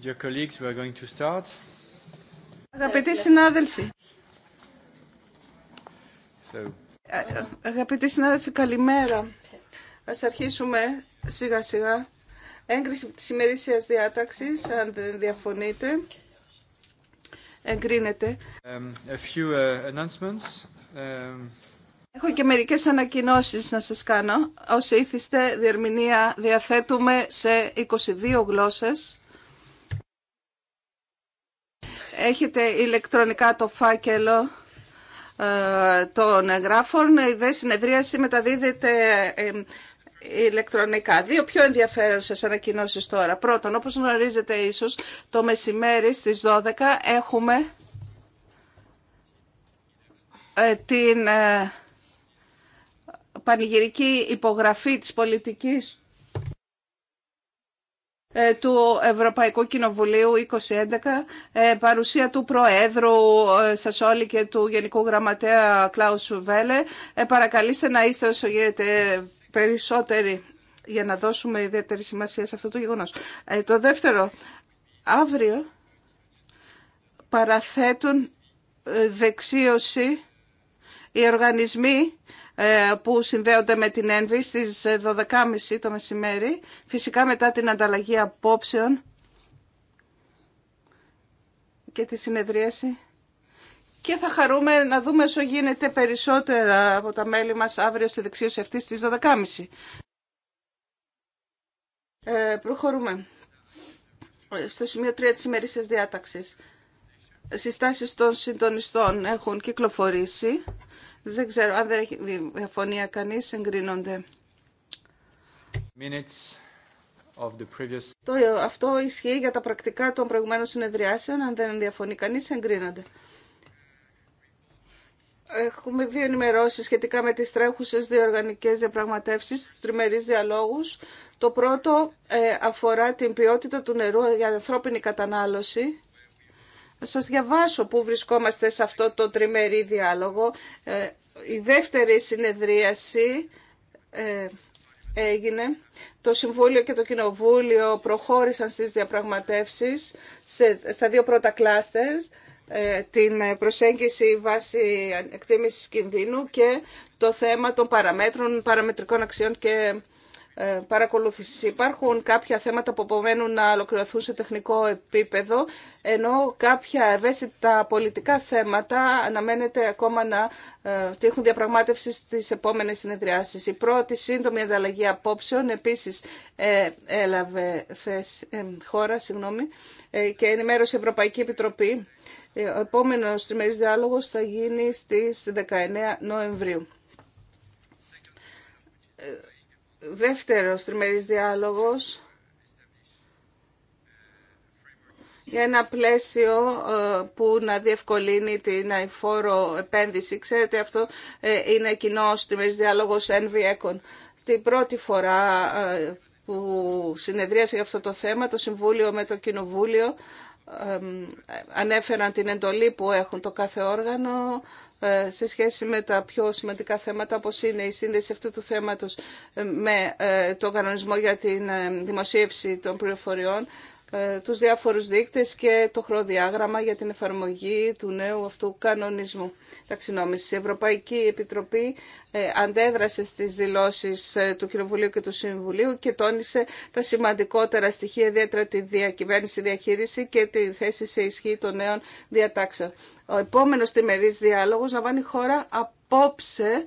Dear colleagues, we are going to start. Αγαπητοί συνάδελφοι. So. Ε, ε, συνάδελφοι, καλημέρα. Ας αρχίσουμε σιγά σιγά. Έγκριση τη ημερήσια διάταξης, αν δεν διαφωνείτε. Εγκρίνεται. Um, a few, uh, announcements. Um... Έχω και μερικέ ανακοινώσεις να σας κάνω. Όσοι ήθιστε, διερμηνία διαθέτουμε σε 22 γλώσσες. Έχετε ηλεκτρονικά το φάκελο ε, των εγγράφων. Η δε συνεδρίαση μεταδίδεται ε, ηλεκτρονικά. Δύο πιο ενδιαφέρουσε ανακοινώσει τώρα. Πρώτον, όπως γνωρίζετε ίσως, το μεσημέρι στις 12 έχουμε ε, την πανηγυρική υπογραφή της πολιτικής ε, του Ευρωπαϊκού Κοινοβουλίου 2011, ε, παρουσία του Προέδρου ε, Σασόλη και του Γενικού Γραμματέα Κλάους Βέλε. Παρακαλείστε να είστε όσο γίνεται περισσότεροι για να δώσουμε ιδιαίτερη σημασία σε αυτό το γεγονός. Το δεύτερο, αύριο παραθέτουν δεξίωση οι οργανισμοί ε, που συνδέονται με την ΕΝΒΗ στις 12.30 ε, το μεσημέρι. Φυσικά μετά την ανταλλαγή απόψεων και τη συνεδρίαση. Και θα χαρούμε να δούμε όσο γίνεται περισσότερα από τα μέλη μας αύριο στη δεξίωση αυτή στις 12.30. Ε, προχωρούμε στο σημείο 3 της ημερήσιας διάταξης. Συστάσεις των συντονιστών έχουν κυκλοφορήσει. Δεν ξέρω, αν δεν έχει διαφωνία κανείς, εγκρίνονται. of the previous... Το, αυτό ισχύει για τα πρακτικά των προηγουμένων συνεδριάσεων. Αν δεν διαφωνεί κανείς, εγκρίνονται. Έχουμε δύο ενημερώσεις σχετικά με τις τρέχουσες διοργανικές διαπραγματεύσεις, τριμερείς διαλόγους. Το πρώτο ε, αφορά την ποιότητα του νερού για ανθρώπινη κατανάλωση. Θα σας διαβάσω πού βρισκόμαστε σε αυτό το τριμερή διάλογο. Ε, η δεύτερη συνεδρίαση ε, έγινε. Το Συμβούλιο και το Κοινοβούλιο προχώρησαν στις διαπραγματεύσεις σε, στα δύο πρώτα κλάστερς, ε, την προσέγγιση βάση εκτίμησης κινδύνου και το θέμα των παραμέτρων, παραμετρικών αξιών και ε, παρακολούθησης. Υπάρχουν κάποια θέματα που απομένουν να ολοκληρωθούν σε τεχνικό επίπεδο, ενώ κάποια ευαίσθητα πολιτικά θέματα αναμένεται ακόμα να ε, τύχουν διαπραγμάτευση στις επόμενες συνεδριάσεις. Η πρώτη σύντομη ανταλλαγή απόψεων επίσης ε, έλαβε χώρα συγγνώμη, και ενημέρωσε η Ευρωπαϊκή Επιτροπή. Ο επόμενος τριμερής διάλογος θα γίνει στις 19 Νοεμβρίου δεύτερος τριμερής διάλογος για ένα πλαίσιο ε, που να διευκολύνει την αηφόρο επένδυση. Ξέρετε, αυτό ε, είναι κοινό τριμερής διάλογος Econ. Την πρώτη φορά ε, που συνεδρίασε για αυτό το θέμα, το Συμβούλιο με το Κοινοβούλιο ανέφεραν την εντολή που έχουν το κάθε όργανο, ε, σε σχέση με τα πιο σημαντικά θέματα όπως είναι η σύνδεση αυτού του θέματος ε, με ε, τον κανονισμό για την δημοσίευση των πληροφοριών ε, τους διάφορους δείκτες και το χρονοδιάγραμμα για την εφαρμογή του νέου αυτού κανονισμού ταξινόμησης. Η Ευρωπαϊκή Επιτροπή ε, αντέδρασε στις δηλώσεις ε, του Κοινοβουλίου και του Συμβουλίου και τόνισε τα σημαντικότερα στοιχεία, ιδιαίτερα τη διακυβέρνηση, διαχείριση και τη θέση σε ισχύ των νέων διατάξεων. Ο επόμενος τιμερής διάλογος λαμβάνει χώρα απόψε,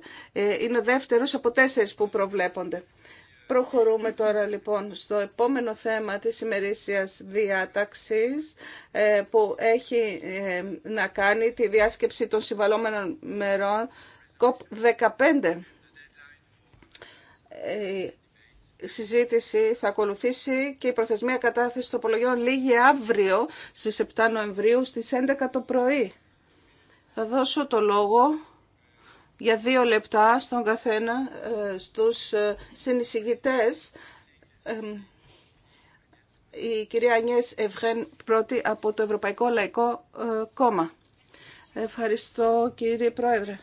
είναι ο δεύτερος από τέσσερις που προβλέπονται. Προχωρούμε τώρα λοιπόν στο επόμενο θέμα της ημερήσιας διάταξης ε, που έχει ε, να κάνει τη διάσκεψη των συμβαλόμενων μερών COP15. Ε, η συζήτηση θα ακολουθήσει και η προθεσμία κατάθεση απολογιών λίγη αύριο στις 7 Νοεμβρίου στις 11 το πρωί. Θα δώσω το λόγο για δύο λεπτά στον καθένα ε, στους ε, συνεισηγητές. Η κυρία Ανιές Ευγέν πρώτη από το Ευρωπαϊκό Λαϊκό ε, Κόμμα. Ευχαριστώ κύριε Πρόεδρε.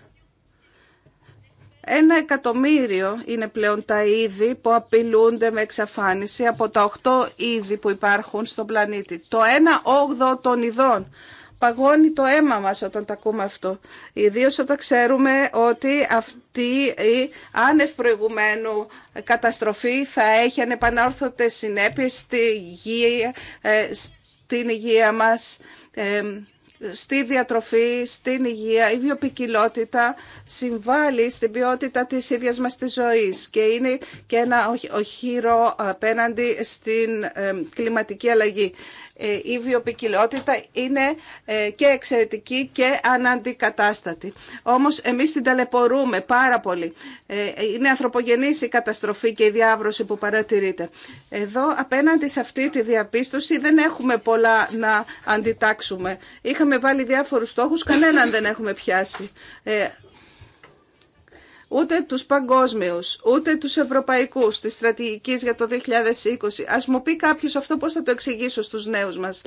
Ένα εκατομμύριο είναι πλέον τα είδη που απειλούνται με εξαφάνιση από τα οχτώ είδη που υπάρχουν στον πλανήτη. Το ένα όγδο των ειδών παγώνει το αίμα μας όταν τα ακούμε αυτό. Ιδίως όταν ξέρουμε ότι αυτή η άνευ προηγουμένου καταστροφή θα έχει ανεπανόρθωτες συνέπειες στη γη, ε, στην υγεία μας, ε, στη διατροφή, στην υγεία. Η βιοπικιλότητα συμβάλλει στην ποιότητα της ίδιας μας της ζωής και είναι και ένα οχύρο απέναντι στην ε, κλιματική αλλαγή. Ε, η βιοπικιλότητα είναι ε, και εξαιρετική και αναντικατάστατη. Όμως εμείς την ταλαιπωρούμε πάρα πολύ. Ε, είναι ανθρωπογενής η καταστροφή και η διάβρωση που παρατηρείται. Εδώ απέναντι σε αυτή τη διαπίστωση δεν έχουμε πολλά να αντιτάξουμε. Είχαμε βάλει διάφορους στόχους, κανέναν δεν έχουμε πιάσει ούτε τους παγκόσμιους, ούτε τους ευρωπαϊκούς της στρατηγικής για το 2020. Ας μου πει κάποιος αυτό πώς θα το εξηγήσω στους νέους μας.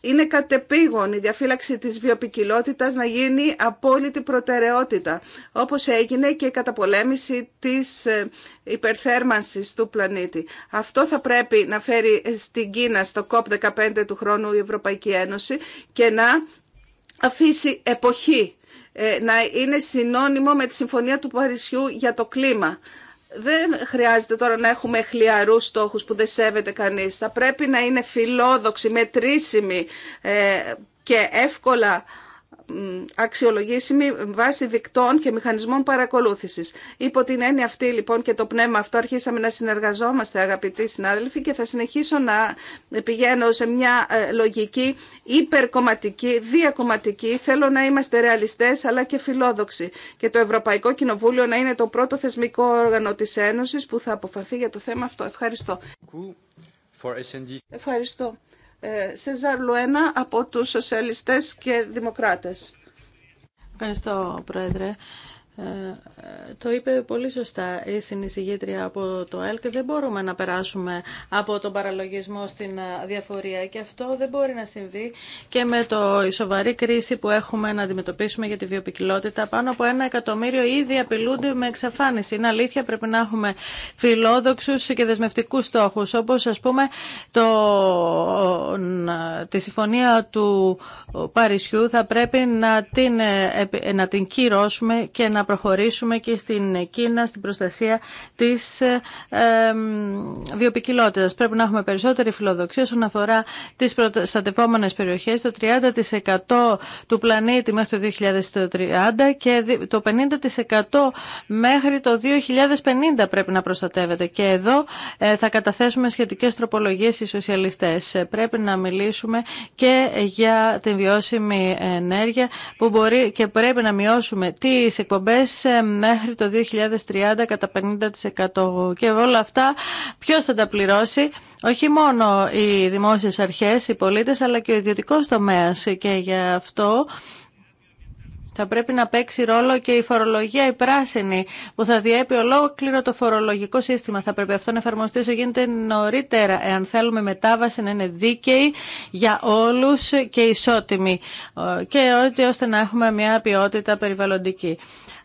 Είναι κατεπήγον η διαφύλαξη της βιοπικιλότητας να γίνει απόλυτη προτεραιότητα, όπως έγινε και η καταπολέμηση της ε, υπερθέρμανσης του πλανήτη. Αυτό θα πρέπει να φέρει στην Κίνα στο COP15 του χρόνου η Ευρωπαϊκή Ένωση και να αφήσει εποχή ε, να είναι συνώνυμο με τη Συμφωνία του Παρισιού για το κλίμα. Δεν χρειάζεται τώρα να έχουμε χλιαρούς στόχους που δεν σέβεται κανείς. Θα πρέπει να είναι φιλόδοξοι, μετρήσιμοι ε, και εύκολα αξιολογήσιμη βάση δικτών και μηχανισμών παρακολούθησης. Υπό την έννοια αυτή λοιπόν και το πνεύμα αυτό αρχίσαμε να συνεργαζόμαστε αγαπητοί συνάδελφοι και θα συνεχίσω να πηγαίνω σε μια ε, λογική υπερκομματική, διακομματική. Θέλω να είμαστε ρεαλιστές αλλά και φιλόδοξοι και το Ευρωπαϊκό Κοινοβούλιο να είναι το πρώτο θεσμικό όργανο της Ένωσης που θα αποφαθεί για το θέμα αυτό. Ευχαριστώ. Ευχαριστώ. Ε, Σέζαρ Λουένα από τους Σοσιαλιστές και Δημοκράτες. Ευχαριστώ, Πρόεδρε. Ε, ε, το είπε πολύ σωστά η συνεισηγήτρια από το ΕΛΚ. Δεν μπορούμε να περάσουμε από τον παραλογισμό στην ε, διαφορία και αυτό δεν μπορεί να συμβεί και με το, η σοβαρή κρίση που έχουμε να αντιμετωπίσουμε για τη βιοπικιλότητα. Πάνω από ένα εκατομμύριο ήδη απειλούνται με εξαφάνιση. Είναι αλήθεια, πρέπει να έχουμε φιλόδοξους και δεσμευτικούς στόχους, όπως ας πούμε το, τη συμφωνία του Παρισιού θα πρέπει να την, να την κυρώσουμε και να προχωρήσουμε και στην Κίνα στην προστασία της ε, βιοπικιλότητας. Πρέπει να έχουμε περισσότερη φιλοδοξία όσον αφορά τις προστατευόμενες περιοχές, το 30% του πλανήτη μέχρι το 2030 και το 50% μέχρι το 2050 πρέπει να προστατεύεται. Και εδώ ε, θα καταθέσουμε σχετικές τροπολογίες οι σοσιαλιστές. Ε, πρέπει να μιλήσουμε και για την βιώσιμη ενέργεια που μπορεί και πρέπει να μειώσουμε τις εκπομπές ε, μέχρι το 2030 κατά 50% και όλα αυτά ποιος θα τα πληρώσει όχι μόνο οι δημόσιες αρχές, οι πολίτες αλλά και ο ιδιωτικός τομέας και γι' αυτό θα πρέπει να παίξει ρόλο και η φορολογία η πράσινη που θα διέπει ολόκληρο το φορολογικό σύστημα. Θα πρέπει αυτό να εφαρμοστεί όσο γίνεται νωρίτερα, εάν θέλουμε μετάβαση να είναι δίκαιη για όλους και ισότιμη ε, και ώστε να έχουμε μια ποιότητα περιβαλλοντική.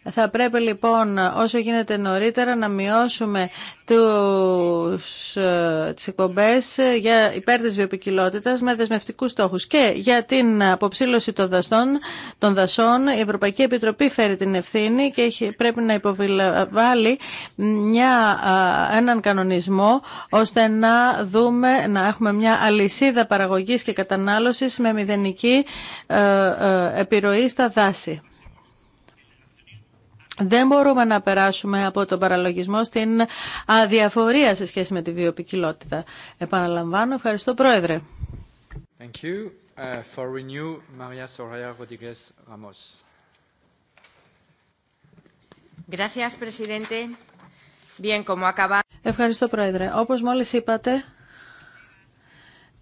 Θα πρέπει λοιπόν όσο γίνεται νωρίτερα να μειώσουμε τους, ε, τις εκπομπές για υπέρ της βιοποικιλότητας με δεσμευτικούς στόχους και για την αποψήλωση των δασών, των δασών η Ευρωπαϊκή Επιτροπή φέρει την ευθύνη και έχει, πρέπει να υποβάλει μια, έναν κανονισμό ώστε να δούμε να έχουμε μια αλυσίδα παραγωγής και κατανάλωσης με μηδενική ε, ε, επιρροή στα δάση. Δεν μπορούμε να περάσουμε από τον παραλογισμό στην αδιαφορία σε σχέση με τη βιοπικιλότητα. Επαναλαμβάνω, ευχαριστώ Πρόεδρε. Thank you. Uh, for renew, Maria Soraya Rodriguez Ramos. Gracias, Presidente. Bien, como acaba... Ευχαριστώ Πρόεδρε. Όπως μόλις είπατε,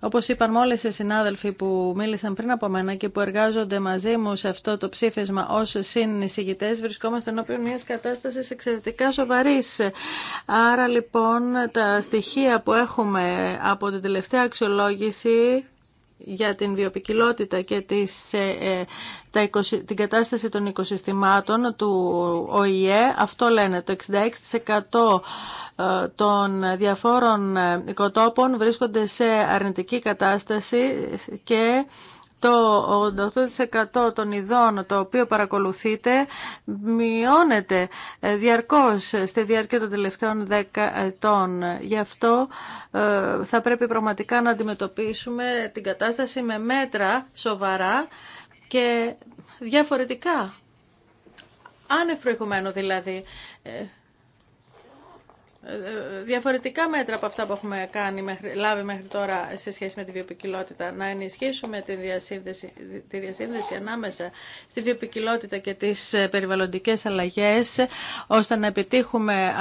Όπω είπαν όλες οι συνάδελφοι που μίλησαν πριν από μένα και που εργάζονται μαζί μου σε αυτό το ψήφισμα ω συνεισηγητές, βρισκόμαστε ενώπιον μιας κατάστασης εξαιρετικά σοβαρή. Άρα λοιπόν τα στοιχεία που έχουμε από την τελευταία αξιολόγηση για την βιοπικιλότητα και τις, ε, ε, τα 20, την κατάσταση των οικοσυστημάτων του ΟΗΕ. Αυτό λένε το 66% ε, των διαφόρων οικοτόπων βρίσκονται σε αρνητική κατάσταση και το 88% των ειδών το οποίο παρακολουθείτε μειώνεται ε, διαρκώς στη διάρκεια των τελευταίων 10 ετών. Γι' αυτό ε, θα πρέπει πραγματικά να αντιμετωπίσουμε την κατάσταση με μέτρα σοβαρά και διαφορετικά. Άνευ προηγουμένου δηλαδή. Ε, διαφορετικά μέτρα από αυτά που έχουμε κάνει, λάβει μέχρι τώρα σε σχέση με τη βιοπικιλότητα. Να ενισχύσουμε τη διασύνδεση, τη διασύνδεση ανάμεσα στη βιοπικιλότητα και τις ε, περιβαλλοντικές αλλαγές, ώστε να επιτύχουμε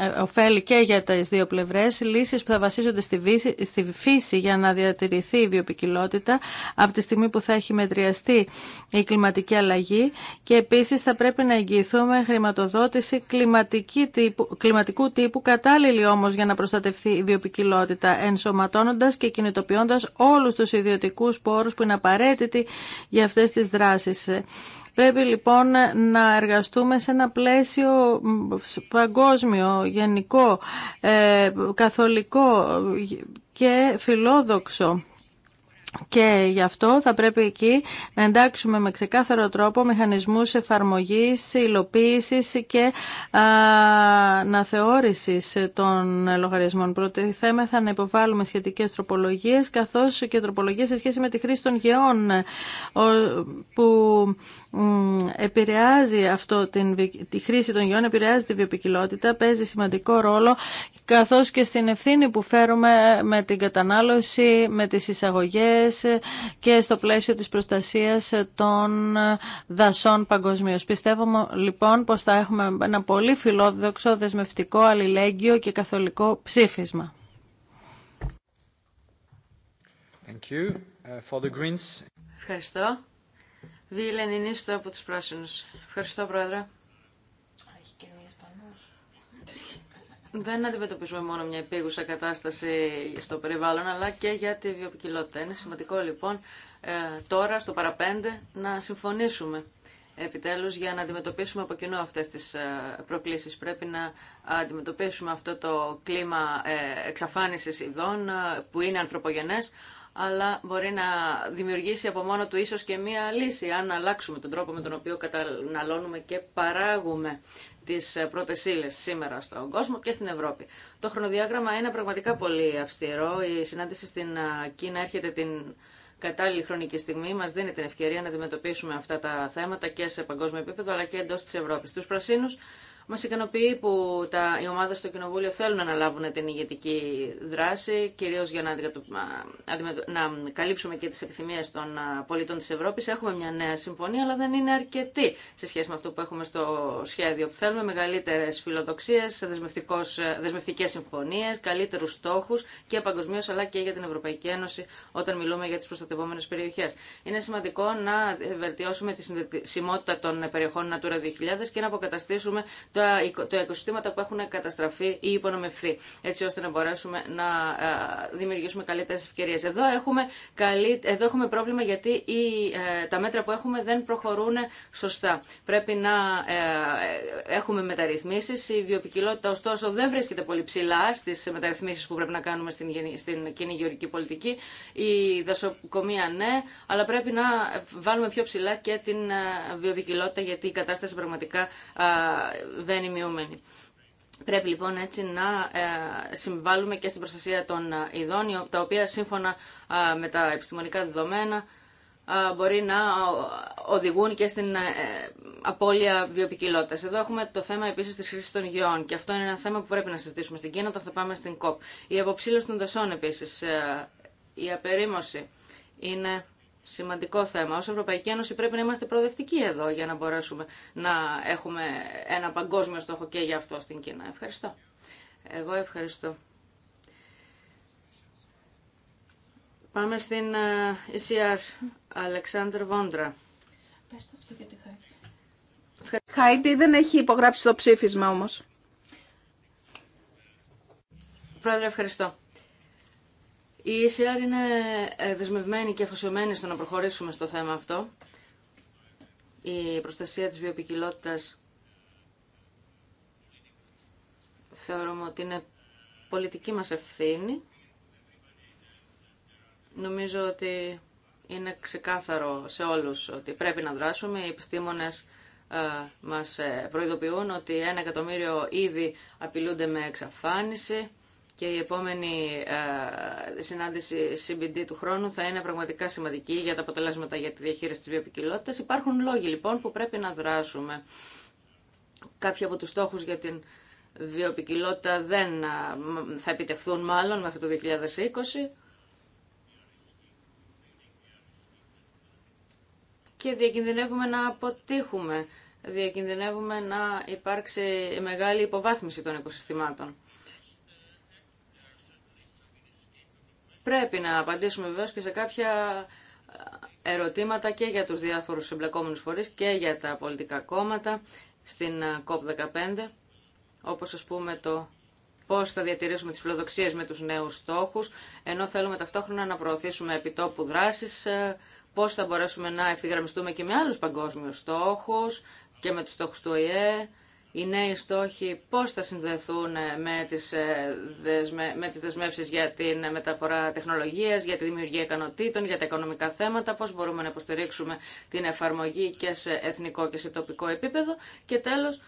ε, ωφέλη και για τις δύο πλευρές, λύσεις που θα βασίζονται στη, βύση, φύση για να διατηρηθεί η βιοπικιλότητα από τη στιγμή που θα έχει μετριαστεί η κλιματική αλλαγή και επίσης θα πρέπει να εγγυηθούμε χρηματοδότηση κλιματική, κλιματικού τύπου, κατάλληλη όμως για να προστατευτεί η βιοπικιλότητα, ενσωματώνοντας και κινητοποιώντας όλους τους ιδιωτικούς πόρους που είναι απαραίτητοι για αυτές τις δράσεις. Πρέπει λοιπόν να εργαστούμε σε ένα πλαίσιο παγκόσμιο, γενικό, ε, καθολικό και φιλόδοξο και γι' αυτό θα πρέπει εκεί να εντάξουμε με ξεκάθαρο τρόπο μηχανισμούς εφαρμογής, υλοποίησης και αναθεώρησης των λογαριασμών. Προτιθέμεθα να υποβάλουμε σχετικές τροπολογίες, καθώς και τροπολογίες σε σχέση με τη χρήση των γεών, που επηρεάζει αυτό την, τη χρήση των γιών, επηρεάζει τη βιοπικιλότητα, παίζει σημαντικό ρόλο καθώς και στην ευθύνη που φέρουμε με την κατανάλωση, με τις εισαγωγές και στο πλαίσιο της προστασίας των δασών παγκοσμίω. Πιστεύω λοιπόν πως θα έχουμε ένα πολύ φιλόδοξο, δεσμευτικό, αλληλέγγυο και καθολικό ψήφισμα. Thank you. Uh, for the Greens. Ευχαριστώ. Βιλενινίστο από τους πράσινους. Ευχαριστώ, Πρόεδρε. Δεν αντιμετωπίζουμε μόνο μια επίγουσα κατάσταση στο περιβάλλον, αλλά και για τη βιοποικιλότητα. Είναι σημαντικό λοιπόν ε, τώρα στο παραπέντε να συμφωνήσουμε επιτέλους για να αντιμετωπίσουμε από κοινού αυτές τις ε, προκλήσεις. Πρέπει να αντιμετωπίσουμε αυτό το κλίμα ε, εξαφάνισης ειδών που είναι ανθρωπογενές, αλλά μπορεί να δημιουργήσει από μόνο του ίσως και μία λύση αν αλλάξουμε τον τρόπο με τον οποίο καταναλώνουμε και παράγουμε τις πρώτε ύλε σήμερα στον κόσμο και στην Ευρώπη. Το χρονοδιάγραμμα είναι πραγματικά πολύ αυστηρό. Η συνάντηση στην Κίνα έρχεται την κατάλληλη χρονική στιγμή. Μα δίνει την ευκαιρία να αντιμετωπίσουμε αυτά τα θέματα και σε παγκόσμιο επίπεδο αλλά και εντό τη Ευρώπη. πρασίνου Μα ικανοποιεί που τα, οι ομάδε στο Κοινοβούλιο θέλουν να αναλάβουν την ηγετική δράση, κυρίω για να, να καλύψουμε και τι επιθυμίε των πολιτών τη Ευρώπη. Έχουμε μια νέα συμφωνία, αλλά δεν είναι αρκετή σε σχέση με αυτό που έχουμε στο σχέδιο. Που θέλουμε μεγαλύτερε φιλοδοξίε, δεσμευτικέ συμφωνίε, καλύτερου στόχου και παγκοσμίω αλλά και για την Ευρωπαϊκή Ένωση όταν μιλούμε για τι προστατευόμενε περιοχέ. Είναι σημαντικό να βελτιώσουμε τη συνδεσιμότητα των περιοχών Natura 2000 και να αποκαταστήσουμε τα οικοσυστήματα που έχουν καταστραφεί ή υπονομευθεί, έτσι ώστε να μπορέσουμε να ε, δημιουργήσουμε καλύτερε ευκαιρίε. Εδώ, έχουμε καλύ... Εδώ έχουμε πρόβλημα γιατί ε, τα μέτρα που έχουμε δεν προχωρούν σωστά. Πρέπει να ε, έχουμε μεταρρυθμίσει. Η βιοπικιλότητα, ωστόσο, δεν βρίσκεται πολύ ψηλά στι μεταρρυθμίσει που πρέπει να κάνουμε στην, στην κοινή γεωργική πολιτική. Η δασοκομεία, ναι, αλλά πρέπει να βάλουμε πιο ψηλά και την βιοπικιλότητα, γιατί η κατάσταση πραγματικά δεν μειωμένη. Πρέπει λοιπόν έτσι να ε, συμβάλλουμε και στην προστασία των ε, ειδών, τα οποία σύμφωνα ε, με τα επιστημονικά δεδομένα μπορεί να οδηγούν και στην απώλεια βιοπικιλότητας. Εδώ έχουμε το θέμα επίσης της χρήσης των γεών και αυτό είναι ένα θέμα που πρέπει να συζητήσουμε στην Κίνα όταν θα πάμε στην ΚΟΠ. Η αποψήλωση των δασών επίσης, η απερίμωση είναι Σημαντικό θέμα. Ως Ευρωπαϊκή Ένωση πρέπει να είμαστε προοδευτικοί εδώ για να μπορέσουμε να έχουμε ένα παγκόσμιο στόχο και για αυτό στην Κίνα. Ευχαριστώ. Εγώ ευχαριστώ. Πάμε στην ECR. Ε, Αλεξάνδρ Βόντρα. Πες το αυτό για τη Χάιντι. δεν έχει υπογράψει το ψήφισμα όμως. Πρόεδρε, ευχαριστώ. Η ECR είναι ε, δεσμευμένη και αφοσιωμένη στο να προχωρήσουμε στο θέμα αυτό. Η προστασία της βιοποικιλότητας, θεωρούμε ότι είναι πολιτική μας ευθύνη. Νομίζω ότι είναι ξεκάθαρο σε όλους ότι πρέπει να δράσουμε. Οι επιστήμονες ε, μας ε, προειδοποιούν ότι ένα εκατομμύριο ήδη απειλούνται με εξαφάνιση και η επόμενη ε, συνάντηση CBD του χρόνου θα είναι πραγματικά σημαντική για τα αποτελέσματα για τη διαχείριση της βιοποικιλότητας. Υπάρχουν λόγοι λοιπόν που πρέπει να δράσουμε. Κάποιοι από τους στόχους για την βιοποικιλότητα δεν ε, θα επιτευχθούν μάλλον μέχρι το 2020. Και διακινδυνεύουμε να αποτύχουμε, διακινδυνεύουμε να υπάρξει μεγάλη υποβάθμιση των οικοσυστημάτων. Πρέπει να απαντήσουμε βεβαίω και σε κάποια ερωτήματα και για τους διάφορους εμπλεκόμενους φορείς και για τα πολιτικά κόμματα στην COP15, ε, όπως ας πούμε το πώς θα διατηρήσουμε τις φιλοδοξίες με τους νέους στόχους, ενώ θέλουμε ταυτόχρονα να προωθήσουμε επιτόπου δράσεις, ε, πώς θα μπορέσουμε να ευθυγραμμιστούμε και με άλλους παγκόσμιους στόχους και με τους στόχους του ΟΗΕ, οι νέοι στόχοι πώς θα συνδεθούν με τις, ε, δεσμε... με τις δεσμεύσεις για την μεταφορά τεχνολογίας, για τη δημιουργία ικανοτήτων, για τα οικονομικά θέματα, πώς μπορούμε να υποστηρίξουμε την εφαρμογή και σε εθνικό και σε τοπικό επίπεδο και τέλος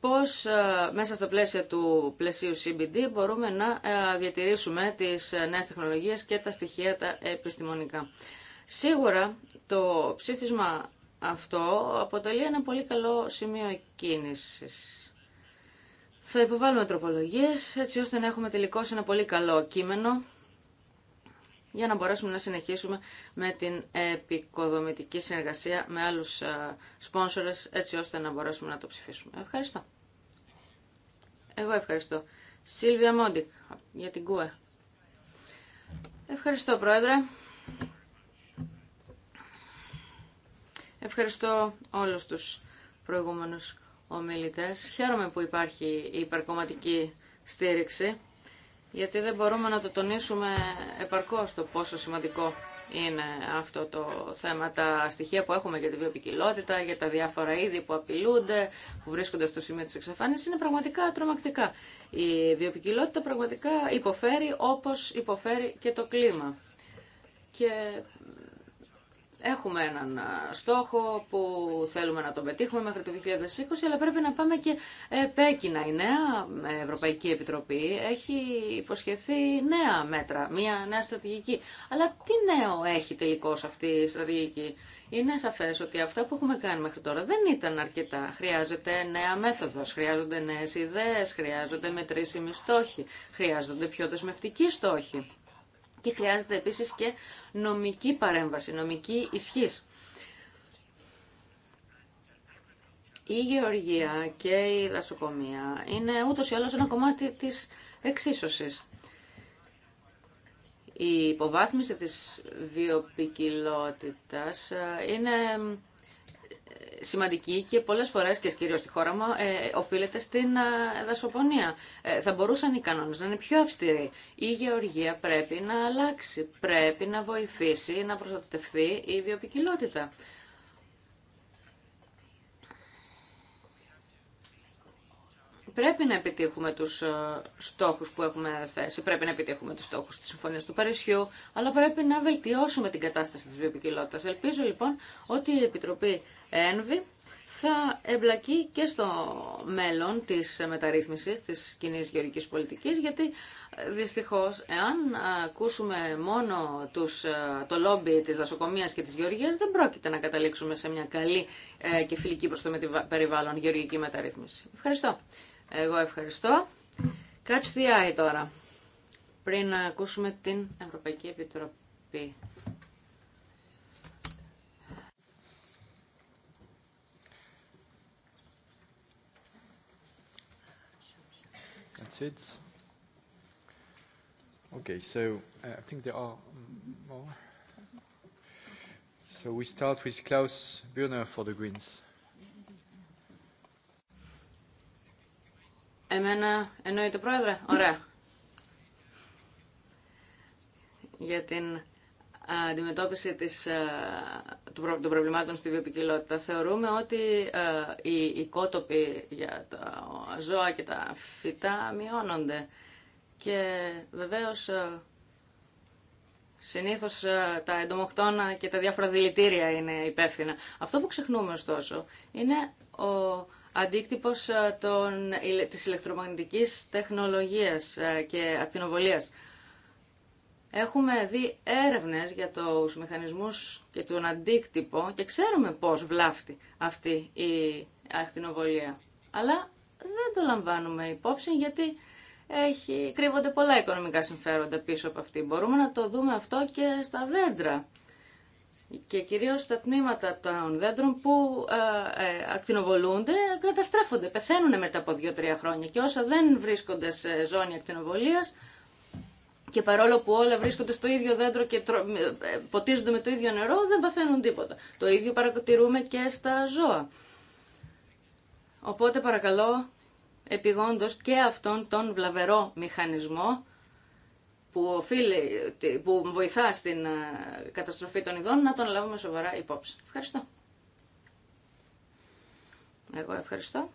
πώς ε, μέσα στα πλαίσια του πλαισίου CBD μπορούμε να ε, διατηρήσουμε τις νέες τεχνολογίες και τα στοιχεία τα επιστημονικά. Σίγουρα το ψήφισμα αυτό αποτελεί ένα πολύ καλό σημείο κίνησης. Θα υποβάλουμε τροπολογίες έτσι ώστε να έχουμε τελικώ ένα πολύ καλό κείμενο για να μπορέσουμε να συνεχίσουμε με την επικοδομητική συνεργασία με άλλους ε, σπόνσορες έτσι ώστε να μπορέσουμε να το ψηφίσουμε. Ευχαριστώ. Εγώ ευχαριστώ. Σίλβια Μόντικ για την ΚΟΕ. Ευχαριστώ Πρόεδρε. Ευχαριστώ όλους τους προηγούμενους ομιλητές. Χαίρομαι που υπάρχει η υπερκομματική στήριξη, γιατί δεν μπορούμε να το τονίσουμε επαρκώς το πόσο σημαντικό είναι αυτό το θέμα, τα στοιχεία που έχουμε για τη βιοπικιλότητα, για τα διάφορα είδη που απειλούνται, που βρίσκονται στο σημείο της εξαφάνισης, είναι πραγματικά τρομακτικά. Η βιοπικιλότητα πραγματικά υποφέρει όπως υποφέρει και το κλίμα. Και Έχουμε έναν στόχο που θέλουμε να τον πετύχουμε μέχρι το 2020, αλλά πρέπει να πάμε και επέκεινα. Η νέα Ευρωπαϊκή Επιτροπή έχει υποσχεθεί νέα μέτρα, μια νέα στρατηγική. Αλλά τι νέο έχει τελικώ αυτή η στρατηγική. Είναι σαφέ ότι αυτά που έχουμε κάνει μέχρι τώρα δεν ήταν αρκετά. Χρειάζεται νέα μέθοδο, χρειάζονται νέε ιδέε, χρειάζονται μετρήσιμοι στόχοι, χρειάζονται πιο δεσμευτικοί στόχοι. Και χρειάζεται επίσης και νομική παρέμβαση, νομική ισχύς. Η γεωργία και η δασοκομεία είναι ούτως ή άλλως ένα κομμάτι της εξίσωσης. Η υποβάθμιση της βιοπικιλότητας ε, είναι σημαντική και πολλές φορές και κυρίως στη χώρα μου ε, οφείλεται στην ε, δασοπονία. Ε, θα μπορούσαν οι κανόνες να είναι πιο αυστηροί. Η γεωργία πρέπει να αλλάξει, πρέπει να βοηθήσει, να προστατευτεί η βιοπικιλότητα. Πρέπει να επιτύχουμε τους ε, στόχου που έχουμε θέσει, πρέπει να επιτύχουμε του στόχου τη Συμφωνία του Παρισιού, αλλά πρέπει να βελτιώσουμε την κατάσταση τη βιοποικιλότητας. Ελπίζω λοιπόν ότι η Επιτροπή ΕΝΒΗ θα εμπλακεί και στο μέλλον της μεταρρύθμισης της κοινή γεωργικής πολιτικής, γιατί ε, δυστυχώς εάν ακούσουμε μόνο τους, ε, το λόμπι της δασοκομείας και της γεωργίας, δεν πρόκειται να καταλήξουμε σε μια καλή και φιλική προς το περιβάλλον γεωργική μεταρρύθμιση. Ευχαριστώ. Εγώ ευχαριστώ. Catch the eye τώρα. Πριν να ακούσουμε την Ευρωπαϊκή Επιτροπή. That's it. Okay, so I think there are more. So we start with Klaus Birner for the Greens. Εμένα εννοείται πρόεδρε. Ωραία. Για την αντιμετώπιση της, των προβλημάτων στη βιοπικιλότητα. Θεωρούμε ότι οι κότοποι για τα ζώα και τα φυτά μειώνονται. Και βεβαίως συνήθως τα εντομοκτώνα και τα διάφορα δηλητήρια είναι υπεύθυνα. Αυτό που ξεχνούμε ωστόσο είναι ο αντίκτυπος ε, των, της ηλεκτρομαγνητικής τεχνολογίας ε, και ακτινοβολίας. Έχουμε δει έρευνες για τους μηχανισμούς και τον αντίκτυπο και ξέρουμε πώς βλάφτει αυτή η ακτινοβολία. Αλλά δεν το λαμβάνουμε υπόψη γιατί έχει, κρύβονται πολλά οικονομικά συμφέροντα πίσω από αυτή. Μπορούμε να το δούμε αυτό και στα δέντρα και κυρίως τα τμήματα των δέντρων που ε, ε, ακτινοβολούνται καταστρέφονται, πεθαίνουν μετά από 2-3 χρόνια και όσα δεν βρίσκονται σε ζώνη ακτινοβολίας και παρόλο που όλα βρίσκονται στο ίδιο δέντρο και ε, ποτίζονται με το ίδιο νερό δεν παθαίνουν τίποτα. Το ίδιο παρατηρούμε και στα ζώα. Οπότε παρακαλώ επιγόντως και αυτόν τον βλαβερό μηχανισμό που, οφείλει, που βοηθά στην ε, καταστροφή των ειδών να τον λάβουμε σοβαρά υπόψη. Ευχαριστώ. Εγώ ευχαριστώ.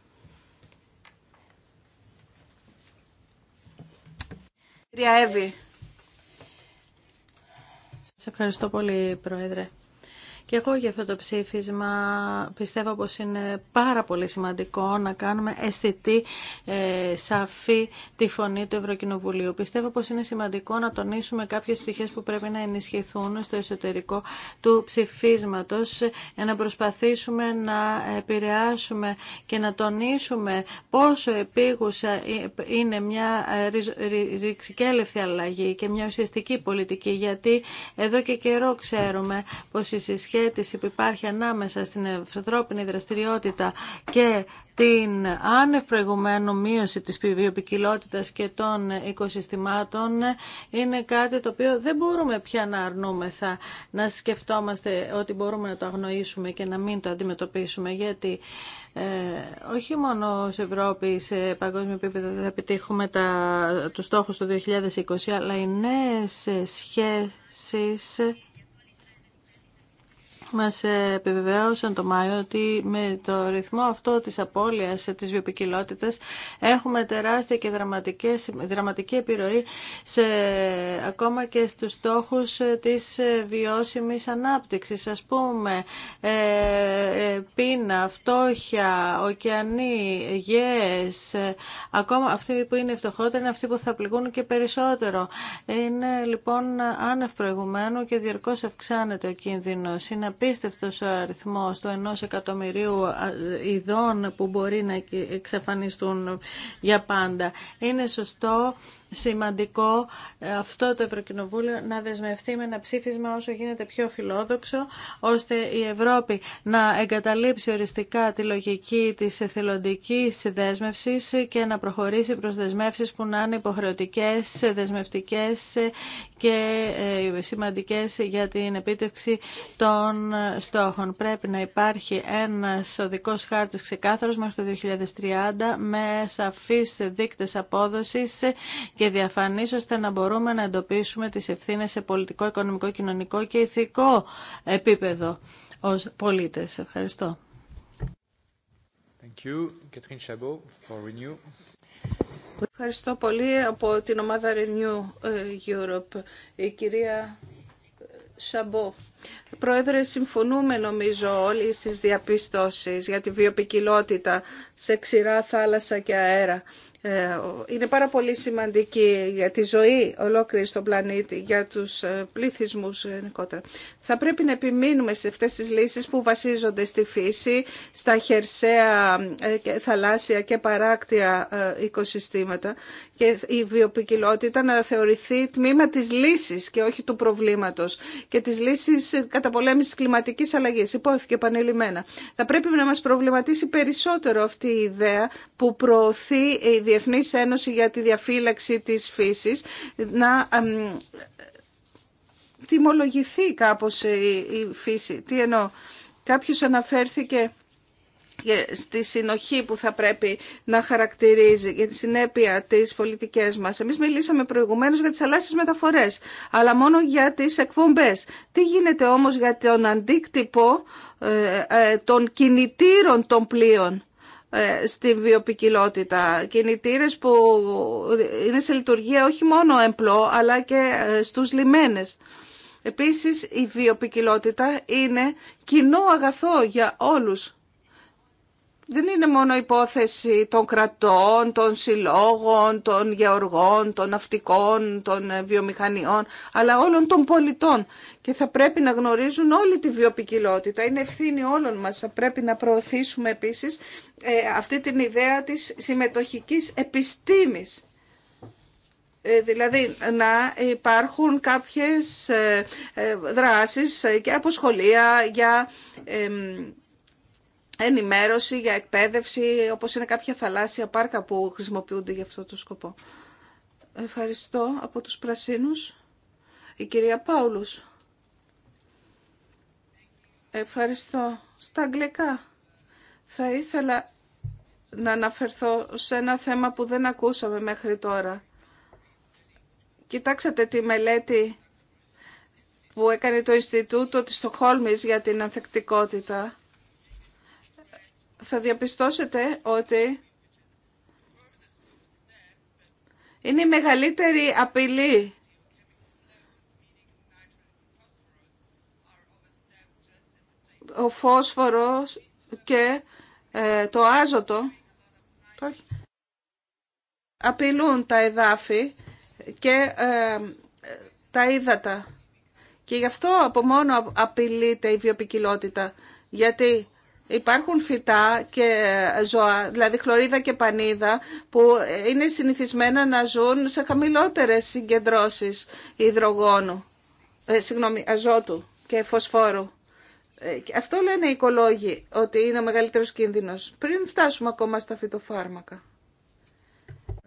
Κυρία Εύη. Σας ευχαριστώ πολύ, Πρόεδρε. Και εγώ για αυτό το ψήφισμα πιστεύω πως είναι πάρα πολύ σημαντικό να κάνουμε αισθητή, ε, σαφή τη φωνή του Ευρωκοινοβουλίου. Πιστεύω πως είναι σημαντικό να τονίσουμε κάποιες πτυχές που πρέπει να ενισχυθούν στο εσωτερικό του ψηφίσματος για ε, να προσπαθήσουμε να επηρεάσουμε και να τονίσουμε πόσο επίγουσα ε, είναι μια ρηξικέλευθη αλλαγή και μια ουσιαστική πολιτική γιατί εδώ και καιρό ξέρουμε πως η συσχέση συσχέτιση που υπάρχει ανάμεσα στην ευθροπινή δραστηριότητα και την άνευ προηγουμένου μείωση της βιοποικιλότητας και των οικοσυστημάτων είναι κάτι το οποίο δεν μπορούμε πια να αρνούμεθα, να σκεφτόμαστε ότι μπορούμε να το αγνοήσουμε και να μην το αντιμετωπίσουμε, γιατί ε, όχι μόνο σε Ευρώπη, σε παγκόσμιο επίπεδο θα επιτύχουμε τα, τους στόχους του 2020, αλλά οι νέες σχέσεις μας επιβεβαίωσαν το Μάιο ότι με το ρυθμό αυτό της απώλειας της βιοπικιλότητας έχουμε τεράστια και δραματικές, δραματική επιρροή σε, ακόμα και στους στόχους της βιώσιμης ανάπτυξης. Ας πούμε, ε, ε πείνα, φτώχεια, ωκεανοί, γέες, ε, ακόμα αυτοί που είναι φτωχότεροι είναι αυτοί που θα πληγούν και περισσότερο. Είναι λοιπόν άνευ προηγουμένου και διαρκώς αυξάνεται ο κίνδυνος απίστευτος ο αριθμός του ενός εκατομμυρίου ειδών που μπορεί να εξαφανιστούν για πάντα. Είναι σωστό σημαντικό ε, αυτό το Ευρωκοινοβούλιο να δεσμευτεί με ένα ψήφισμα όσο γίνεται πιο φιλόδοξο, ώστε η Ευρώπη να εγκαταλείψει οριστικά τη λογική της εθελοντικής δέσμευσης και να προχωρήσει προς δεσμεύσεις που να είναι υποχρεωτικές, δεσμευτικές και ε, σημαντικές για την επίτευξη των στόχων. Πρέπει να υπάρχει ένας οδικός χάρτης ξεκάθαρος μέχρι το 2030 με σαφείς δείκτες απόδοσης και διαφανεί ώστε να μπορούμε να εντοπίσουμε τις ευθύνες σε πολιτικό, οικονομικό, κοινωνικό και ηθικό επίπεδο ως πολίτες. Ευχαριστώ. Thank Ευχαριστώ πολύ από την ομάδα Renew ε, Europe. Η κυρία Σαμπό. Πρόεδρε, συμφωνούμε νομίζω όλοι στις διαπιστώσεις για τη βιοπικιλότητα σε ξηρά θάλασσα και αέρα. Ε, είναι πάρα πολύ σημαντική για τη ζωή ολόκληρη στον πλανήτη, για τους ε, πληθυσμούς γενικότερα. Θα πρέπει να επιμείνουμε σε αυτές τις λύσεις που βασίζονται στη φύση, στα χερσαία, ε, θαλάσσια και παράκτια οικοσυστήματα και η βιοποικιλότητα να θεωρηθεί τμήμα της λύσης και όχι του προβλήματος και της λύσης καταπολέμησης κλιματικής αλλαγής. Υπόθηκε επανειλημμένα. Θα πρέπει να μας προβληματίσει περισσότερο αυτή η ιδέα που προωθεί η Διεθνής Ένωση για τη Διαφύλαξη της Φύσης να τιμολογηθεί κάπως η φύση. Τι εννοώ. Κάποιος αναφέρθηκε στη συνοχή που θα πρέπει να χαρακτηρίζει για τη συνέπεια τις πολιτικές μας. Εμείς μιλήσαμε προηγουμένως για τις αλλάσεις μεταφορές, αλλά μόνο για τις εκπομπές. Τι γίνεται όμως για τον αντίκτυπο ε, ε, των κινητήρων των πλοίων ε, στη βιοπικιλότητα. Κινητήρες που είναι σε λειτουργία όχι μόνο εμπλό, αλλά και στους λιμένες. Επίσης, η βιοπικιλότητα είναι κοινό αγαθό για όλους δεν είναι μόνο υπόθεση των κρατών, των συλλόγων, των γεωργών, των ναυτικών, των ε, βιομηχανιών, αλλά όλων των πολιτών. Και θα πρέπει να γνωρίζουν όλη τη βιοπικιλότητα. Είναι ευθύνη όλων μας. Θα πρέπει να προωθήσουμε επίσης ε, αυτή την ιδέα της συμμετοχικής επιστήμης. Ε, δηλαδή να υπάρχουν κάποιες δράσεις και από για ενημέρωση για εκπαίδευση, όπως είναι κάποια θαλάσσια πάρκα που χρησιμοποιούνται για αυτό το σκοπό. Ευχαριστώ από τους Πρασίνους. Η κυρία Πάουλους. Ευχαριστώ. Στα αγγλικά θα ήθελα να αναφερθώ σε ένα θέμα που δεν ακούσαμε μέχρι τώρα. Κοιτάξατε τη μελέτη που έκανε το Ινστιτούτο της Στοχόλμης για την ανθεκτικότητα θα διαπιστώσετε ότι είναι η μεγαλύτερη απειλή ο φόσφορος και ε, το άζωτο απειλούν τα εδάφη και ε, τα ύδατα. Και γι' αυτό από μόνο απειλείται η βιοπικιλότητα. Γιατί Υπάρχουν φυτά και ζώα, δηλαδή χλωρίδα και πανίδα, που είναι συνηθισμένα να ζουν σε χαμηλότερες συγκεντρώσεις υδρογόνου, ε, συγγνώμη, αζότου και φωσφόρου. Ε, αυτό λένε οι οικολόγοι, ότι είναι ο μεγαλύτερος κίνδυνος. Πριν φτάσουμε ακόμα στα φυτοφάρμακα.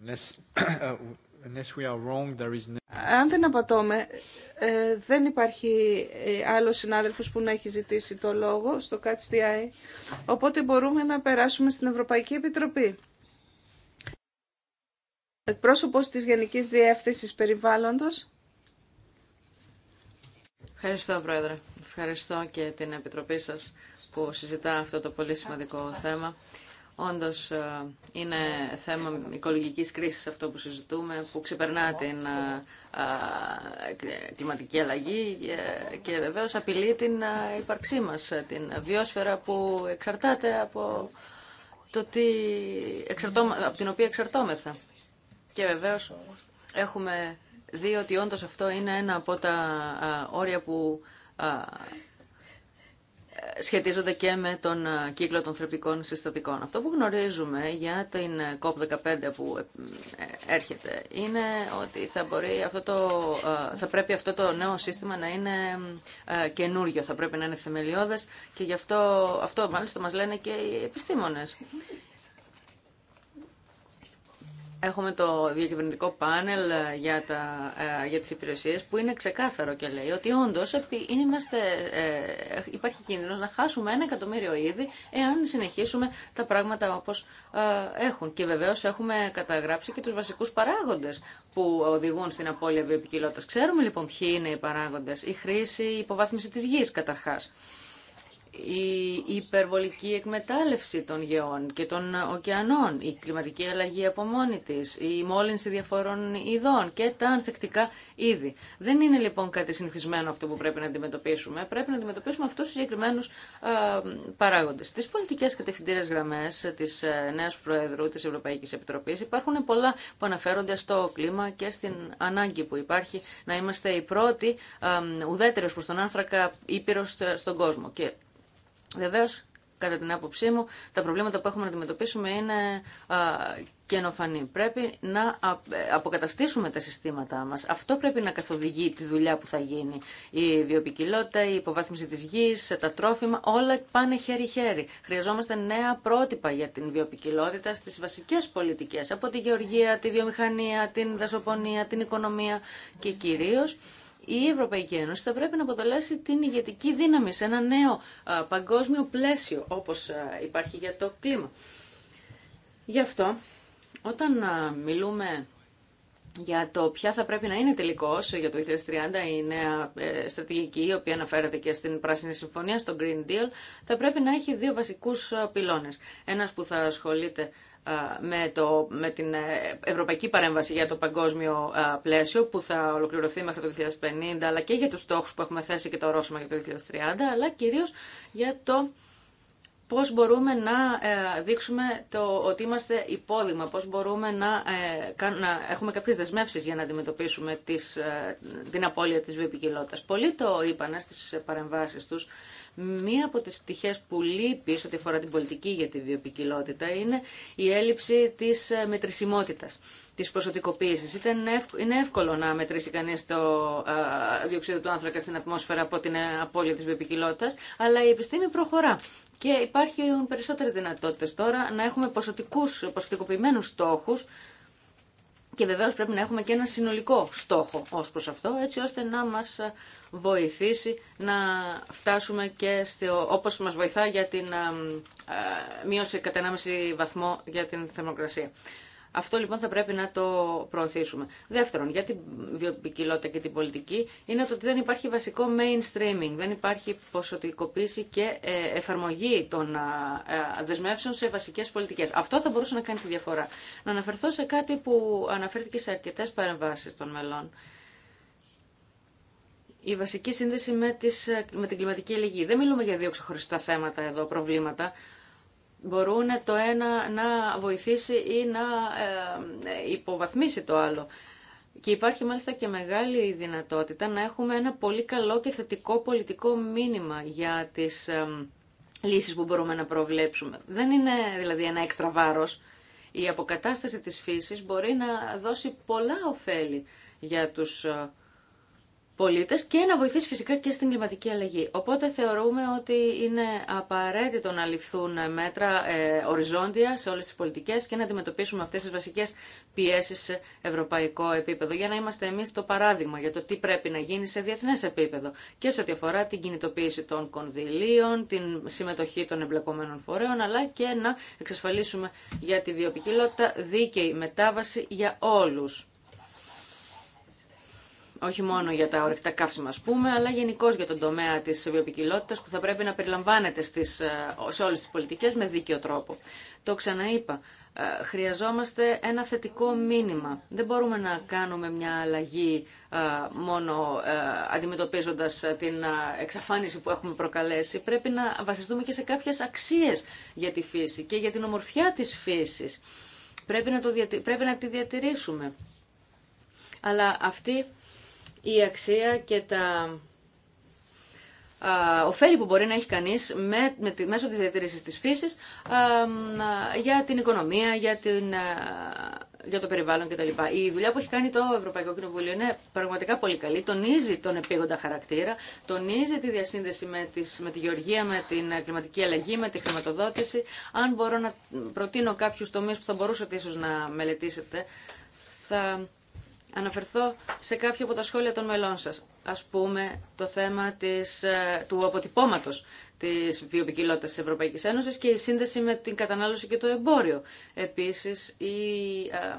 Uh, αν δεν απατώμε, ε, δεν υπάρχει ε, άλλος συνάδελφος που να έχει ζητήσει το λόγο στο Catch οπότε μπορούμε να περάσουμε στην Ευρωπαϊκή Επιτροπή. Εκπρόσωπος της Γενικής Διεύθυνσης Περιβάλλοντος. Ευχαριστώ, Πρόεδρε. Ευχαριστώ και την Επιτροπή σας που συζητά αυτό το πολύ σημαντικό θέμα. Όντω ε, είναι θέμα οικολογικής κρίσης αυτό που συζητούμε, που ξεπερνά την ε, ε, κλιματική αλλαγή και βεβαίω απειλεί την ύπαρξή μας, την βιόσφαιρα που εξαρτάται από, το τι από την οποία εξαρτώμεθα. Και βεβαίω έχουμε δει ότι όντω αυτό είναι ένα από τα όρια που σχετίζονται και με τον ε, κύκλο των θρεπτικών συστατικών. Αυτό που γνωρίζουμε για την COP15 ε, που ε, έρχεται είναι ότι θα, μπορεί αυτό το, θα πρέπει αυτό το νέο σύστημα να είναι καινούριο, θα πρέπει να είναι θεμελιώδες και γι' αυτό, αυτό μάλιστα μας λένε και οι επιστήμονες. Έχουμε το διακυβερνητικό πάνελ ε, για, τα, ε, για τις υπηρεσίες που είναι ξεκάθαρο και λέει ότι όντως είμαστε, ε, υπάρχει κίνδυνος να χάσουμε ένα εκατομμύριο είδη εάν συνεχίσουμε τα πράγματα όπως έχουν. Και βεβαίως έχουμε καταγράψει και τους βασικούς παράγοντες που οδηγούν στην απώλεια βιοποικιλότητας. Ξέρουμε λοιπόν ποιοι είναι οι παράγοντες. Η χρήση, η υποβάθμιση της γης καταρχάς η υπερβολική εκμετάλλευση των γεών και των ωκεανών, η κλιματική αλλαγή από μόνη τη, η μόλυνση διαφορών ειδών και τα ανθεκτικά είδη. Δεν είναι λοιπόν κάτι συνηθισμένο αυτό που πρέπει να αντιμετωπίσουμε. Πρέπει να αντιμετωπίσουμε αυτού του συγκεκριμένου παράγοντε. Στι πολιτικέ κατευθυντήρες γραμμέ τη ε, νέα Προεδρού τη Ευρωπαϊκή Επιτροπή, υπάρχουν πολλά που αναφέρονται στο κλίμα και στην ανάγκη που υπάρχει να είμαστε οι πρώτοι ουδέτεροι προ τον άνθρακα ήπειρο ε, στον κόσμο. Και Βεβαίω, κατά την άποψή μου, τα προβλήματα που έχουμε να αντιμετωπίσουμε είναι καινοφανή. Πρέπει να ε, αποκαταστήσουμε τα συστήματά μα. Αυτό πρέπει να καθοδηγεί τη δουλειά που θα γίνει. Η βιοπικιλότητα, η υποβάθμιση τη γη, τα τρόφιμα, όλα πάνε χέρι-χέρι. Χρειαζόμαστε νέα πρότυπα για την βιοπικιλότητα στι βασικέ πολιτικέ από τη γεωργία, τη βιομηχανία, την δασοπονία, την οικονομία και κυρίω η Ευρωπαϊκή Ένωση θα πρέπει να αποτελέσει την ηγετική δύναμη σε ένα νέο παγκόσμιο πλαίσιο όπως υπάρχει για το κλίμα. Γι' αυτό όταν μιλούμε για το ποια θα πρέπει να είναι τελικώ για το 2030 η νέα ε, στρατηγική, η οποία αναφέρεται και στην Πράσινη Συμφωνία, στο Green Deal, θα πρέπει να έχει δύο βασικούς πυλώνες. Ένας που θα ασχολείται με, το, με την ε, Ευρωπαϊκή Παρέμβαση για το Παγκόσμιο Πλαίσιο που θα ολοκληρωθεί μέχρι το 2050 αλλά και για τους στόχους που έχουμε θέσει και τα ορόσημα για το 2030 αλλά κυρίως για το πώς μπορούμε να ε, δείξουμε το ότι είμαστε υπόδειγμα, πώς μπορούμε να, ε, έχουμε κάποιες δεσμεύσεις για να αντιμετωπίσουμε τις, την απώλεια της βιοπικιλότητας. Πολλοί το είπαν στις παρεμβάσεις τους Μία από τις πτυχές που λείπει σε ό,τι αφορά την πολιτική για τη βιοπικιλότητα είναι η έλλειψη της ε, μετρησιμότητας, της ποσοτικοποίησης. Είναι εύκολο να μετρήσει κανείς το ε, διοξείδιο του άνθρακα στην ατμόσφαιρα από την ε, απώλεια της βιοπικιλότητας, αλλά η επιστήμη προχωρά. Και υπάρχουν περισσότερες δυνατότητες τώρα να έχουμε ποσοτικούς, ποσοτικοποιημένους στόχους και βεβαίως πρέπει να έχουμε και ένα συνολικό στόχο ως προς αυτό, έτσι ώστε να μας βοηθήσει να φτάσουμε και στο, όπως μας βοηθά για την μείωση κατά 1,5 βαθμό για την θερμοκρασία. Αυτό λοιπόν θα πρέπει να το προωθήσουμε. Δεύτερον, για την βιοποικιλότητα και την πολιτική είναι το ότι δεν υπάρχει βασικό mainstreaming, δεν υπάρχει ποσοτικοποίηση και ε, εφαρμογή των δεσμεύσεων σε βασικές πολιτικές. Αυτό θα μπορούσε να κάνει τη διαφορά. Να αναφερθώ σε κάτι που αναφέρθηκε σε αρκετές παρεμβάσεις των μελών η βασική σύνδεση με, τις, με την κλιματική αλληλεγγύη. Δεν μιλούμε για δύο ξεχωριστά θέματα εδώ, προβλήματα. Μπορούν το ένα να βοηθήσει ή να ε, υποβαθμίσει το άλλο. Και υπάρχει μάλιστα και μεγάλη δυνατότητα να έχουμε ένα πολύ καλό και θετικό πολιτικό μήνυμα για τις ε, λύσεις που μπορούμε να προβλέψουμε. Δεν είναι δηλαδή ένα έξτρα βάρος. Η αποκατάσταση της φύσης μπορεί να δώσει πολλά ωφέλη για τους ε, και να βοηθήσει φυσικά και στην κλιματική αλλαγή. Οπότε θεωρούμε ότι είναι απαραίτητο να ληφθούν μέτρα ε, οριζόντια σε όλε τι πολιτικέ και να αντιμετωπίσουμε αυτέ τι βασικέ πιέσει σε ευρωπαϊκό επίπεδο για να είμαστε εμεί το παράδειγμα για το τι πρέπει να γίνει σε διεθνέ επίπεδο και σε ό,τι αφορά την κινητοποίηση των κονδυλίων, την συμμετοχή των εμπλεκομένων φορέων αλλά και να εξασφαλίσουμε για τη βιοπικιλότητα δίκαιη μετάβαση για όλους όχι μόνο για τα ορυκτά καύσιμα, ας πούμε, αλλά γενικώ για τον τομέα τη βιοπικιλότητα που θα πρέπει να περιλαμβάνεται στις, ε, σε όλε τι πολιτικέ με δίκαιο τρόπο. Το ξαναείπα. Ε, χρειαζόμαστε ένα θετικό μήνυμα. Δεν μπορούμε να κάνουμε μια αλλαγή ε, μόνο αντιμετωπίζοντας την εξαφάνιση που έχουμε προκαλέσει. Πρέπει να βασιστούμε και σε κάποιες αξίες για τη φύση και για την ομορφιά της φύσης. Πρέπει να, πρέπει να τη διατηρήσουμε. Αλλά αυτή η αξία και τα ωφέλη που μπορεί να έχει κανείς με, με, τη, μέσω της διατήρησης της φύσης για την οικονομία, για, την, για το περιβάλλον κτλ. Η δουλειά που έχει κάνει το Ευρωπαϊκό Κοινοβούλιο είναι πραγματικά πολύ καλή. Τονίζει τον επίγοντα χαρακτήρα, τονίζει τη διασύνδεση με, τις, με τη γεωργία, με την κλιματική αλλαγή, με τη χρηματοδότηση. Αν μπορώ να προτείνω κάποιους τομείς που θα μπορούσατε ίσως να μελετήσετε, θα αναφερθώ σε κάποια από τα σχόλια των μελών σας. Ας πούμε το θέμα της, ε, του αποτυπώματος της βιοποικιλότητας της Ευρωπαϊκής Ένωσης και η σύνδεση με την κατανάλωση και το εμπόριο. Επίσης, οι ε,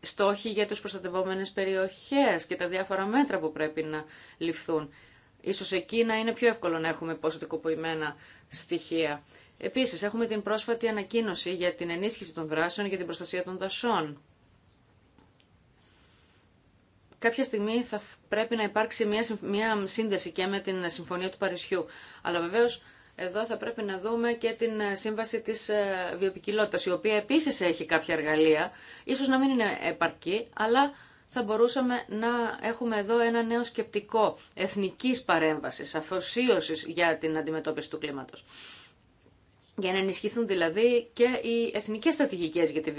στόχοι για τις προστατευόμενες περιοχές και τα διάφορα μέτρα που πρέπει να ληφθούν. Ίσως εκεί να είναι πιο εύκολο να έχουμε ποσοτικοποιημένα στοιχεία. Επίσης, έχουμε την πρόσφατη ανακοίνωση για την ενίσχυση των δράσεων για την προστασία των δασών κάποια στιγμή θα πρέπει να υπάρξει μια, μια σύνδεση και με την Συμφωνία του Παρισιού. Αλλά βεβαίως εδώ θα πρέπει να δούμε και την ε, σύμβαση της ε, βιοπικιλότητας, η οποία επίσης έχει κάποια εργαλεία, ίσως να μην είναι επαρκή, αλλά θα μπορούσαμε να έχουμε εδώ ένα νέο σκεπτικό εθνικής παρέμβασης, αφοσίωσης για την αντιμετώπιση του κλίματος για να ενισχυθούν δηλαδή και οι εθνικές στρατηγικές για τη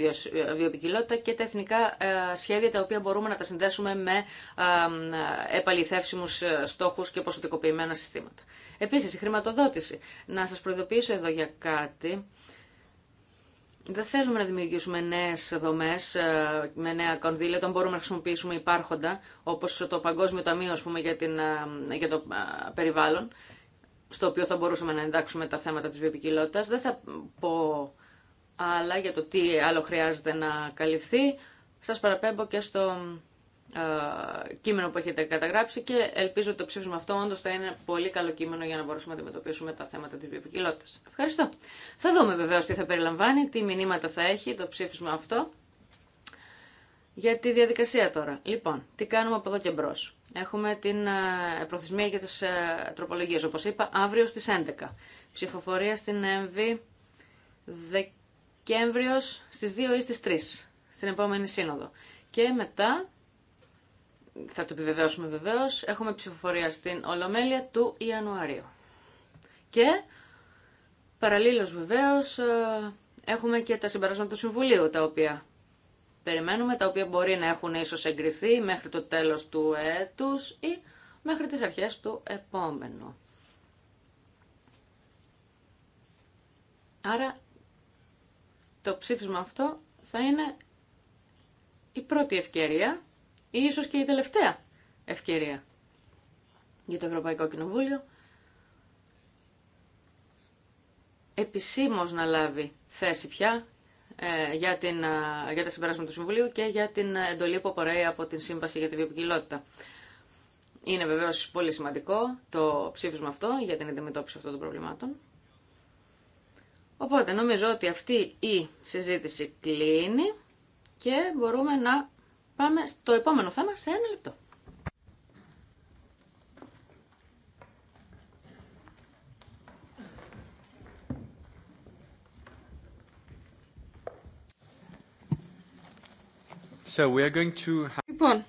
βιοπικιλότητα και τα εθνικά ε, σχέδια τα οποία μπορούμε να τα συνδέσουμε με ε, ε, επαληθεύσιμους στόχους και ποσοτικοποιημένα συστήματα. Επίσης, η χρηματοδότηση. Να σας προειδοποιήσω εδώ για κάτι. Δεν θέλουμε να δημιουργήσουμε νέε δομέ με νέα κονδύλια, όταν μπορούμε να χρησιμοποιήσουμε υπάρχοντα, όπω το Παγκόσμιο Ταμείο πούμε, για, την, για το περιβάλλον στο οποίο θα μπορούσαμε να εντάξουμε τα θέματα της βιοποικιλότητας. Δεν θα πω άλλα για το τι άλλο χρειάζεται να καλυφθεί. Σας παραπέμπω και στο ε, κείμενο που έχετε καταγράψει και ελπίζω ότι το ψήφισμα αυτό όντω θα είναι πολύ καλό κείμενο για να μπορούσαμε να αντιμετωπίσουμε τα θέματα της βιοπικιλότητα. Ευχαριστώ. Θα δούμε βεβαίω τι θα περιλαμβάνει, τι μηνύματα θα έχει το ψήφισμα αυτό. Για τη διαδικασία τώρα. Λοιπόν, τι κάνουμε από εδώ και μπρο. Έχουμε την ε, προθεσμία για τι ε, τροπολογίε, όπω είπα, αύριο στι 11. Ψηφοφορία στην ΕΜΒΙ Δεκέμβριο στι 2 ή στι 3, στην επόμενη σύνοδο. Και μετά, θα το επιβεβαιώσουμε βεβαίω, έχουμε ψηφοφορία στην Ολομέλεια του Ιανουαρίου. Και παραλλήλως βεβαίως ε, έχουμε και τα συμπεράσματα του Συμβουλίου, τα οποία περιμένουμε, τα οποία μπορεί να έχουν ίσως εγκριθεί μέχρι το τέλος του έτους ή μέχρι τις αρχές του επόμενου. Άρα το ψήφισμα αυτό θα είναι η πρώτη ευκαιρία ή ίσως και η τελευταία ευκαιρία για το Ευρωπαϊκό Κοινοβούλιο επισήμως να λάβει θέση πια ε, για, την, ε, για τα συμπεράσματα του Συμβουλίου και για την εντολή που απορρέει από την Σύμβαση για τη Βιοποικιλότητα. Είναι βεβαίω πολύ σημαντικό το ψήφισμα αυτό για την αντιμετώπιση αυτών των προβλημάτων. Οπότε νομίζω ότι αυτή η συζήτηση κλείνει και μπορούμε να πάμε στο επόμενο θέμα σε ένα λεπτό. Λοιπόν,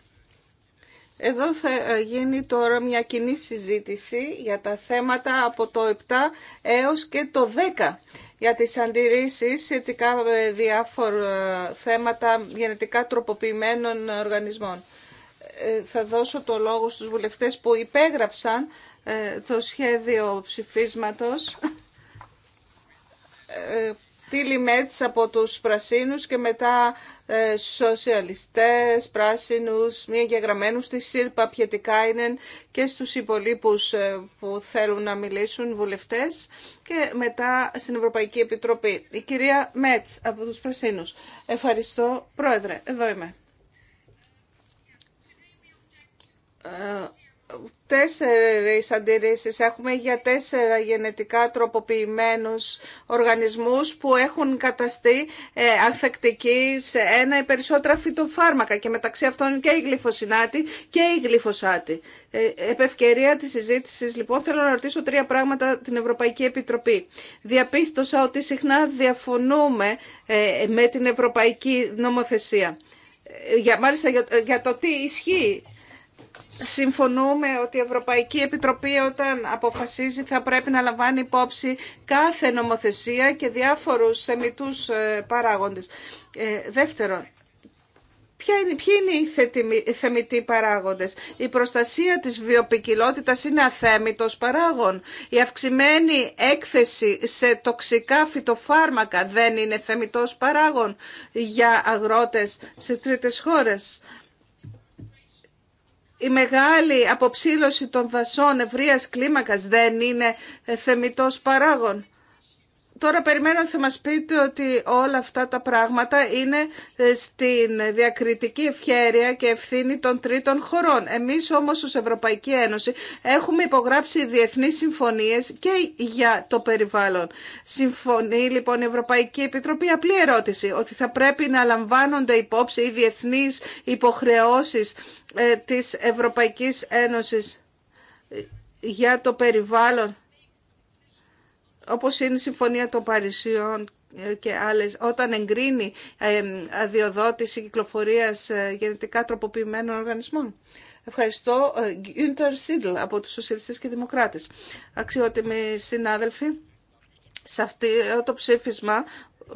εδώ θα γίνει τώρα μια κοινή συζήτηση για τα θέματα από το 7 έως και το 10 για τις αντιρρήσεις σχετικά με διάφορα θέματα γενετικά τροποποιημένων οργανισμών. Ε, θα δώσω το λόγο στους βουλευτές που υπέγραψαν ε, το σχέδιο ψηφίσματος ε, τη Μέτς από τους Πρασίνους και μετά ε, σοσιαλιστές, πράσινους, μία γεγραμμένους στη ΣΥΡΠΑ, είναι και στους υπολείπους ε, που θέλουν να μιλήσουν βουλευτές και μετά στην Ευρωπαϊκή Επιτροπή. Η κυρία Μέτς από τους Πρασίνους. Ευχαριστώ. Πρόεδρε, εδώ είμαι. Ε, τέσσερις αντιρρήσεις έχουμε για τέσσερα γενετικά τροποποιημένους οργανισμούς που έχουν καταστεί ε, σε ένα ή περισσότερα φυτοφάρμακα και μεταξύ αυτών και η γλυφοσινάτη και η γλυφοσάτη. Ε, επ' ευκαιρία της συζήτησης λοιπόν θέλω να ρωτήσω τρία πράγματα την Ευρωπαϊκή Επιτροπή. Διαπίστωσα ότι συχνά διαφωνούμε ε, με την Ευρωπαϊκή Νομοθεσία. Ε, για, μάλιστα ε, για το τι ισχύει Συμφωνούμε ότι η Ευρωπαϊκή Επιτροπή όταν αποφασίζει θα πρέπει να λαμβάνει υπόψη κάθε νομοθεσία και διάφορους θεμητούς ε, παράγοντες. Ε, δεύτερον, Ποια είναι, ποιοι είναι οι θεμητοί παράγοντες. Η προστασία της βιοπικιλότητας είναι αθέμητος παράγον. Η αυξημένη έκθεση σε τοξικά φυτοφάρμακα δεν είναι θεμητός παράγον για αγρότες σε τρίτες χώρες η μεγάλη αποψήλωση των δασών ευρείας κλίμακας δεν είναι θεμητός παράγων. Τώρα περιμένω ότι θα μας πείτε ότι όλα αυτά τα πράγματα είναι ε, στην διακριτική ευχέρεια και ευθύνη των τρίτων χωρών. Εμείς όμως ως Ευρωπαϊκή Ένωση έχουμε υπογράψει διεθνείς συμφωνίες και για το περιβάλλον. Συμφωνεί λοιπόν η Ευρωπαϊκή Επιτροπή απλή ερώτηση ότι θα πρέπει να λαμβάνονται υπόψη οι διεθνείς υποχρεώσεις ε, της Ευρωπαϊκής Ένωσης ε, για το περιβάλλον όπως είναι η Συμφωνία των Παρισιών και άλλες, όταν εγκρίνει αδειοδότηση κυκλοφορίας ε, γενετικά τροποποιημένων οργανισμών. Ευχαριστώ. Γκίντερ Σίδλ από τους Σοσιαλιστές και Δημοκράτες. Αξιότιμοι συνάδελφοι, σε αυτό ε, το ψήφισμα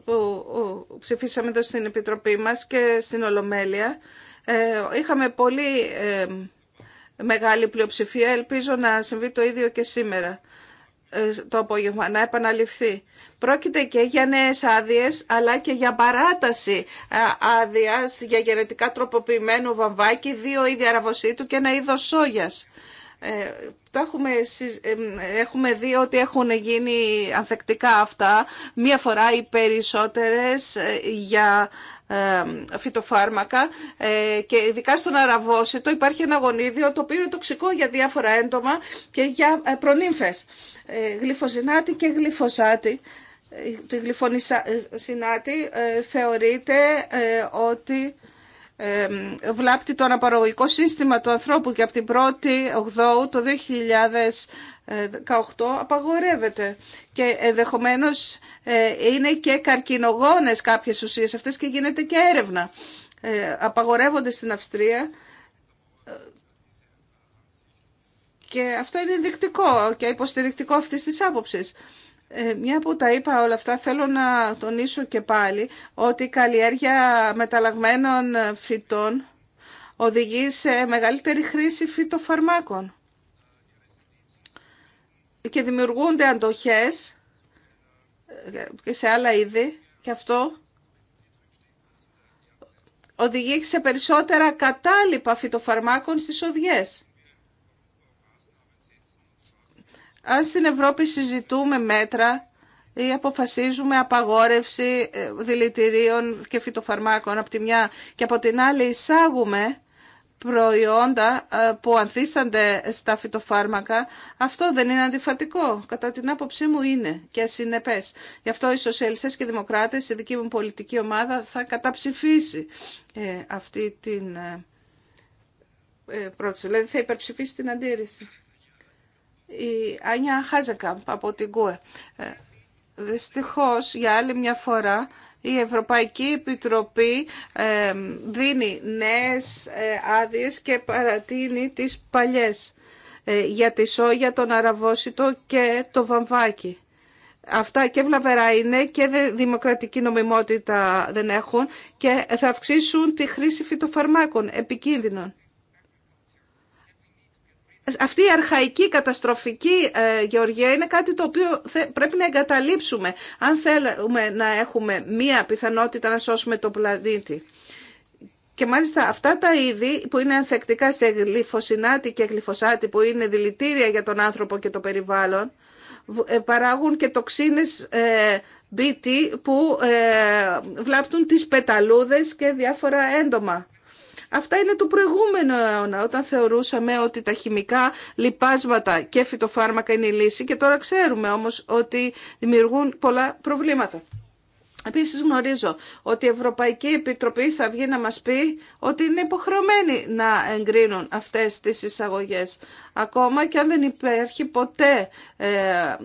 που ψηφίσαμε εδώ στην Επιτροπή μας και στην Ολομέλεια, ε, είχαμε πολύ μεγάλη πλειοψηφία. Ελπίζω να συμβεί το ίδιο και σήμερα. Ε, το απόγευμα να επαναληφθεί. Πρόκειται και για νέες άδειε, αλλά και για παράταση ε, άδεια για γενετικά τροποποιημένο βαμβάκι, δύο είδη αραβοσίτου και ένα είδος σόγιας. Ε, έχουμε, ε, έχουμε δει ότι έχουν γίνει ανθεκτικά αυτά, μία φορά οι περισσότερες για φυτοφάρμακα και ειδικά στον αραβόσιτο υπάρχει ένα γονίδιο το οποίο είναι τοξικό για διάφορα έντομα και για προνύμφες. Ε, γλυφοζινάτη και γλυφοζάτη. Ε, το γλυφοσυνάτη ε, θεωρείται ότι βλάπτει το αναπαραγωγικό σύστημα του ανθρώπου και από την 1η Οκτώου το 2018 απαγορεύεται και ενδεχομένω είναι και καρκινογόνες κάποιες ουσίες αυτές και γίνεται και έρευνα. Απαγορεύονται στην Αυστρία Και αυτό είναι ενδεικτικό και υποστηρικτικό αυτή της άποψη. Ε, μια που τα είπα όλα αυτά, θέλω να τονίσω και πάλι ότι η καλλιέργεια μεταλλαγμένων φυτών οδηγεί σε μεγαλύτερη χρήση φυτοφαρμάκων και δημιουργούνται αντοχές και ε, σε άλλα είδη και αυτό οδηγεί σε περισσότερα κατάλοιπα φυτοφαρμάκων στις οδιές. Αν στην Ευρώπη συζητούμε μέτρα ή αποφασίζουμε απαγόρευση ε, δηλητηρίων και φυτοφαρμάκων από τη μια και από την άλλη εισάγουμε προϊόντα ε, που ανθίστανται στα φυτοφάρμακα, αυτό δεν είναι αντιφατικό. Κατά την άποψή μου είναι και συνεπές. Γι' αυτό οι σοσιαλιστές και οι δημοκράτες, η δική μου πολιτική ομάδα, θα καταψηφίσει ε, αυτή την πρόταση. Δηλαδή θα υπερψηφίσει την αντίρρηση η Άνια Χάζεκαμπ από την ΚΟΕ. Ε, δυστυχώς, για άλλη μια φορά, η Ευρωπαϊκή Επιτροπή ε, δίνει νέες ε, άδειες και παρατείνει τις παλιές για τη σόγια, τον αραβόσιτο και το βαμβάκι. Αυτά και βλαβερά είναι και δημοκρατική νομιμότητα δεν έχουν και θα αυξήσουν τη χρήση φυτοφαρμάκων επικίνδυνων. Αυτή η αρχαϊκή καταστροφική ε, γεωργία είναι κάτι το οποίο πρέπει να εγκαταλείψουμε αν θέλουμε να έχουμε μία πιθανότητα να σώσουμε το πλανήτη. Και μάλιστα αυτά τα είδη που είναι ανθεκτικά σε γλυφοσινάτη και γλυφοσάτη που είναι δηλητήρια για τον άνθρωπο και το περιβάλλον ε, παράγουν και τοξίνες ε, BT που βλάπτουν τις πεταλούδες και διάφορα έντομα. Αυτά είναι του προηγούμενου αιώνα, όταν θεωρούσαμε ότι τα χημικά λιπάσματα και φυτοφάρμακα είναι η λύση και τώρα ξέρουμε όμως ότι δημιουργούν πολλά προβλήματα. Επίσης γνωρίζω ότι η Ευρωπαϊκή Επιτροπή θα βγει να μας πει ότι είναι υποχρεωμένη να εγκρίνουν αυτές τις εισαγωγές ακόμα και αν δεν υπάρχει ποτέ ε,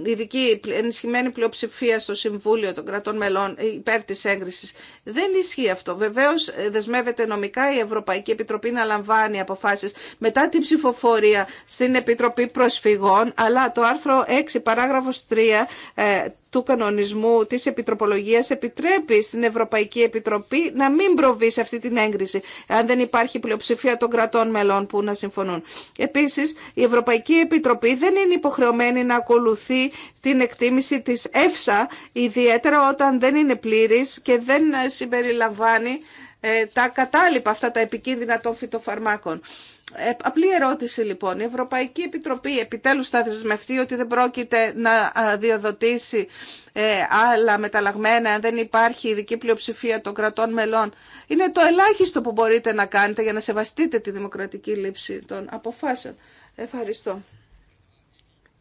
ειδική ενισχυμένη πλειοψηφία στο Συμβούλιο των Κρατών Μελών υπέρ της έγκρισης. Δεν ισχύει αυτό. Βεβαίως ε, δεσμεύεται νομικά η Ευρωπαϊκή Επιτροπή να λαμβάνει αποφάσεις μετά την ψηφοφορία στην Επιτροπή Προσφυγών, αλλά το άρθρο 6 παράγραφος 3 ε, του κανονισμού της Επιτροπολογίας επιτρέπει στην Ευρωπαϊκή Επιτροπή να μην προβεί σε αυτή την έγκριση αν δεν υπάρχει πλειοψηφία των κρατών μελών που να συμφωνούν. Επίσης, η Ευρωπαϊκή Επιτροπή δεν είναι υποχρεωμένη να ακολουθεί την εκτίμηση της ΕΦΣΑ, ιδιαίτερα όταν δεν είναι πλήρης και δεν συμπεριλαμβάνει ε, τα κατάλοιπα αυτά τα επικίνδυνα των φυτοφαρμάκων. Ε, απλή ερώτηση λοιπόν. Η Ευρωπαϊκή Επιτροπή επιτέλους θα δεσμευτεί ότι δεν πρόκειται να ε, διοδοτήσει άλλα μεταλλαγμένα αν δεν υπάρχει ειδική πλειοψηφία των κρατών μελών. Είναι το ελάχιστο που μπορείτε να κάνετε για να σεβαστείτε τη δημοκρατική λήψη των αποφάσεων. Ευχαριστώ.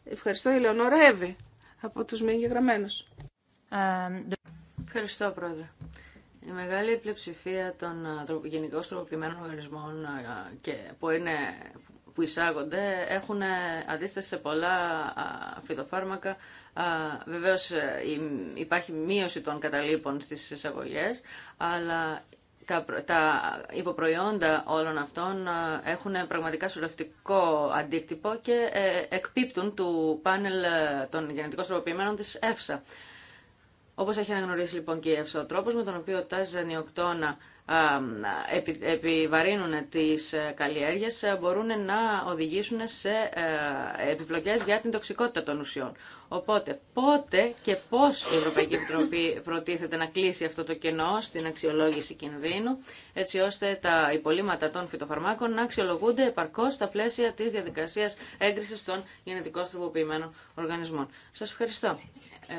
Ευχαριστώ, η Λεωνόρα Εύη, από τους μη εγγεγραμμένους. Ευχαριστώ, Πρόεδρε. Η μεγάλη πλειοψηφία των γενικώ τροποποιημένων οργανισμών και που, είναι, που εισάγονται έχουν ε, αντίσταση σε πολλά φυτοφάρμακα. Βεβαίως ε, υπάρχει μείωση των καταλήπων στις εισαγωγές, αλλά τα, τα υποπροϊόντα όλων αυτών ε, έχουν πραγματικά σουρευτικό αντίκτυπο και ε, εκπίπτουν του πάνελ ε, των γενετικών σωροποιημένων της ΕΦΣΑ. Όπως έχει αναγνωρίσει λοιπόν και η ΕΦΣΑ, ο τρόπος με τον οποίο τα ζανιοκτώνα επιβαρύνουν τις ε, καλλιέργειες ε, μπορούν να οδηγήσουν σε ε, επιπλοκές για την τοξικότητα των ουσιών. Οπότε, πότε και πώς η Ευρωπαϊκή Επιτροπή προτίθεται να κλείσει αυτό το κενό στην αξιολόγηση κινδύνου, έτσι ώστε τα υπολείμματα των φυτοφαρμάκων να αξιολογούνται επαρκώς στα πλαίσια της διαδικασίας έγκρισης των γενετικώς τροποποιημένων οργανισμών. Σας ευχαριστώ.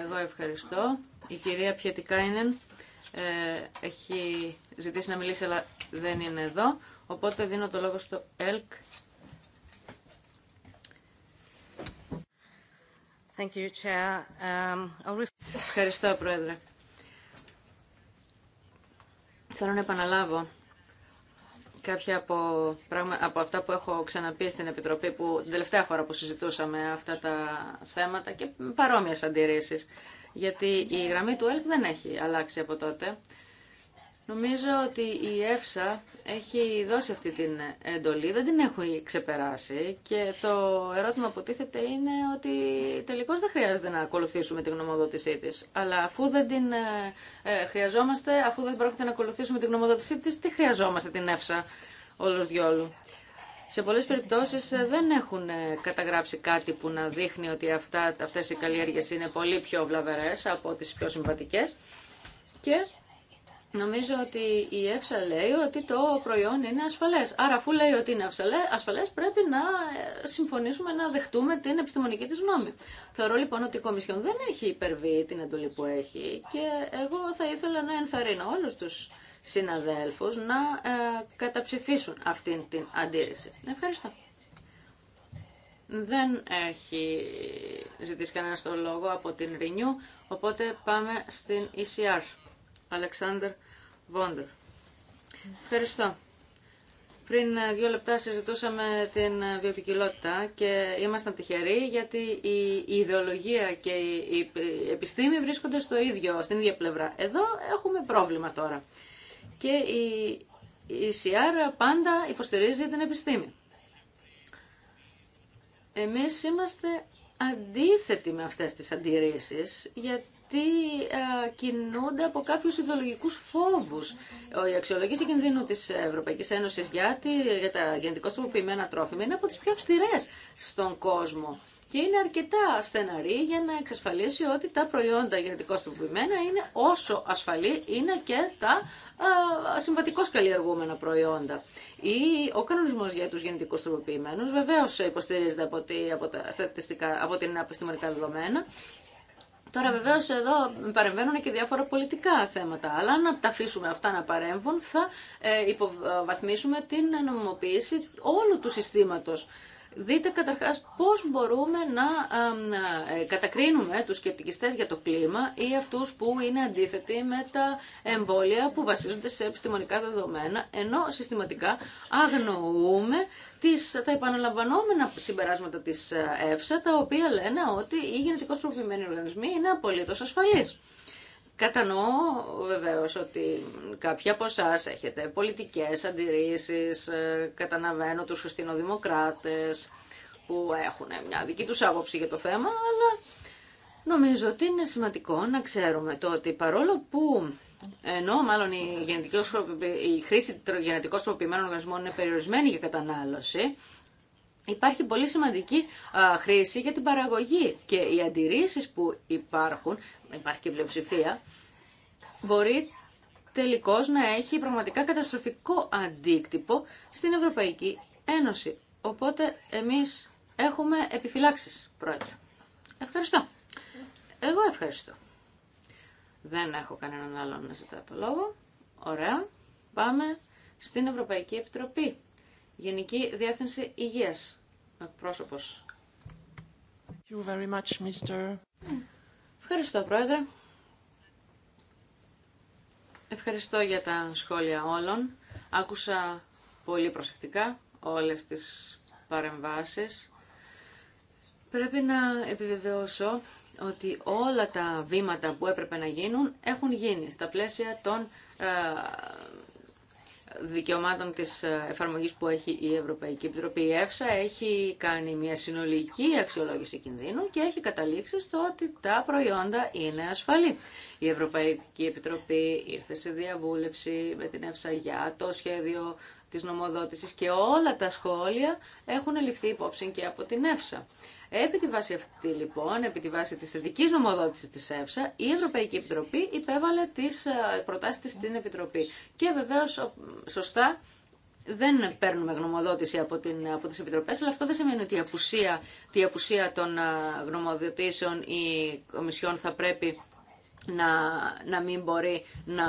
Εγώ ευχαριστώ. Η κυρία Πιετικάινεν. Ε, έχει ζητήσει να μιλήσει αλλά δεν είναι εδώ. Οπότε δίνω το λόγο στο ΕΛΚ. Thank um, Ευχαριστώ, Πρόεδρε. Θέλω να επαναλάβω κάποια από, αυτά που έχω ξαναπεί στην Επιτροπή που την τελευταία φορά που συζητούσαμε αυτά τα θέματα και παρόμοιες αντιρρήσεις γιατί η γραμμή του ΕΛΚ δεν έχει αλλάξει από τότε. Νομίζω ότι η ΕΦΣΑ έχει δώσει αυτή την εντολή, δεν την έχουν ξεπεράσει και το ερώτημα που τίθεται είναι ότι τελικώς δεν χρειάζεται να ακολουθήσουμε την γνωμοδότησή της. Αλλά αφού δεν την ε, ε, χρειαζόμαστε, αφού δεν πρόκειται να ακολουθήσουμε την γνωμοδότησή της, τι χρειαζόμαστε την ΕΦΣΑ όλος διόλου σε πολλές περιπτώσεις ε, δεν έχουν ε, καταγράψει κάτι που να δείχνει ότι αυτά, αυτές οι καλλιέργειες είναι πολύ πιο βλαβερές από τις πιο συμβατικές και νομίζω ότι η ΕΦΣΑ λέει ότι το προϊόν είναι ασφαλές. Άρα αφού λέει ότι είναι ασφαλές πρέπει να ε, συμφωνήσουμε να δεχτούμε την επιστημονική της γνώμη. Θεωρώ λοιπόν ότι η Κομισιόν δεν έχει υπερβεί την εντολή που έχει και εγώ θα ήθελα να ενθαρρύνω όλους τους συναδέλφους να ε, καταψηφίσουν αυτήν την αντίρρηση. Ευχαριστώ. Δεν έχει ζητήσει κανένα το λόγο από την Renew, οπότε πάμε στην ECR. Αλεξάνδρ Βόντερ. Ευχαριστώ. Πριν ε, δύο λεπτά συζητούσαμε την ε, βιοπικιλότητα και ήμασταν τυχεροί γιατί η ιδεολογία και η επιστήμη βρίσκονται στο ίδιο, στην ίδια πλευρά. Εδώ έχουμε πρόβλημα τώρα και η CR πάντα υποστηρίζει την επιστήμη. Εμείς είμαστε αντίθετοι με αυτές τις αντιρρήσεις, γιατί α, κινούνται από κάποιους ιδεολογικούς φόβους. Η αξιολόγηση κινδύνου της Ευρωπαϊκής Ένωσης για, για τα γενετικώς τροποποιημένα τρόφιμα είναι από τις πιο αυστηρές στον κόσμο και είναι αρκετά ασθεναρή για να εξασφαλίσει ότι τα προϊόντα γενετικώς τροποποιημένα είναι όσο ασφαλή είναι και τα συμβατικώ καλλιεργούμενα προϊόντα. Ή ο κανονισμό για του γενετικού τροποποιημένου βεβαίω υποστηρίζεται από, τη, από, τα στατιστικά, από την επιστημονικά δεδομένα Τώρα βεβαίως εδώ παρεμβαίνουν και διάφορα πολιτικά θέματα, αλλά αν τα αφήσουμε αυτά να παρέμβουν θα ε, υποβαθμίσουμε την νομιμοποίηση όλου του συστήματος δείτε καταρχάς πώς μπορούμε να ε, κατακρίνουμε τους σκεπτικιστές για το κλίμα ή αυτούς που είναι αντίθετοι με τα εμβόλια που βασίζονται σε επιστημονικά δεδομένα, ενώ συστηματικά αγνοούμε τις, τα επαναλαμβανόμενα συμπεράσματα της ε, ΕΦΣΑ, τα οποία λένε ότι οι γενετικώς προποιημένοι οργανισμοί είναι απολύτως ασφαλείς. Κατανοώ βεβαίω, ότι κάποια από εσά έχετε πολιτικές αντιρρήσει, ε, καταναβαίνω τους χριστιανοδημοκράτε, που έχουν μια δική τους άποψη για το θέμα, αλλά νομίζω ότι είναι σημαντικό να ξέρουμε το ότι παρόλο που ενώ μάλλον η, η χρήση γενετικώς τροποποιημένων οργανισμών είναι περιορισμένη για κατανάλωση, Υπάρχει πολύ σημαντική χρήση για την παραγωγή και οι αντιρρήσεις που υπάρχουν, υπάρχει και πλειοψηφία, μπορεί τελικώς να έχει πραγματικά καταστροφικό αντίκτυπο στην Ευρωπαϊκή Ένωση. Οπότε εμείς έχουμε επιφυλάξεις, Πρόεδρε. Ευχαριστώ. Εγώ ευχαριστώ. Δεν έχω κανέναν άλλο να ζητά το λόγο. Ωραία. Πάμε στην Ευρωπαϊκή Επιτροπή. Γενική Διεύθυνση Υγείας. Ευχαριστώ, Πρόεδρε. Ευχαριστώ για τα σχόλια όλων. Άκουσα πολύ προσεκτικά όλες τις παρεμβάσεις. Πρέπει να επιβεβαιώσω ότι όλα τα βήματα που έπρεπε να γίνουν έχουν γίνει στα πλαίσια των ε, δικαιωμάτων της ε, εφαρμογής που έχει η Ευρωπαϊκή Επιτροπή. Η ΕΦΣΑ έχει κάνει μια συνολική αξιολόγηση κινδύνου και έχει καταλήξει στο ότι τα προϊόντα είναι ασφαλή. Η Ευρωπαϊκή Επιτροπή ήρθε σε διαβούλευση με την ΕΦΣΑ για το σχέδιο της νομοδότησης και όλα τα σχόλια έχουν ληφθεί υπόψη και από την ΕΦΣΑ. Επί τη βάση αυτή λοιπόν, επί τη βάση της θετικής νομοδότησης της ΕΦΣΑ, η Ευρωπαϊκή Επιτροπή υπέβαλε τις ε, προτάσεις της στην Επιτροπή. Και βεβαίως σωστά δεν παίρνουμε γνωμοδότηση από, την, από τις επιτροπές, αλλά αυτό δεν σημαίνει ότι η απουσία, η απουσία των ε, γνωμοδοτήσεων ή κομισιών θα πρέπει να, να μην μπορεί να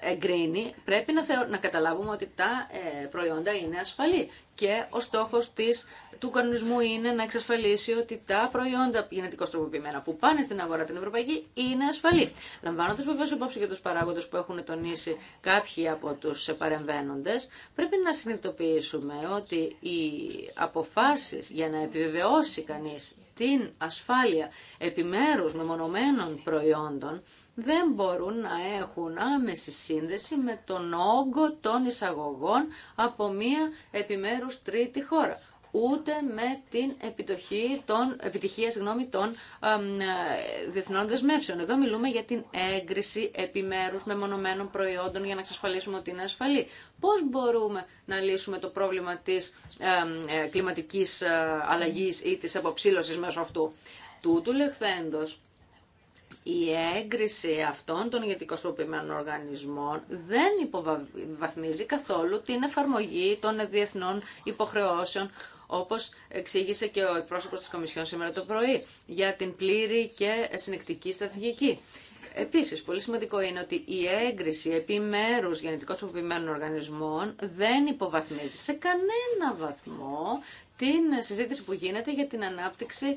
ε, εγκρίνει. Πρέπει να, να καταλάβουμε ότι τα προϊόντα είναι ασφαλή και ο στόχος της, του κανονισμού είναι να εξασφαλίσει ότι τα προϊόντα γενετικώς τροποποιημένα που πάνε στην αγορά την Ευρωπαϊκή είναι ασφαλή. Λαμβάνοντας βεβαίω υπόψη και του παράγοντε που έχουν τονίσει κάποιοι από του παρεμβαίνοντε, πρέπει να συνειδητοποιήσουμε ότι οι αποφάσει για να επιβεβαιώσει κανεί την ασφάλεια επιμέρους μεμονωμένων προϊόντων δεν μπορούν να έχουν άμεση σύνδεση με τον όγκο των εισαγωγών από μία επιμέρους τρίτη χώρα ούτε με την επιτοχή των, επιτυχία, συγγνώμη, των ε, διεθνών δεσμεύσεων. Εδώ μιλούμε για την έγκριση επιμέρους μεμονωμένων προϊόντων για να εξασφαλίσουμε ότι είναι ασφαλή. Πώς μπορούμε να λύσουμε το πρόβλημα της κλιματική ε, κλιματικής ε, αλλαγής ή της αποψήλωσης μέσω αυτού. Τούτου λεχθέντος η έγκριση αυτών των ιδιωτικοσωπημένων οργανισμών δεν υποβαθμίζει καθόλου την εφαρμογή των διεθνών υποχρεώσεων όπως εξήγησε και ο εκπρόσωπος της Κομισιόν σήμερα το πρωί, για την πλήρη και συνεκτική στρατηγική. Επίσης, πολύ σημαντικό είναι ότι η έγκριση επιμέρους γενετικώς τροποποιημένων οργανισμών δεν υποβαθμίζει σε κανένα βαθμό την συζήτηση που γίνεται για την ανάπτυξη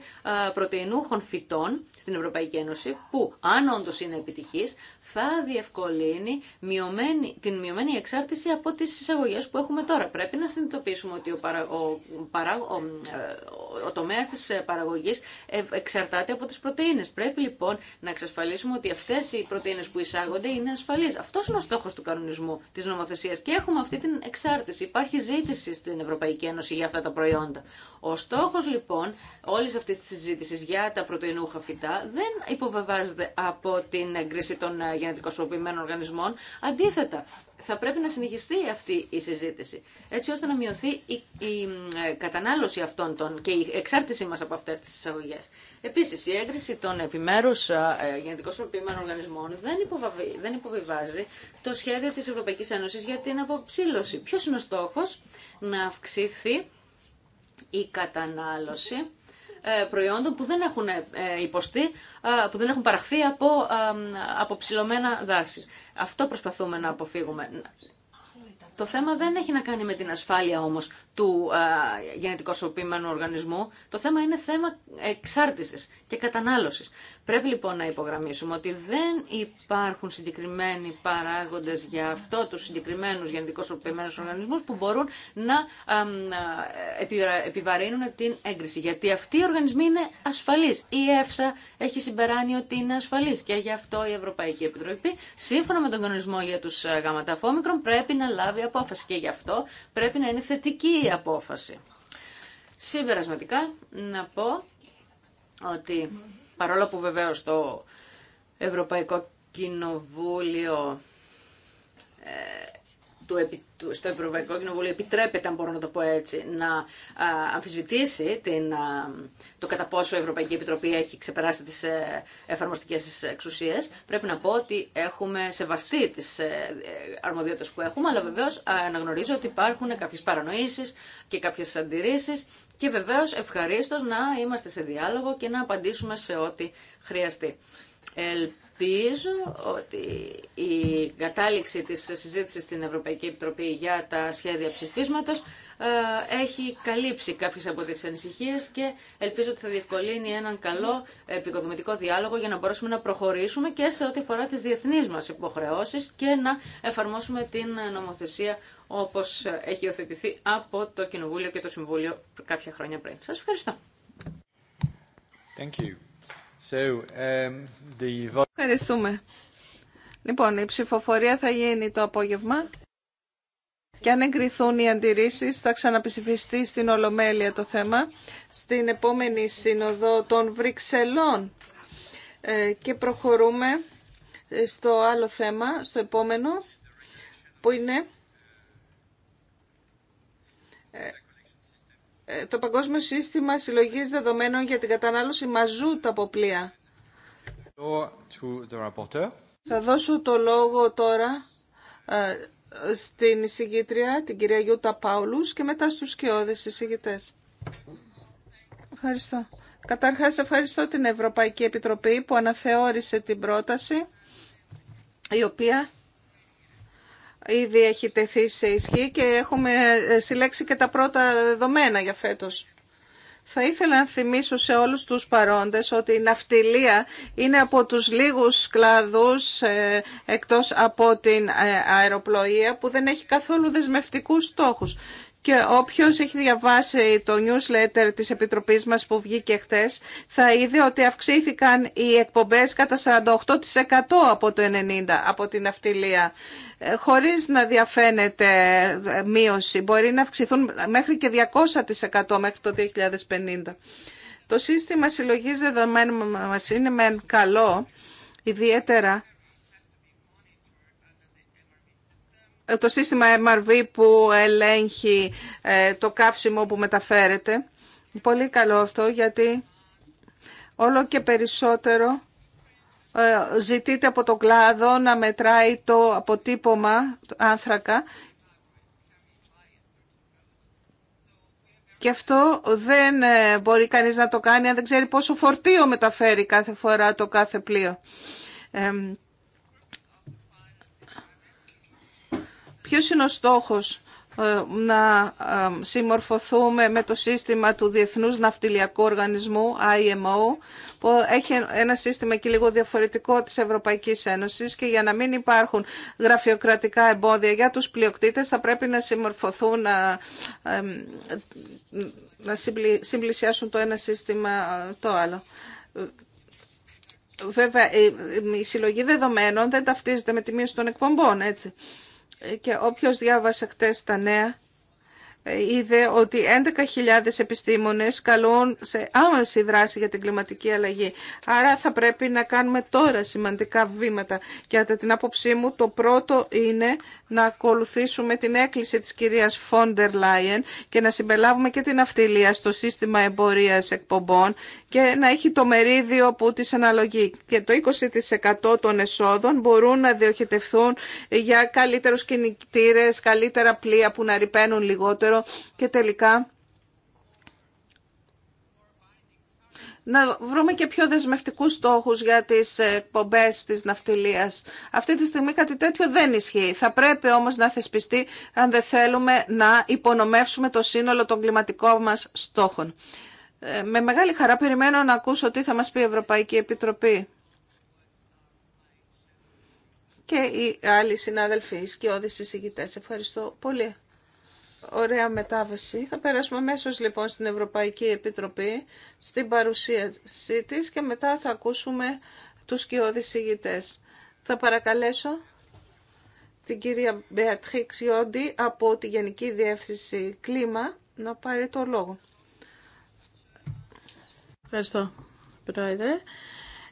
πρωτεϊνούχων φυτών στην Ευρωπαϊκή Ένωση, που αν όντω είναι επιτυχής, θα διευκολύνει μειωμένη, την μειωμένη εξάρτηση από τι εισαγωγέ που έχουμε τώρα. Πρέπει να συνειδητοποιήσουμε ότι ο, παρα, ο, παρα, ο, ε, της παραγωγής εξαρτάται από τι πρωτεΐνες. Πρέπει λοιπόν να εξασφαλίσουμε ότι αυτέ οι πρωτεΐνες που εισάγονται είναι ασφαλείς. Αυτό είναι ο στόχο του κανονισμού τη νομοθεσία και έχουμε αυτή την εξάρτηση. Υπάρχει ζήτηση στην Ευρωπαϊκή Ένωση για αυτά τα προϊόντα προϊόντα. Ο στόχος λοιπόν όλης αυτής της συζήτηση για τα πρωτεϊνούχα φυτά δεν υποβεβάζεται από την έγκριση των ε, γενετικοσωπημένων οργανισμών. Αντίθετα, θα πρέπει να συνεχιστεί αυτή η συζήτηση, έτσι ώστε να μειωθεί η, ε, κατανάλωση αυτών των και η εξάρτησή μας από αυτές τις εισαγωγέ. Επίσης, η έγκριση των επιμέρους ε, γενετικοσωπημένων οργανισμών δεν, υποβαβεί, δεν υποβιβάζει το σχέδιο της Ευρωπαϊκής Ένωσης για την αποψήλωση. Ποιος είναι ο στόχος να αυξηθεί η κατανάλωση ε, προϊόντων που δεν έχουν ε, υποστεί, ε, που δεν έχουν παραχθεί από, από ψηλωμένα δάση. Αυτό προσπαθούμε να αποφύγουμε. Το θέμα δεν έχει να κάνει με την ασφάλεια όμως του γενετικοσωπημένου οργανισμού. Το θέμα είναι θέμα εξάρτησης και κατανάλωσης. Πρέπει λοιπόν να υπογραμμίσουμε ότι δεν υπάρχουν συγκεκριμένοι παράγοντες για αυτό τους συγκεκριμένους γενετικοσωπημένους οργανισμούς που μπορούν να επιβαρύνουν την έγκριση. Γιατί αυτοί οι οργανισμοί είναι ασφαλείς. Η ΕΦΣΑ έχει συμπεράνει ότι είναι ασφαλής και γι' αυτό η Ευρωπαϊκή Επιτροπή σύμφωνα με τον κανονισμό για τους γαματαφόμικρων πρέπει να λάβει απόφαση και γι' αυτό πρέπει να είναι θετική απόφαση. Συμπερασματικά να πω ότι παρόλο που βεβαίω το Ευρωπαϊκό Κοινοβούλιο ε, στο Ευρωπαϊκό Κοινοβούλιο επιτρέπεται, αν μπορώ να το πω έτσι, να αμφισβητήσει την, το κατά πόσο η Ευρωπαϊκή Επιτροπή έχει ξεπεράσει τις ε, εφαρμοστικές εξουσίες. Πρέπει να πω ότι έχουμε σεβαστεί τις ε, αρμοδιότητες που έχουμε, αλλά βεβαίως αναγνωρίζω ότι υπάρχουν κάποιες παρανοήσεις και κάποιες αντιρρήσεις και βεβαίως ευχαρίστως να είμαστε σε διάλογο και να απαντήσουμε σε ό,τι χρειαστεί. Ελπίζω ότι η κατάληξη της συζήτησης στην Ευρωπαϊκή Επιτροπή για τα σχέδια ψηφίσματος ε, έχει καλύψει κάποιες από τις ανησυχίες και ελπίζω ότι θα διευκολύνει έναν καλό επικοδομητικό διάλογο για να μπορέσουμε να προχωρήσουμε και σε ό,τι αφορά τις διεθνείς μας υποχρεώσεις και να εφαρμόσουμε την νομοθεσία όπως έχει υιοθετηθεί από το Κοινοβούλιο και το Συμβούλιο κάποια χρόνια πριν. Σας ευχαριστώ. Thank you. Um, Ευχαριστούμε. Λοιπόν, η ψηφοφορία θα γίνει το απόγευμα και αν εγκριθούν οι αντιρρήσει, θα ξαναπισυφιστεί στην Ολομέλεια το θέμα στην επόμενη σύνοδο των Βρυξελών. Ε, και προχωρούμε ε, στο άλλο θέμα, στο επόμενο, που είναι Ε, το Παγκόσμιο Σύστημα Συλλογή Δεδομένων για την Κατανάλωση Μαζούτα από πλοία. Θα δώσω το λόγο τώρα ε, στην εισηγήτρια, την κυρία Γιούτα Πάουλου, και μετά στου σκιώδες εισηγητέ. Ευχαριστώ. Καταρχάς ευχαριστώ την Ευρωπαϊκή Επιτροπή που αναθεώρησε την πρόταση η οποία ήδη έχει τεθεί σε ισχύ και έχουμε ε, συλλέξει και τα πρώτα δεδομένα για φέτος. Θα ήθελα να θυμίσω σε όλους τους παρόντες ότι η ναυτιλία είναι από τους λίγους κλάδους ε, εκτός από την ε, αεροπλοεία που δεν έχει καθόλου δεσμευτικούς στόχους και όποιος έχει διαβάσει το newsletter της Επιτροπής μας που βγήκε χτες θα είδε ότι αυξήθηκαν οι εκπομπές κατά 48% από το 90% από την αυτιλία ε, χωρίς να διαφαίνεται ε, μείωση. Μπορεί να αυξηθούν μέχρι και 200% μέχρι το 2050. Το σύστημα συλλογής δεδομένων μας είναι μεν καλό, ιδιαίτερα Ε, το σύστημα MRV που ελέγχει ε, το καύσιμο που μεταφέρεται. Πολύ καλό αυτό γιατί όλο και περισσότερο ε, ζητείται από το κλάδο να μετράει το αποτύπωμα άνθρακα Και αυτό δεν μπορεί κανείς να το κάνει αν δεν ξέρει πόσο φορτίο μεταφέρει κάθε φορά το κάθε πλοίο. Ποιος είναι ο στόχος ε, να ε, συμμορφωθούμε με το σύστημα του Διεθνούς Ναυτιλιακού Οργανισμού, IMO, που έχει ένα σύστημα και λίγο διαφορετικό της Ευρωπαϊκής Ένωσης και για να μην υπάρχουν γραφειοκρατικά εμπόδια για τους πλειοκτήτες θα πρέπει να συμμορφωθούν, να, να συμπλησιάσουν το ένα σύστημα ε, το άλλο. Βέβαια, η συλλογή δεδομένων δεν ταυτίζεται με τη μείωση των εκπομπών, έτσι και όποιος διάβασε χτες τα νέα είδε ότι 11.000 επιστήμονες καλούν σε άμεση δράση για την κλιματική αλλαγή. Άρα θα πρέπει να κάνουμε τώρα σημαντικά βήματα. Και κατά την άποψή μου το πρώτο είναι να ακολουθήσουμε την έκκληση της κυρίας Φόντερ Λάιεν και να συμπελάβουμε και την αυτιλία στο σύστημα εμπορίας εκπομπών και να έχει το μερίδιο που της αναλογεί. Και το 20% των εσόδων μπορούν να διοχετευθούν για καλύτερους κινητήρες, καλύτερα πλοία που να ρηπαίνουν λιγότερο και τελικά να βρούμε και πιο δεσμευτικούς στόχους για τις εκπομπέ της ναυτιλίας. Αυτή τη στιγμή κάτι τέτοιο δεν ισχύει. Θα πρέπει όμως να θεσπιστεί αν δεν θέλουμε να υπονομεύσουμε το σύνολο των κλιματικών μας στόχων. Ε, με μεγάλη χαρά περιμένω να ακούσω τι θα μας πει η Ευρωπαϊκή Επιτροπή. Και οι άλλοι συνάδελφοι, οι σκιώδεις συζητητές. Ευχαριστώ πολύ ωραία μετάβαση. Θα περάσουμε μέσω λοιπόν στην Ευρωπαϊκή Επιτροπή, στην παρουσίασή της και μετά θα ακούσουμε τους σκιώδεις ηγητές. Θα παρακαλέσω την κυρία Μπεατρίξ Ιόντι από τη Γενική Διεύθυνση Κλίμα να πάρει το λόγο. Ευχαριστώ, Πρόεδρε.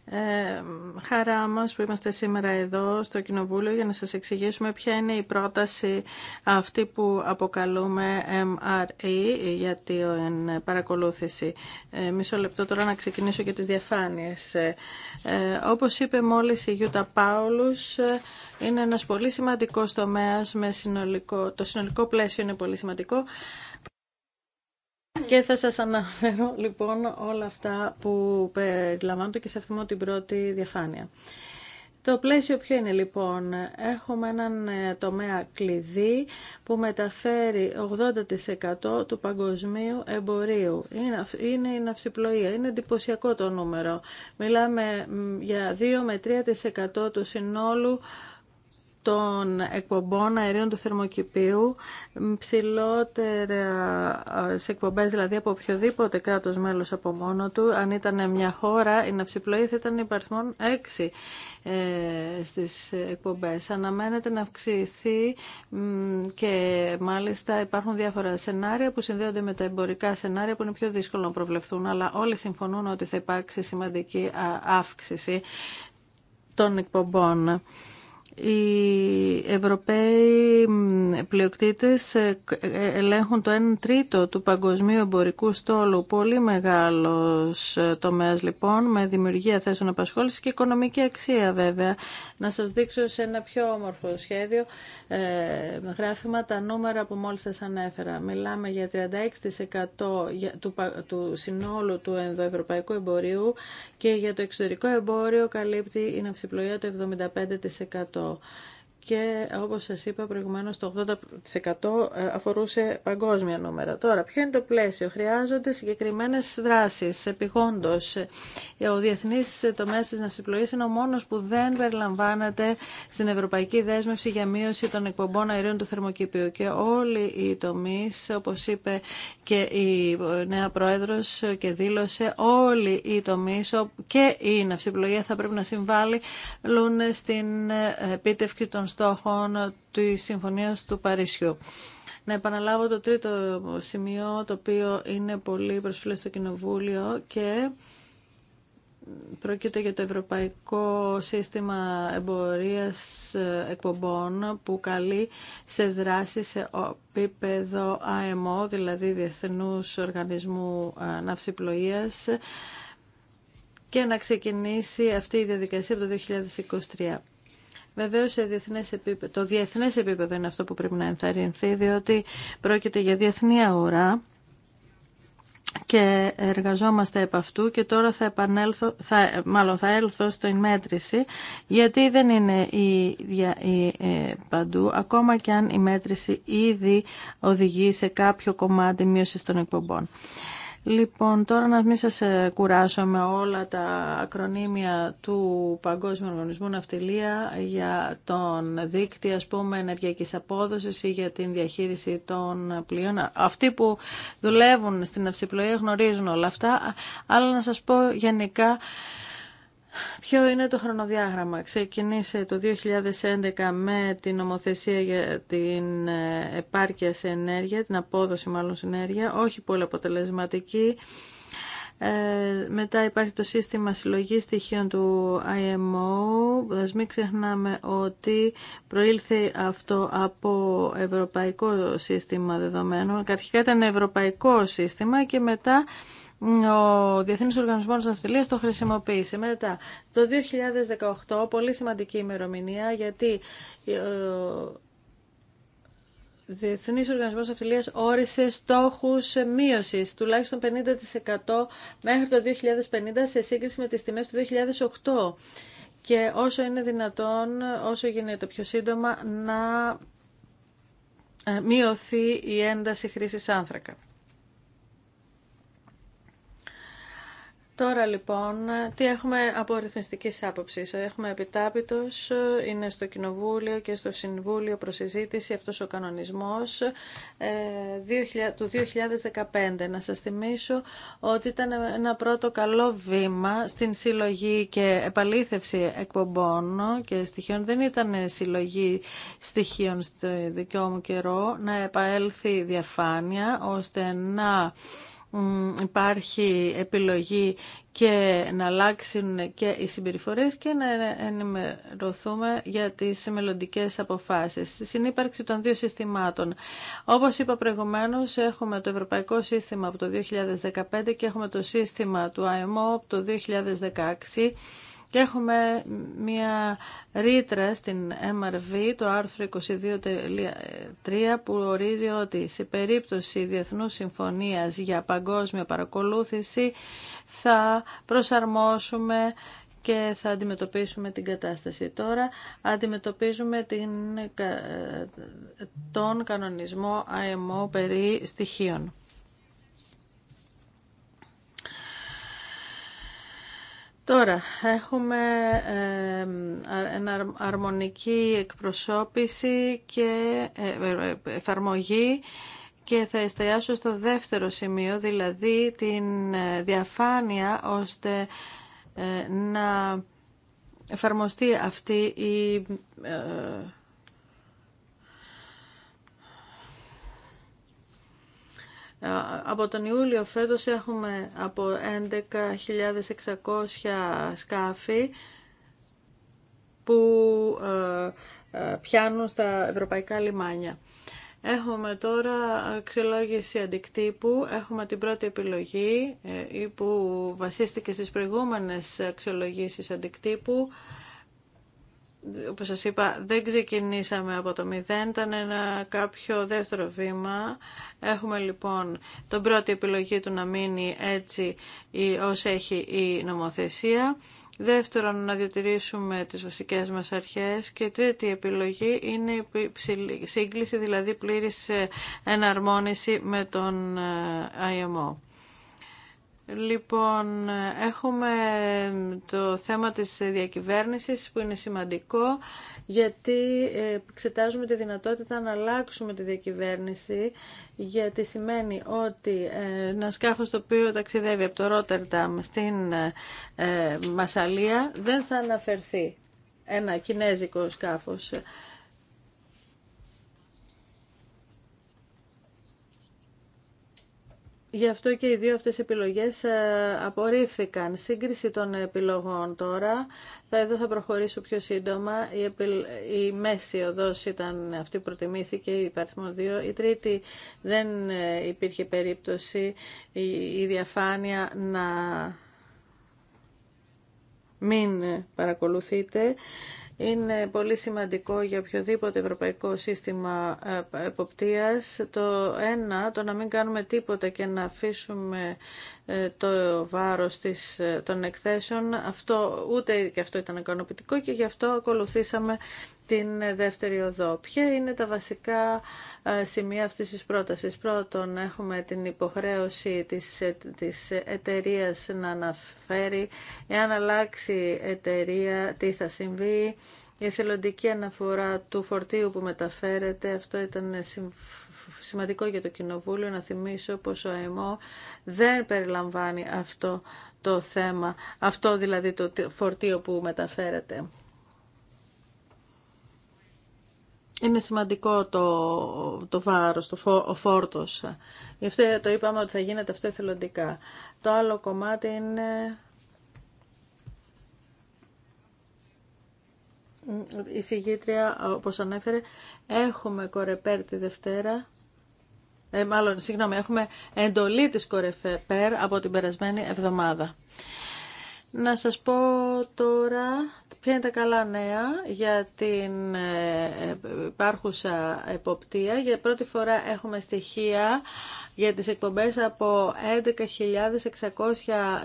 Ε, χαρά μας που είμαστε σήμερα εδώ στο Κοινοβούλιο για να σας εξηγήσουμε ποια είναι η πρόταση αυτή που αποκαλούμε MRE για την παρακολούθηση. Ε, μισό λεπτό τώρα να ξεκινήσω και τις διαφάνειες. Ε, όπως είπε μόλις η Γιούτα Πάουλους, ε, είναι ένας πολύ σημαντικός τομέας με συνολικό, το συνολικό πλαίσιο είναι πολύ σημαντικό και θα σας αναφέρω λοιπόν όλα αυτά που περιλαμβάνονται και σε αυτήν την πρώτη διαφάνεια. Το πλαίσιο ποιο είναι λοιπόν. Έχουμε έναν ε, τομέα κλειδί που μεταφέρει 80% του παγκοσμίου εμπορίου. Είναι η ναυσιπλοεία. Είναι εντυπωσιακό το νούμερο. Μιλάμε για 2 με 3% του συνόλου των εκπομπών αερίων του θερμοκηπίου, ψηλότερα σε εκπομπές δηλαδή από οποιοδήποτε κράτος μέλος από μόνο του. Αν ήταν μια χώρα, η ναυσιπλοή θα ήταν υπαριθμόν 6 ε, στις εκπομπές. Αναμένεται να αυξηθεί και μάλιστα υπάρχουν διάφορα σενάρια που συνδέονται με τα εμπορικά σενάρια που είναι πιο δύσκολο να προβλεφθούν, αλλά όλοι συμφωνούν ότι θα υπάρξει σημαντική αύξηση των εκπομπών οι Ευρωπαίοι πλειοκτήτες ε, ελέγχουν το 1 τρίτο του παγκοσμίου εμπορικού στόλου. Πολύ μεγάλος ε, τομέας λοιπόν με δημιουργία θέσεων απασχόλησης και οικονομική αξία βέβαια. Να σας δείξω σε ένα πιο όμορφο σχέδιο ε, γράφημα τα νούμερα που μόλις σας ανέφερα. Μιλάμε για 36% του συνόλου του ενδοευρωπαϊκού εμπορίου και για το εξωτερικό εμπόριο καλύπτει η ναυσιπλοεία το 75% και όπως σας είπα προηγουμένως το 80% ε, αφορούσε παγκόσμια νούμερα. Τώρα, ποιο είναι το πλαίσιο. Χρειάζονται συγκεκριμένες δράσεις επιγόντως. Ε, ο διεθνής τομέας της ναυσιπλοής είναι ο μόνος που δεν περιλαμβάνεται στην Ευρωπαϊκή Δέσμευση για μείωση των εκπομπών αερίων του θερμοκηπίου και όλοι οι τομεί, όπως είπε και η νέα πρόεδρος και δήλωσε, όλοι οι τομεί και η ναυσιπλοεία θα πρέπει να συμβάλλουν στην ε, επίτευξη των στόχων τη συμφωνία του Παρισιού. Να επαναλάβω το τρίτο σημείο, το οποίο είναι πολύ προσφυλές στο Κοινοβούλιο και Πρόκειται για το Ευρωπαϊκό Σύστημα Εμπορίας ε, Εκπομπών που καλεί σε δράση σε επίπεδο ΑΕΜΟ, δηλαδή Διεθνούς Οργανισμού ε, Ναυσιπλοείας και να ξεκινήσει αυτή η διαδικασία από το 2023. Βεβαίω σε διεθνέ επίπεδο, το διεθνέ επίπεδο είναι αυτό που πρέπει να ενθαρρυνθεί διότι πρόκειται για διεθνή αγορά και εργαζόμαστε επ' αυτού και τώρα θα επανέλθω, μάλλον θα έλθω στην μέτρηση γιατί δεν είναι η ε, παντού ακόμα και αν η μέτρηση ήδη οδηγεί σε κάποιο κομμάτι μείωση των εκπομπών. Λοιπόν, τώρα να μην σας ε, κουράσω με όλα τα ακρονίμια του Παγκόσμιου Οργανισμού Ναυτιλία για τον δίκτυο, ας πούμε, ενεργειακής απόδοσης ή για την διαχείριση των πλοίων. Αυτοί που δουλεύουν στην αυσιπλοεία γνωρίζουν όλα αυτά, αλλά να σας πω γενικά Ποιο είναι το χρονοδιάγραμμα. Ξεκινήσε το 2011 με την νομοθεσία για την ε, επάρκεια σε ενέργεια, την απόδοση μάλλον σε ενέργεια, όχι πολύ αποτελεσματική. Ε, μετά υπάρχει το σύστημα συλλογής στοιχείων του IMO. Ας ξεχνάμε ότι προήλθε αυτό από ευρωπαϊκό σύστημα δεδομένων. Αρχικά ήταν ευρωπαϊκό σύστημα και μετά ο Διεθνή Οργανισμό Ναυτιλία το χρησιμοποίησε. Μετά, το 2018, πολύ σημαντική ημερομηνία, γιατί ε, ο Διεθνή Οργανισμό Ναυτιλία όρισε στόχου μείωση, τουλάχιστον 50% μέχρι το 2050 σε σύγκριση με τις τιμέ του 2008 και όσο είναι δυνατόν, όσο γίνεται πιο σύντομα, να ε, μειωθεί η ένταση χρήσης άνθρακα. Τώρα λοιπόν, τι έχουμε από ρυθμιστική άποψη. Έχουμε επιτάπητο, είναι στο Κοινοβούλιο και στο Συμβούλιο προ συζήτηση αυτό ο κανονισμό ε, του 2015. Να σα θυμίσω ότι ήταν ένα πρώτο καλό βήμα στην συλλογή και επαλήθευση εκπομπών και στοιχείων. Δεν ήταν συλλογή στοιχείων στο δικό μου καιρό να επαέλθει διαφάνεια ώστε να υπάρχει επιλογή και να αλλάξουν και οι συμπεριφορές και να ενημερωθούμε για τις μελλοντικέ αποφάσεις. Στη συνύπαρξη των δύο συστημάτων. Όπως είπα προηγουμένως, έχουμε το Ευρωπαϊκό Σύστημα από το 2015 και έχουμε το σύστημα του IMO από το 2016 και έχουμε μια ρήτρα στην MRV, το άρθρο 22.3, που ορίζει ότι σε περίπτωση διεθνούς συμφωνίας για παγκόσμια παρακολούθηση θα προσαρμόσουμε και θα αντιμετωπίσουμε την κατάσταση. Τώρα αντιμετωπίζουμε την, τον κανονισμό IMO περί στοιχείων. Τώρα, έχουμε αρμονική εκπροσώπηση και ε, ε, ε, εφαρμογή και θα εστιάσω στο δεύτερο σημείο, δηλαδή την διαφάνεια ώστε να εφαρμοστεί αυτή η Από τον Ιούλιο φέτος έχουμε από 11.600 σκάφη που ε, ε, πιάνουν στα ευρωπαϊκά λιμάνια. Έχουμε τώρα αξιολόγηση αντικτύπου, έχουμε την πρώτη επιλογή ε, που βασίστηκε στις προηγούμενες αξιολογήσεις αντικτύπου όπως σας είπα, δεν ξεκινήσαμε από το μηδέν, ήταν ένα κάποιο δεύτερο βήμα. Έχουμε λοιπόν τον πρώτη επιλογή του να μείνει έτσι ως έχει η νομοθεσία. Δεύτερον, να διατηρήσουμε τις βασικές μας αρχές. Και τρίτη επιλογή είναι η σύγκληση, δηλαδή πλήρης ε, εναρμόνιση με τον ε, IMO. Λοιπόν, έχουμε το θέμα της διακυβέρνησης που είναι σημαντικό γιατί εξετάζουμε τη δυνατότητα να αλλάξουμε τη διακυβέρνηση γιατί σημαίνει ότι ε, ένα σκάφος το οποίο ταξιδεύει από το Ρότερνταμ στην ε, ε, Μασαλία δεν θα αναφερθεί ένα κινέζικο σκάφος Γι' αυτό και οι δύο αυτές επιλογές ε, απορρίφθηκαν. Σύγκριση των επιλογών τώρα. Θα, εδώ θα προχωρήσω πιο σύντομα. Η, η μέση οδός ήταν αυτή που προτιμήθηκε, η παριθμό 2. Η τρίτη δεν ε, υπήρχε περίπτωση η, η διαφάνεια να μην παρακολουθείτε. Είναι πολύ σημαντικό για οποιοδήποτε ευρωπαϊκό σύστημα ε, εποπτείας το ένα, το να μην κάνουμε τίποτα και να αφήσουμε ε, το βάρος της, ε, των εκθέσεων. Αυτό, ούτε και αυτό ήταν ικανοποιητικό και γι' αυτό ακολουθήσαμε την δεύτερη οδό. Ποια είναι τα βασικά ε, σημεία αυτής της πρότασης. Πρώτον, έχουμε την υποχρέωση της, ε, της εταιρεία να αναφέρει εάν αλλάξει εταιρεία τι θα συμβεί. Η θελοντική αναφορά του φορτίου που μεταφέρεται, αυτό ήταν σημαντικό για το Κοινοβούλιο. Να θυμίσω πως ο ΑΕΜΟ δεν περιλαμβάνει αυτό το θέμα, αυτό δηλαδή το φορτίο που μεταφέρεται. είναι σημαντικό το, το βάρος, το ο φόρτος. Γι' αυτό το είπαμε ότι θα γίνεται αυτό εθελοντικά. Το άλλο κομμάτι είναι η συγγήτρια, όπως ανέφερε, έχουμε κορεπέρ τη Δευτέρα, ε, μάλλον, συγγνώμη, έχουμε εντολή της κορεπέρ από την περασμένη εβδομάδα. Να σας πω τώρα ποια είναι τα καλά νέα για την ε, ε, υπάρχουσα εποπτεία. Για πρώτη φορά έχουμε στοιχεία για τις εκπομπές από 11.600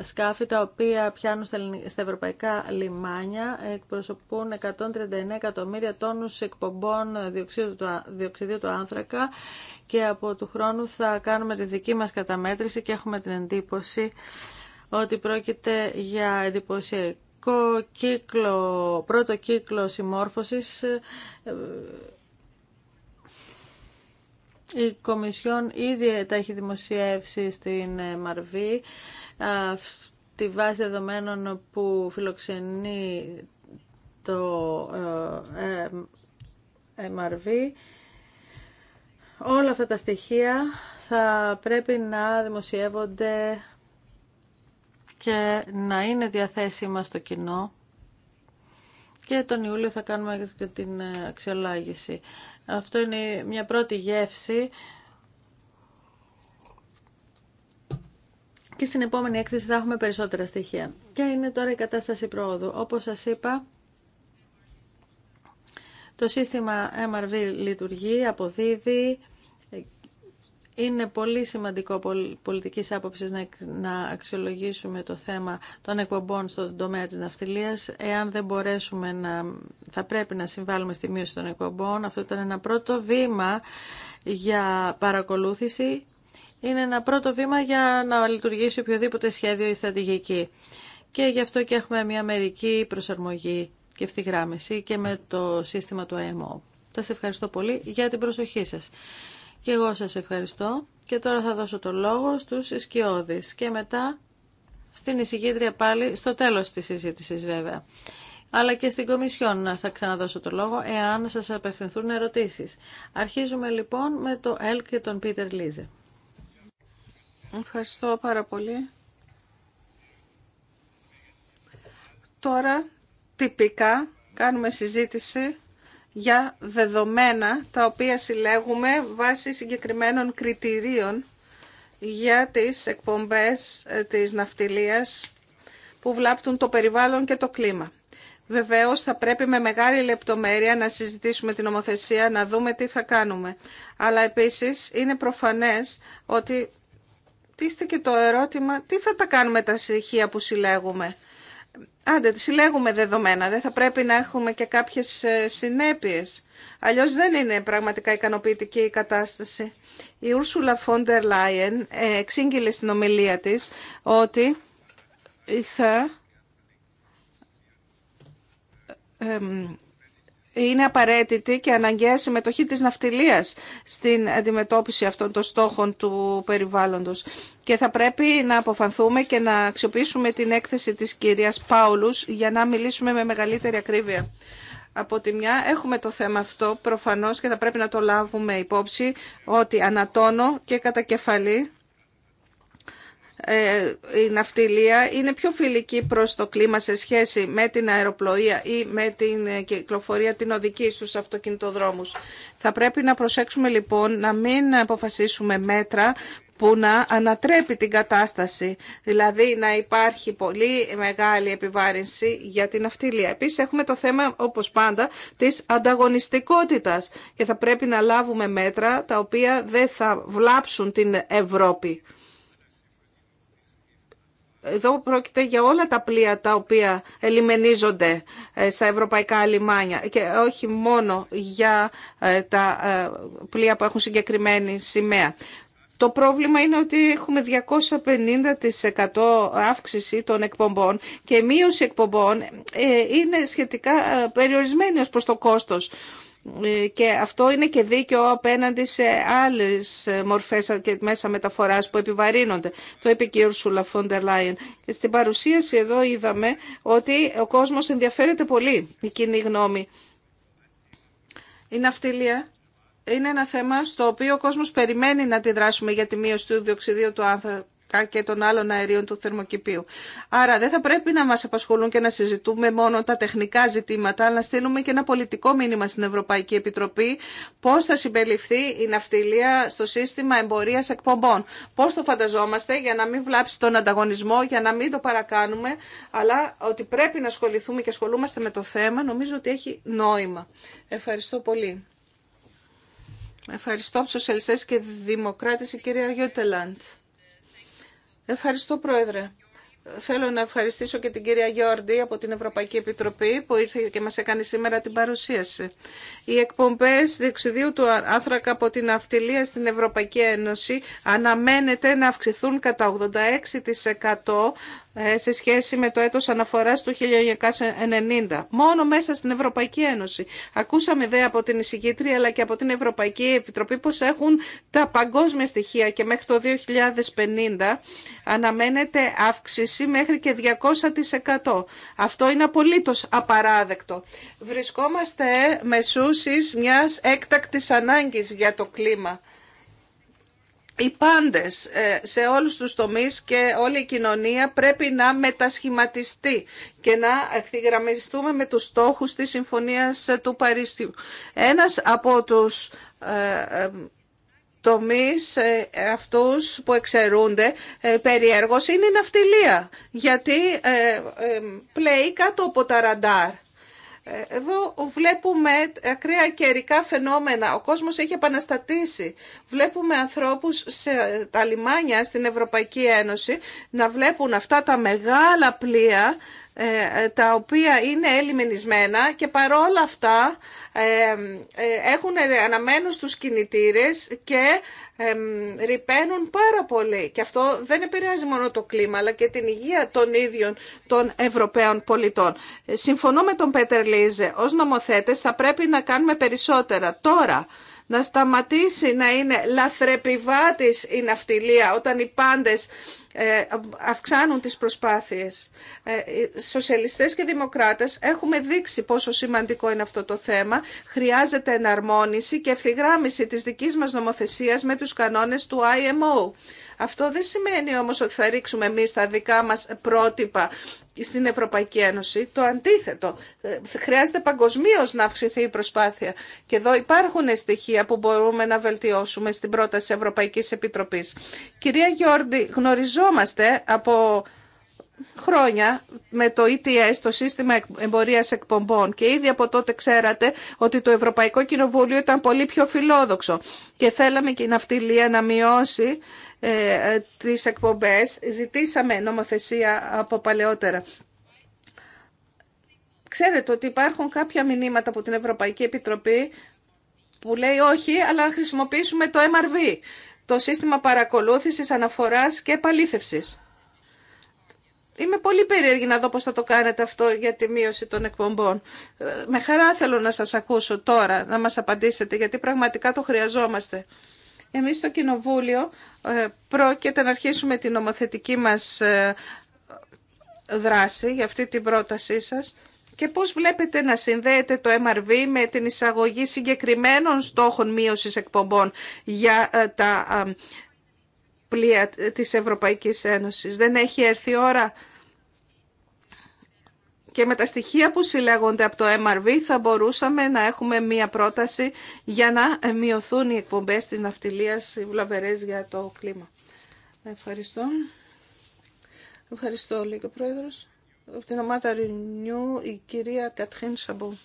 σκάφη τα οποία πιάνουν στα ευρωπαϊκά λιμάνια εκπροσωπούν 139 εκατομμύρια τόνους εκπομπών διοξιδίου του άνθρακα και από του χρόνου θα κάνουμε τη δική μας καταμέτρηση και έχουμε την εντύπωση ότι πρόκειται για εντυπωσιακό κύκλο, πρώτο κύκλο συμμόρφωσης η Κομισιόν ήδη τα έχει δημοσιεύσει στην Μαρβή τη βάση δεδομένων που φιλοξενεί το MRV. Ε, ε, ε, Όλα αυτά τα στοιχεία θα πρέπει να δημοσιεύονται και να είναι διαθέσιμα στο κοινό. Και τον Ιούλιο θα κάνουμε και την ε, αξιολάγηση. Αυτό είναι μια πρώτη γεύση. Και στην επόμενη έκθεση θα έχουμε περισσότερα στοιχεία. Και είναι τώρα η κατάσταση πρόοδου. Όπως σας είπα, το σύστημα MRV λειτουργεί, αποδίδει, είναι πολύ σημαντικό πολιτικής άποψης να αξιολογήσουμε το θέμα των εκπομπών στον τομέα της ναυτιλίας. Εάν δεν μπορέσουμε να... θα πρέπει να συμβάλλουμε στη μείωση των εκπομπών. Αυτό ήταν ένα πρώτο βήμα για παρακολούθηση. Είναι ένα πρώτο βήμα για να λειτουργήσει οποιοδήποτε σχέδιο ή στρατηγική. Και γι' αυτό και έχουμε μια μερική προσαρμογή και ευθυγράμμιση και με το σύστημα του Θα Σας ευχαριστώ πολύ για την προσοχή σας. Και εγώ σας ευχαριστώ. Και τώρα θα δώσω το λόγο στους Ισκιώδης και μετά στην εισηγήτρια πάλι στο τέλος της συζήτησης βέβαια. Αλλά και στην Κομισιόν θα ξαναδώσω το λόγο εάν σας απευθυνθούν ερωτήσεις. Αρχίζουμε λοιπόν με το ΕΛ και τον Πίτερ Λίζε. Ευχαριστώ πάρα πολύ. Τώρα τυπικά κάνουμε συζήτηση για δεδομένα τα οποία συλλέγουμε βάσει συγκεκριμένων κριτηρίων για τις εκπομπές ε, της ναυτιλίας που βλάπτουν το περιβάλλον και το κλίμα. Βεβαίως, θα πρέπει με μεγάλη λεπτομέρεια να συζητήσουμε την νομοθεσία, να δούμε τι θα κάνουμε. Αλλά επίσης, είναι προφανές ότι τίθεται το ερώτημα τι θα τα κάνουμε τα στοιχεία που συλλέγουμε. Άντε, συλλέγουμε δεδομένα, δεν θα πρέπει να έχουμε και κάποιες ε, συνέπειες. Αλλιώς δεν είναι πραγματικά ικανοποιητική η κατάσταση. Η Ούρσουλα Φόντερ Λάιεν εξήγηλε στην ομιλία της ότι θα ε, είναι απαραίτητη και αναγκαία συμμετοχή της ναυτιλίας στην αντιμετώπιση αυτών των στόχων του περιβάλλοντος. Και θα πρέπει να αποφανθούμε και να αξιοποιήσουμε την έκθεση της κυρίας Πάουλους για να μιλήσουμε με μεγαλύτερη ακρίβεια. Από τη μια έχουμε το θέμα αυτό προφανώς και θα πρέπει να το λάβουμε υπόψη ότι ανατόνο και κατά ε, η ναυτιλία είναι πιο φιλική προς το κλίμα σε σχέση με την αεροπλοεία ή με την κυκλοφορία την οδική στους αυτοκινητοδρόμους. Θα πρέπει να προσέξουμε λοιπόν να μην αποφασίσουμε μέτρα που να ανατρέπει την κατάσταση, δηλαδή να υπάρχει πολύ μεγάλη επιβάρυνση για την αυτιλία. Επίσης έχουμε το θέμα, όπως πάντα, της ανταγωνιστικότητας και θα πρέπει να λάβουμε μέτρα τα οποία δεν θα βλάψουν την Ευρώπη. Εδώ πρόκειται για όλα τα πλοία τα οποία ελιμενίζονται ε, στα ευρωπαϊκά λιμάνια και όχι μόνο για ε, τα ε, πλοία που έχουν συγκεκριμένη σημαία. Το πρόβλημα είναι ότι έχουμε 250% αύξηση των εκπομπών και μείωση εκπομπών είναι σχετικά περιορισμένη ως προς το κόστος. Ε, και αυτό είναι και δίκαιο απέναντι σε άλλες ε, μορφές και μέσα μεταφοράς που επιβαρύνονται. Το είπε και η Ursula von der Και στην παρουσίαση εδώ είδαμε ότι ο κόσμος ενδιαφέρεται πολύ, η κοινή γνώμη. Η ναυτιλία είναι ένα θέμα στο οποίο ο κόσμος περιμένει να αντιδράσουμε για τη μείωση του διοξιδίου του άνθρακα και των άλλων αερίων του θερμοκηπίου. Άρα δεν θα πρέπει να μας απασχολούν και να συζητούμε μόνο τα τεχνικά ζητήματα, αλλά να στείλουμε και ένα πολιτικό μήνυμα στην Ευρωπαϊκή Επιτροπή πώς θα συμπεριληφθεί η ναυτιλία στο σύστημα εμπορίας εκπομπών. Πώς το φανταζόμαστε για να μην βλάψει τον ανταγωνισμό, για να μην το παρακάνουμε, αλλά ότι πρέπει να ασχοληθούμε και ασχολούμαστε με το θέμα, νομίζω ότι έχει νόημα. Ευχαριστώ πολύ. Ευχαριστώ Σοσιαλιστέ και δημοκράτε η κυρία Γιώτελαντ. Ευχαριστώ, Πρόεδρε. Θέλω να ευχαριστήσω και την κυρία Γιώργη από την Ευρωπαϊκή Επιτροπή που ήρθε και μας έκανε σήμερα την παρουσίαση. Οι εκπομπές διοξιδίου του άνθρακα από την αυτιλία στην Ευρωπαϊκή Ένωση αναμένεται να αυξηθούν κατά 86% ε, σε σχέση με το έτος αναφοράς του 1990. Μόνο μέσα στην Ευρωπαϊκή Ένωση. Ακούσαμε δε από την εισηγήτρια αλλά και από την Ευρωπαϊκή Επιτροπή πως έχουν τα παγκόσμια στοιχεία και μέχρι το 2050 αναμένεται αύξηση μέχρι και 200%. Αυτό είναι απολύτως απαράδεκτο. Βρισκόμαστε μεσούσεις μιας έκτακτης ανάγκης για το κλίμα οι πάντες ε, σε όλους τους τομείς και όλη η κοινωνία πρέπει να μετασχηματιστεί και να ευθυγραμμιστούμε με τους στόχους της Συμφωνίας ε, του Παρίσιου. Ένας από τους ε, τομείς αυτούς που εξαιρούνται περιέργως είναι η ναυτιλία, γιατί πλέει κάτω από τα ραντάρ εδώ βλέπουμε ακραία καιρικά φαινόμενα. Ο κόσμος έχει επαναστατήσει. Βλέπουμε ανθρώπους σε τα λιμάνια στην Ευρωπαϊκή Ένωση να βλέπουν αυτά τα μεγάλα πλοία ε, ε, τα οποία είναι ελιμενισμένα και παρόλα αυτά ε, έχουν αναμένους τους κινητήρες και ρηπαίνουν πάρα πολύ. Και αυτό δεν επηρεάζει μόνο το κλίμα, αλλά και την υγεία των ίδιων των Ευρωπαίων πολιτών. Ε, συμφωνώ με τον Πέτερ Λίζε. Ως νομοθέτες θα πρέπει να κάνουμε περισσότερα τώρα να σταματήσει να είναι λαθρεπιβάτης η ναυτιλία όταν οι πάντες ε, αυξάνουν τις προσπάθειες. Ε, σοσιαλιστές και δημοκράτες έχουμε δείξει πόσο σημαντικό είναι αυτό το θέμα. Χρειάζεται εναρμόνιση και ευθυγράμμιση της δικής μας νομοθεσίας με τους κανόνες του IMO. Αυτό δεν σημαίνει όμως ότι θα ρίξουμε εμείς τα δικά μας πρότυπα στην Ευρωπαϊκή Ένωση. Το αντίθετο. Ε, χρειάζεται παγκοσμίω να αυξηθεί η προσπάθεια. Και εδώ υπάρχουν στοιχεία που μπορούμε να βελτιώσουμε στην πρόταση ευρωπαϊκή Επιτροπής. Κυρία Γιώργη, γνωριζόμαστε από χρόνια με το ETS, το σύστημα εμπορίας εκπομπών και ήδη από τότε ξέρατε ότι το Ευρωπαϊκό Κοινοβούλιο ήταν πολύ πιο φιλόδοξο και θέλαμε και η ναυτιλία να μειώσει ε, ε, τις εκπομπές. Ζητήσαμε νομοθεσία από παλαιότερα. Ξέρετε ότι υπάρχουν κάποια μηνύματα από την Ευρωπαϊκή Επιτροπή που λέει όχι, αλλά να χρησιμοποιήσουμε το MRV, το σύστημα παρακολούθησης, αναφοράς και επαλήθευσης. Είμαι πολύ περίεργη να δω πώς θα το κάνετε αυτό για τη μείωση των εκπομπών. Ε, με χαρά θέλω να σας ακούσω τώρα, να μας απαντήσετε, γιατί πραγματικά το χρειαζόμαστε. Εμείς στο Κοινοβούλιο ε, πρόκειται να αρχίσουμε την νομοθετική μας ε, δράση για αυτή την πρότασή σας και πώς βλέπετε να συνδέεται το MRV με την εισαγωγή συγκεκριμένων στόχων μείωσης εκπομπών για ε, τα πλοία της Ευρωπαϊκής Ένωσης. Δεν έχει έρθει η ώρα και με τα στοιχεία που συλλέγονται από το MRV θα μπορούσαμε να έχουμε μία πρόταση για να μειωθούν οι εκπομπές της ναυτιλίας οι βλαβερές για το κλίμα. Ευχαριστώ. Ευχαριστώ λίγο, Πρόεδρος. Από την ομάδα Ρινιού, η κυρία Κατρίν Σαμπού.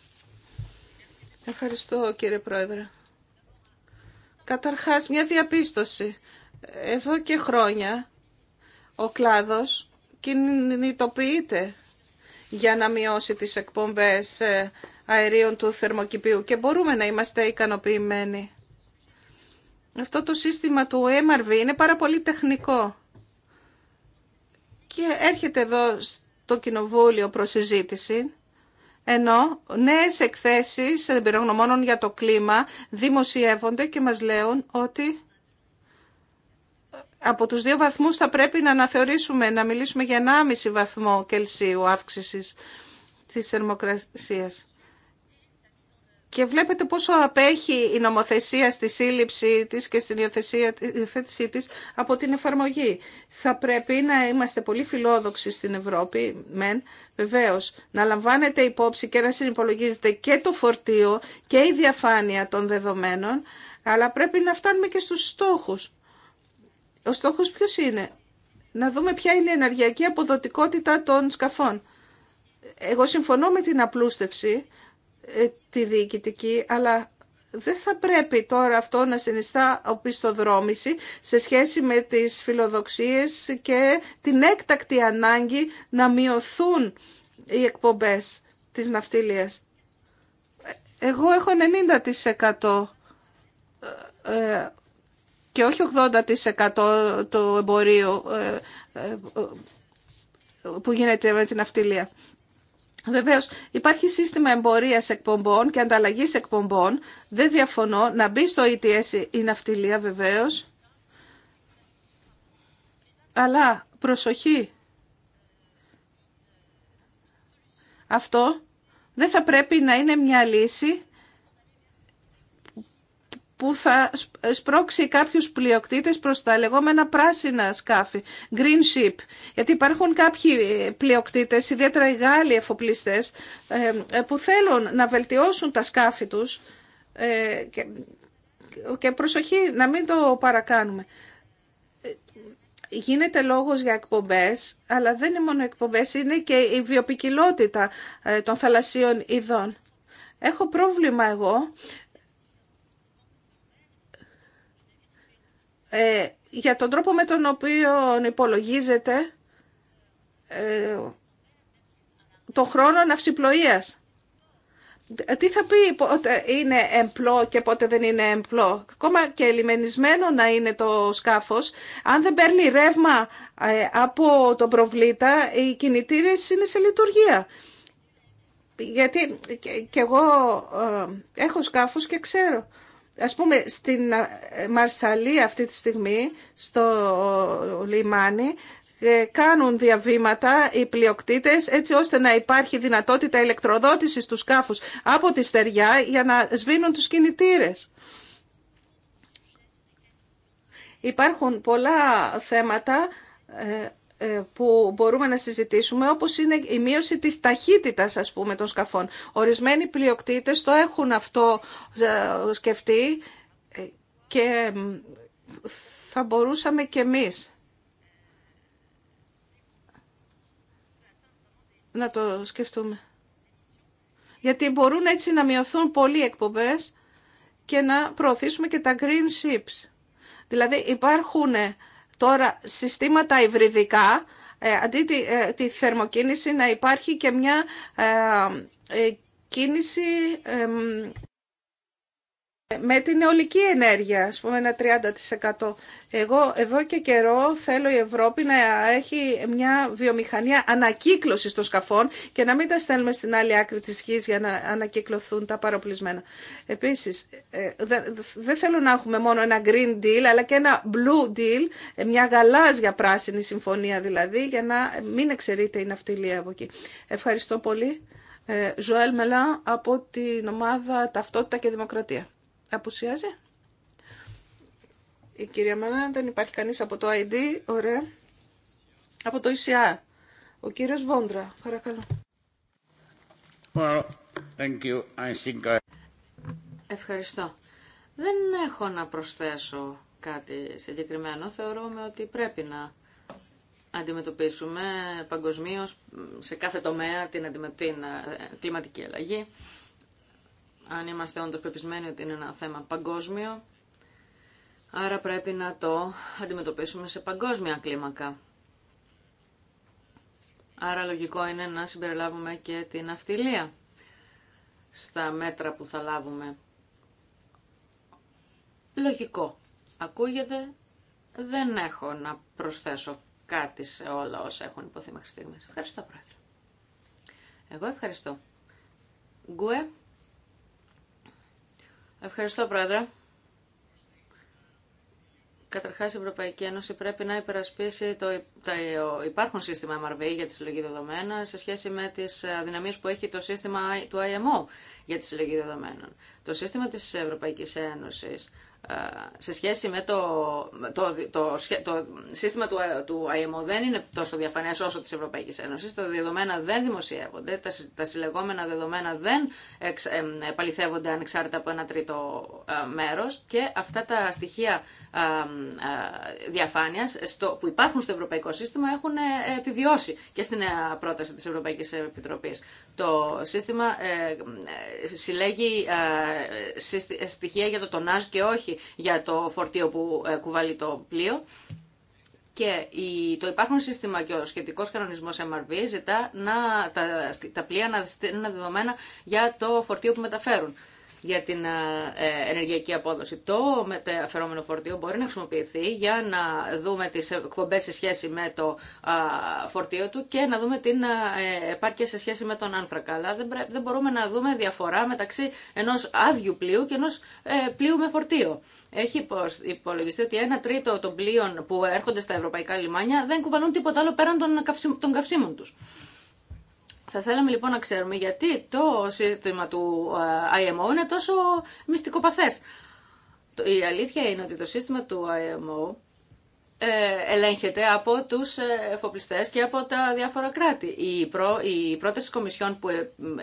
Ευχαριστώ, κύριε Πρόεδρε. Καταρχάς, μια διαπίστωση. Εδώ και χρόνια ο κλάδος κινητοποιείται για να μειώσει τις εκπομπές ε, αερίων του θερμοκηπίου και μπορούμε να είμαστε ικανοποιημένοι. Αυτό το σύστημα του MRV είναι πάρα πολύ τεχνικό και έρχεται εδώ στο Κοινοβούλιο προς ενώ νέες εκθέσεις εμπειρογνωμόνων για το κλίμα δημοσιεύονται και μας λέουν ότι από τους δύο βαθμούς θα πρέπει να αναθεωρήσουμε, να μιλήσουμε για 1,5 βαθμό Κελσίου αύξησης της θερμοκρασίας. Και βλέπετε πόσο απέχει η νομοθεσία στη σύλληψη της και στην υιοθέτησή της από την εφαρμογή. Θα πρέπει να είμαστε πολύ φιλόδοξοι στην Ευρώπη, μεν, βεβαίως, να λαμβάνετε υπόψη και να συνυπολογίζετε και το φορτίο και η διαφάνεια των δεδομένων, αλλά πρέπει να φτάνουμε και στους στόχους. Ο στόχος ποιος είναι. Να δούμε ποια είναι η ενεργειακή αποδοτικότητα των σκαφών. Εγώ συμφωνώ με την απλούστευση, ε, τη διοικητική, αλλά δεν θα πρέπει τώρα αυτό να συνιστά οπισθοδρόμηση σε σχέση με τις φιλοδοξίες και την έκτακτη ανάγκη να μειωθούν οι εκπομπές της ναυτιλίας. Ε, εγώ έχω 90% και όχι 80% του εμπορίου ε, ε, που γίνεται με την αυτιλία. Βεβαίω, υπάρχει σύστημα εμπορία εκπομπών και ανταλλαγή εκπομπών. Δεν διαφωνώ να μπει στο ETS η ναυτιλία βεβαίω. Αλλά προσοχή. Αυτό δεν θα πρέπει να είναι μια λύση που θα σπρώξει κάποιους πλειοκτήτες προς τα λεγόμενα πράσινα σκάφη, green ship. Γιατί υπάρχουν κάποιοι πλειοκτήτες, ιδιαίτερα οι Γάλλοι εφοπλιστές, ε, που θέλουν να βελτιώσουν τα σκάφη τους ε, και προσοχή να μην το παρακάνουμε. Γίνεται λόγος για εκπομπές, αλλά δεν είναι μόνο εκπομπές, είναι και η βιοπικιλότητα ε, των θαλασσίων ειδών. Έχω πρόβλημα εγώ ε, για τον τρόπο με τον οποίο υπολογίζεται ε, το χρόνο ναυσιπλοείας. Τι θα πει πότε είναι εμπλό και πότε δεν είναι εμπλό. Ακόμα και λιμενισμένο να είναι το σκάφος, αν δεν παίρνει ρεύμα ε, από τον προβλήτα, οι κινητήρες είναι σε λειτουργία. Γιατί και εγώ ε, έχω σκάφος και ξέρω Ας πούμε, στην ε, Μαρσαλή αυτή τη στιγμή, στο λιμάνι, ε, κάνουν διαβήματα οι πλειοκτήτες έτσι ώστε να υπάρχει δυνατότητα ηλεκτροδότησης του σκάφους από τη στεριά για να σβήνουν τους κινητήρες. Υπάρχουν πολλά θέματα ε, ε, που μπορούμε να συζητήσουμε, όπως είναι η μείωση της ταχύτητας, ας πούμε, των σκαφών. Ορισμένοι πλειοκτήτες το έχουν αυτό ε, σκεφτεί ε, και θα μπορούσαμε και εμείς να το σκεφτούμε. Γιατί μπορούν έτσι να μειωθούν πολλοί εκπομπές και να προωθήσουμε και τα green ships. Δηλαδή υπάρχουν Τώρα, συστήματα υβριδικά, ε, αντί τη, ε, τη θερμοκίνηση να υπάρχει και μια ε, κίνηση με την αιωλική ενέργεια, ας πούμε ένα 30%. Εγώ εδώ και καιρό θέλω η Ευρώπη να έχει μια βιομηχανία ανακύκλωσης των σκαφών και να μην τα στέλνουμε στην άλλη άκρη της γης για να ανακυκλωθούν τα παροπλισμένα. Επίσης, ε, δεν θέλω να έχουμε μόνο ένα green deal, αλλά και ένα blue deal, ε, μια γαλάζια πράσινη συμφωνία δηλαδή, για να μην εξαιρείται η ναυτιλία από εκεί. Ευχαριστώ πολύ. Ζωέλ ε, Μελά από την ομάδα Ταυτότητα και Δημοκρατία. Απουσιάζει. Η κυρία Μανά, δεν υπάρχει κανείς από το ID. Ωραία. Από το ICA. E Ο κύριος Βόντρα, παρακαλώ. Well, thank you. I I... Ευχαριστώ. Δεν έχω να προσθέσω κάτι συγκεκριμένο. Θεωρούμε ότι πρέπει να αντιμετωπίσουμε παγκοσμίως σε κάθε τομέα την, την ε, κλιματική αλλαγή αν είμαστε όντως πεπισμένοι ότι είναι ένα θέμα παγκόσμιο, άρα πρέπει να το αντιμετωπίσουμε σε παγκόσμια κλίμακα. Άρα λογικό είναι να συμπεριλάβουμε και την αυτιλία στα μέτρα που θα λάβουμε. Λογικό. Ακούγεται, δεν έχω να προσθέσω κάτι σε όλα όσα έχουν υποθεί μέχρι στιγμής. Ευχαριστώ, Πρόεδρε. Εγώ ευχαριστώ. Γκουέ. Ευχαριστώ, Πρόεδρε. Καταρχάς, η Ευρωπαϊκή Ένωση πρέπει να υπερασπίσει το υπάρχον σύστημα MRV για τη συλλογή δεδομένων σε σχέση με τις αδυναμίες που έχει το σύστημα του IMO για τη συλλογή δεδομένων. Το σύστημα της Ευρωπαϊκής Ένωσης σε σχέση με το, το, το, το σύστημα του, του IMO δεν είναι τόσο διαφανές όσο της Ευρωπαϊκής Ένωσης. Τα δεδομένα δεν δημοσιεύονται, τα, τα συλλεγόμενα δεδομένα δεν εξ, επαληθεύονται ανεξάρτητα από ένα τρίτο ε, μέρος και αυτά τα στοιχεία ε, ε διαφάνειας στο, που υπάρχουν στο ευρωπαϊκό σύστημα έχουν ε, επιβιώσει και στην ε, πρόταση της Ευρωπαϊκής Επιτροπής. Το σύστημα συλλέγει στοιχεία για το τονάζ και όχι για το φορτίο που ε, κουβαλεί το πλοίο. Και το υπάρχον σύστημα και ο σχετικό κανονισμό MRV ζητά να, τα, τα πλοία να στείλουν δεδομένα για το φορτίο που μεταφέρουν για την ε, ε, ενεργειακή απόδοση. Το μεταφερόμενο φορτίο μπορεί να χρησιμοποιηθεί για να δούμε τις εκπομπές σε σχέση με το φορτίο του και να δούμε την ε, επάρκεια σε σχέση με τον άνθρακα. Αλλά δεν μπορούμε να δούμε διαφορά μεταξύ ενός άδειου πλοίου και ενός πλοίου με φορτίο. Έχει υπολογιστεί ότι ένα τρίτο των πλοίων που έρχονται στα ευρωπαϊκά λιμάνια δεν κουβαλούν τίποτα άλλο πέραν των καυσίμων τους. Θα θέλαμε λοιπόν να ξέρουμε γιατί το σύστημα του ε, IMO είναι τόσο μυστικοπαθές. Η αλήθεια είναι ότι το σύστημα του IMO ε, ελέγχεται από τους ε, εφοπλιστές και από τα διάφορα κράτη. Η, προ, η πρόταση Κομισιόν που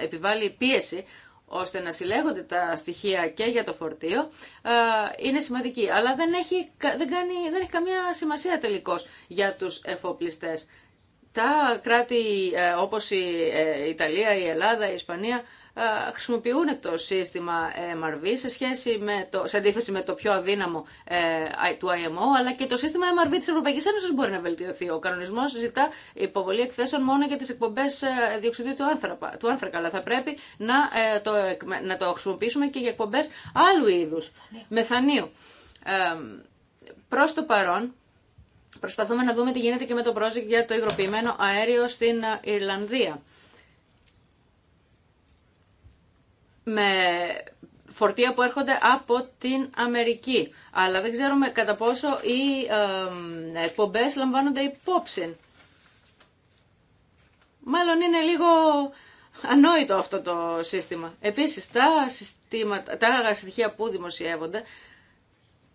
επιβάλλει πίεση ώστε να συλλέγονται τα στοιχεία και για το φορτίο είναι σημαντική. Αλλά δεν έχει, δεν κάνει, δεν έχει καμία σημασία τελικώς για τους εφοπλιστές. Τα κράτη ε, όπως ε, η Ιταλία, η Ελλάδα, η Ισπανία ε, χρησιμοποιούν το σύστημα MRV σε, σχέση με το, σε αντίθεση με το πιο αδύναμο του IMO, αλλά και το σύστημα MRV της Ευρωπαϊκής Ένωσης μπορεί να βελτιωθεί. Ο κανονισμός ζητά υποβολή εκθέσεων μόνο για τις εκπομπές διοξιδίου του, άνθρακα, του άνθρακα, αλλά θα πρέπει να, το, να το χρησιμοποιήσουμε και για εκπομπές άλλου είδους, μεθανίου. προς το παρόν, Προσπαθούμε να δούμε τι γίνεται και με το project για το υγροποιημένο αέριο στην ε, Ιρλανδία. Με φορτία που έρχονται από την Αμερική. Αλλά δεν ξέρουμε κατά πόσο οι εκπομπές λαμβάνονται υπόψη. Μάλλον είναι λίγο ανόητο αυτό το σύστημα. Επίσης, τα, συστήματα, τα στοιχεία που δημοσιεύονται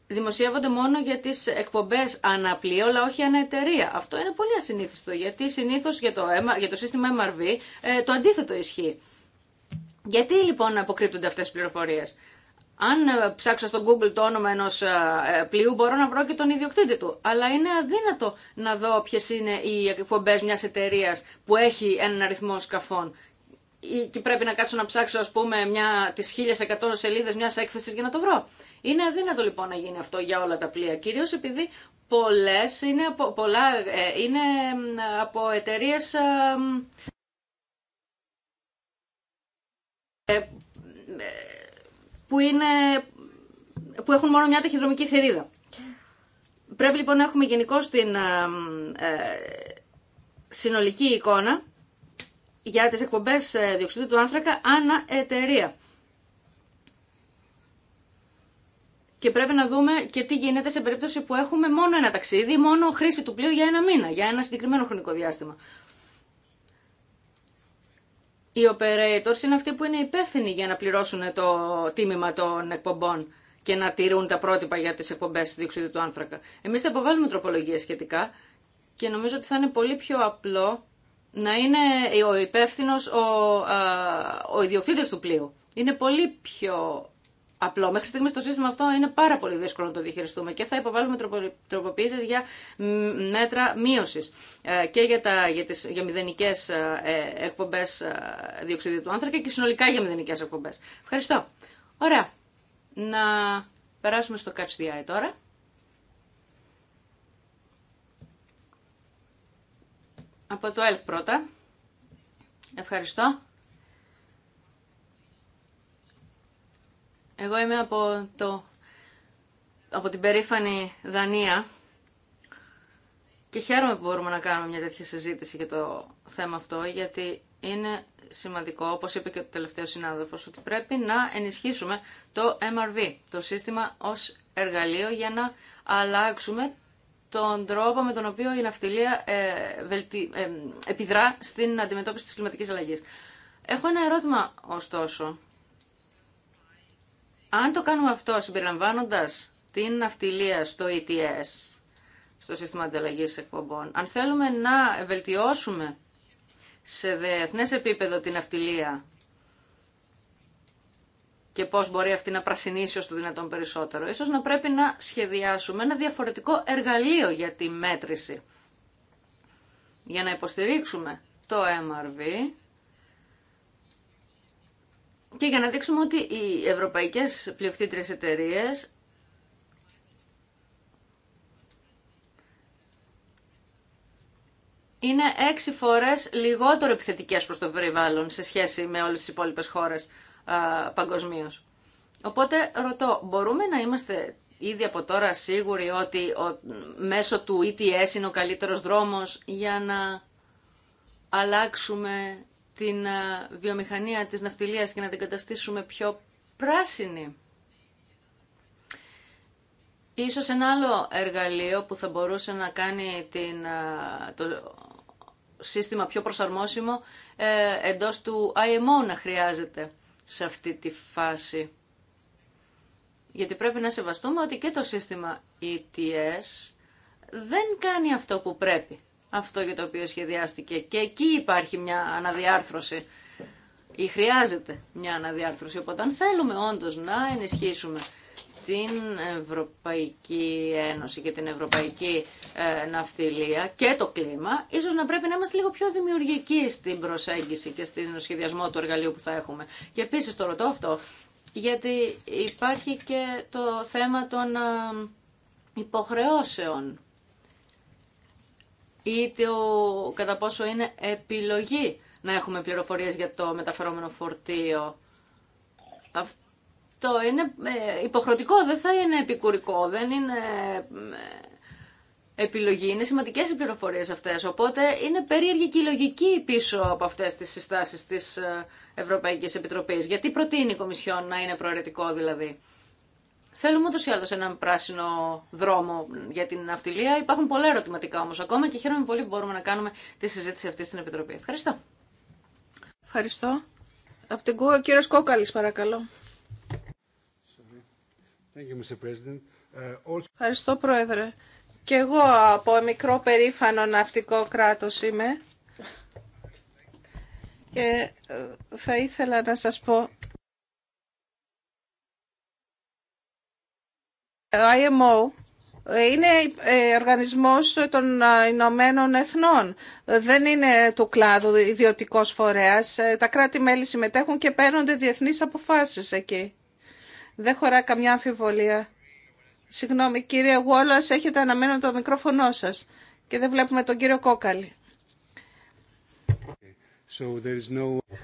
δημοσιεύονται μόνο για τις εκπομπές αναπλή, αλλά όχι εταιρεία. Αυτό είναι πολύ ασυνήθιστο, γιατί συνήθως για το, για το σύστημα MRV ε, το αντίθετο ισχύει. Γιατί λοιπόν αποκρύπτονται αυτές τις πληροφορίες. Αν ε, ψάξω στο Google το όνομα ενό ε, πλοίου, μπορώ να βρω και τον ιδιοκτήτη του. Αλλά είναι αδύνατο να δω ποιε είναι οι εκπομπέ μια εταιρεία που έχει έναν αριθμό σκαφών και πρέπει να κάτσω να ψάξω ας πούμε μια, τις 1100 σελίδες μιας έκθεσης για να το βρω. Είναι αδύνατο λοιπόν να γίνει αυτό για όλα τα πλοία, κυρίως επειδή πολλές είναι από, πολλά, ε, είναι από εταιρείες ε, που, είναι, που έχουν μόνο μια ταχυδρομική θηρίδα. Πρέπει λοιπόν να έχουμε γενικώ την ε, συνολική εικόνα για τις εκπομπές ε, διοξιδίου του άνθρακα ανά εταιρεία. Και πρέπει να δούμε και τι γίνεται σε περίπτωση που έχουμε μόνο ένα ταξίδι, μόνο χρήση του πλοίου για ένα μήνα, για ένα συγκεκριμένο χρονικό διάστημα. Οι operators είναι αυτοί που είναι υπεύθυνοι για να πληρώσουν το τίμημα των εκπομπών και να τηρούν τα πρότυπα για τις εκπομπές διοξιδίου του άνθρακα. Εμείς θα υποβάλουμε τροπολογίες σχετικά και νομίζω ότι θα είναι πολύ πιο απλό να είναι ο υπεύθυνο ο, ο ιδιοκτήτη του πλοίου. Είναι πολύ πιο απλό. Μέχρι στιγμή το σύστημα αυτό είναι πάρα πολύ δύσκολο να το διαχειριστούμε και θα υποβάλουμε τροποποιήσεις για μέτρα μείωση ε, και για, τα, για, τις, για μηδενικέ ε, εκπομπέ ε, διοξιδίου του άνθρακα και συνολικά για μηδενικέ εκπομπέ. Ευχαριστώ. Ωραία. Να περάσουμε στο Catch the Eye τώρα. Από το ΕΛΚ πρώτα. Ευχαριστώ. Εγώ είμαι από, το, από την περήφανη Δανία και χαίρομαι που μπορούμε να κάνουμε μια τέτοια συζήτηση για το θέμα αυτό, γιατί είναι σημαντικό, όπως είπε και ο τελευταίος συνάδελφος, ότι πρέπει να ενισχύσουμε το MRV, το σύστημα ως εργαλείο για να αλλάξουμε τον τρόπο με τον οποίο η ναυτιλία ε, ε, επιδρά στην αντιμετώπιση της κλιματικής αλλαγής. Έχω ένα ερώτημα, ωστόσο. Αν το κάνουμε αυτό συμπεριλαμβάνοντας την ναυτιλία στο ETS, στο σύστημα ανταλλαγής εκπομπών, αν θέλουμε να βελτιώσουμε σε διεθνές επίπεδο την ναυτιλία και πώς μπορεί αυτή να πρασινίσει ως το δυνατόν περισσότερο. Ίσως να πρέπει να σχεδιάσουμε ένα διαφορετικό εργαλείο για τη μέτρηση. Για να υποστηρίξουμε το MRV και για να δείξουμε ότι οι ευρωπαϊκές πλειοκτήτριες εταιρείε είναι έξι φορές λιγότερο επιθετικές προς το περιβάλλον σε σχέση με όλες τις υπόλοιπες χώρες παγκοσμίω. Οπότε ρωτώ, μπορούμε να είμαστε ήδη από τώρα σίγουροι ότι μέσω του ETS είναι ο καλύτερος δρόμος για να αλλάξουμε την βιομηχανία της ναυτιλίας και να την καταστήσουμε πιο πράσινη. Ίσως ένα άλλο εργαλείο που θα μπορούσε να κάνει την, το σύστημα πιο προσαρμόσιμο ε, εντός του IMO να χρειάζεται σε αυτή τη φάση. Γιατί πρέπει να σεβαστούμε ότι και το σύστημα ETS δεν κάνει αυτό που πρέπει. Αυτό για το οποίο σχεδιάστηκε. Και εκεί υπάρχει μια αναδιάρθρωση ή χρειάζεται μια αναδιάρθρωση. Οπότε αν θέλουμε όντως να ενισχύσουμε την Ευρωπαϊκή Ένωση και την Ευρωπαϊκή ε, Ναυτιλία και το κλίμα, ίσως να πρέπει να είμαστε λίγο πιο δημιουργικοί στην προσέγγιση και στην σχεδιασμό του εργαλείου που θα έχουμε. Και επίσης το ρωτώ αυτό, γιατί υπάρχει και το θέμα των ε, υποχρεώσεων ή το κατά πόσο είναι επιλογή να έχουμε πληροφορίες για το μεταφερόμενο φορτίο. Αυτό το είναι ε, υποχρεωτικό, δεν θα είναι επικουρικό, δεν είναι ε, επιλογή. Είναι σημαντικέ οι πληροφορίε αυτέ. Οπότε είναι περίεργη και η λογική πίσω από αυτέ τι συστάσει τη ε, Ευρωπαϊκή Επιτροπή. Γιατί προτείνει η Κομισιόν να είναι προαιρετικό δηλαδή. Θέλουμε ούτω ή άλλω έναν πράσινο δρόμο για την ναυτιλία. Υπάρχουν πολλά ερωτηματικά όμω ακόμα και χαίρομαι πολύ που μπορούμε να κάνουμε τη συζήτηση αυτή στην Επιτροπή. Ευχαριστώ. Ευχαριστώ. Από την κύριο Κόκαλη, παρακαλώ. Uh, Ευχαριστώ, Πρόεδρε. Και εγώ από μικρό περήφανο ναυτικό κράτος είμαι. Και ε, θα ήθελα να σας πω... IMO είναι ε, οργανισμός των ε, Ηνωμένων Εθνών. Δεν είναι του κλάδου ιδιωτικός φορέας. Τα κράτη-μέλη συμμετέχουν και παίρνονται διεθνείς αποφάσεις εκεί. Δεν χωρά καμιά αμφιβολία. Συγγνώμη, κύριε Γουόλας, έχετε αναμένο το μικρόφωνο σας και δεν βλέπουμε τον κύριο Κόκαλη.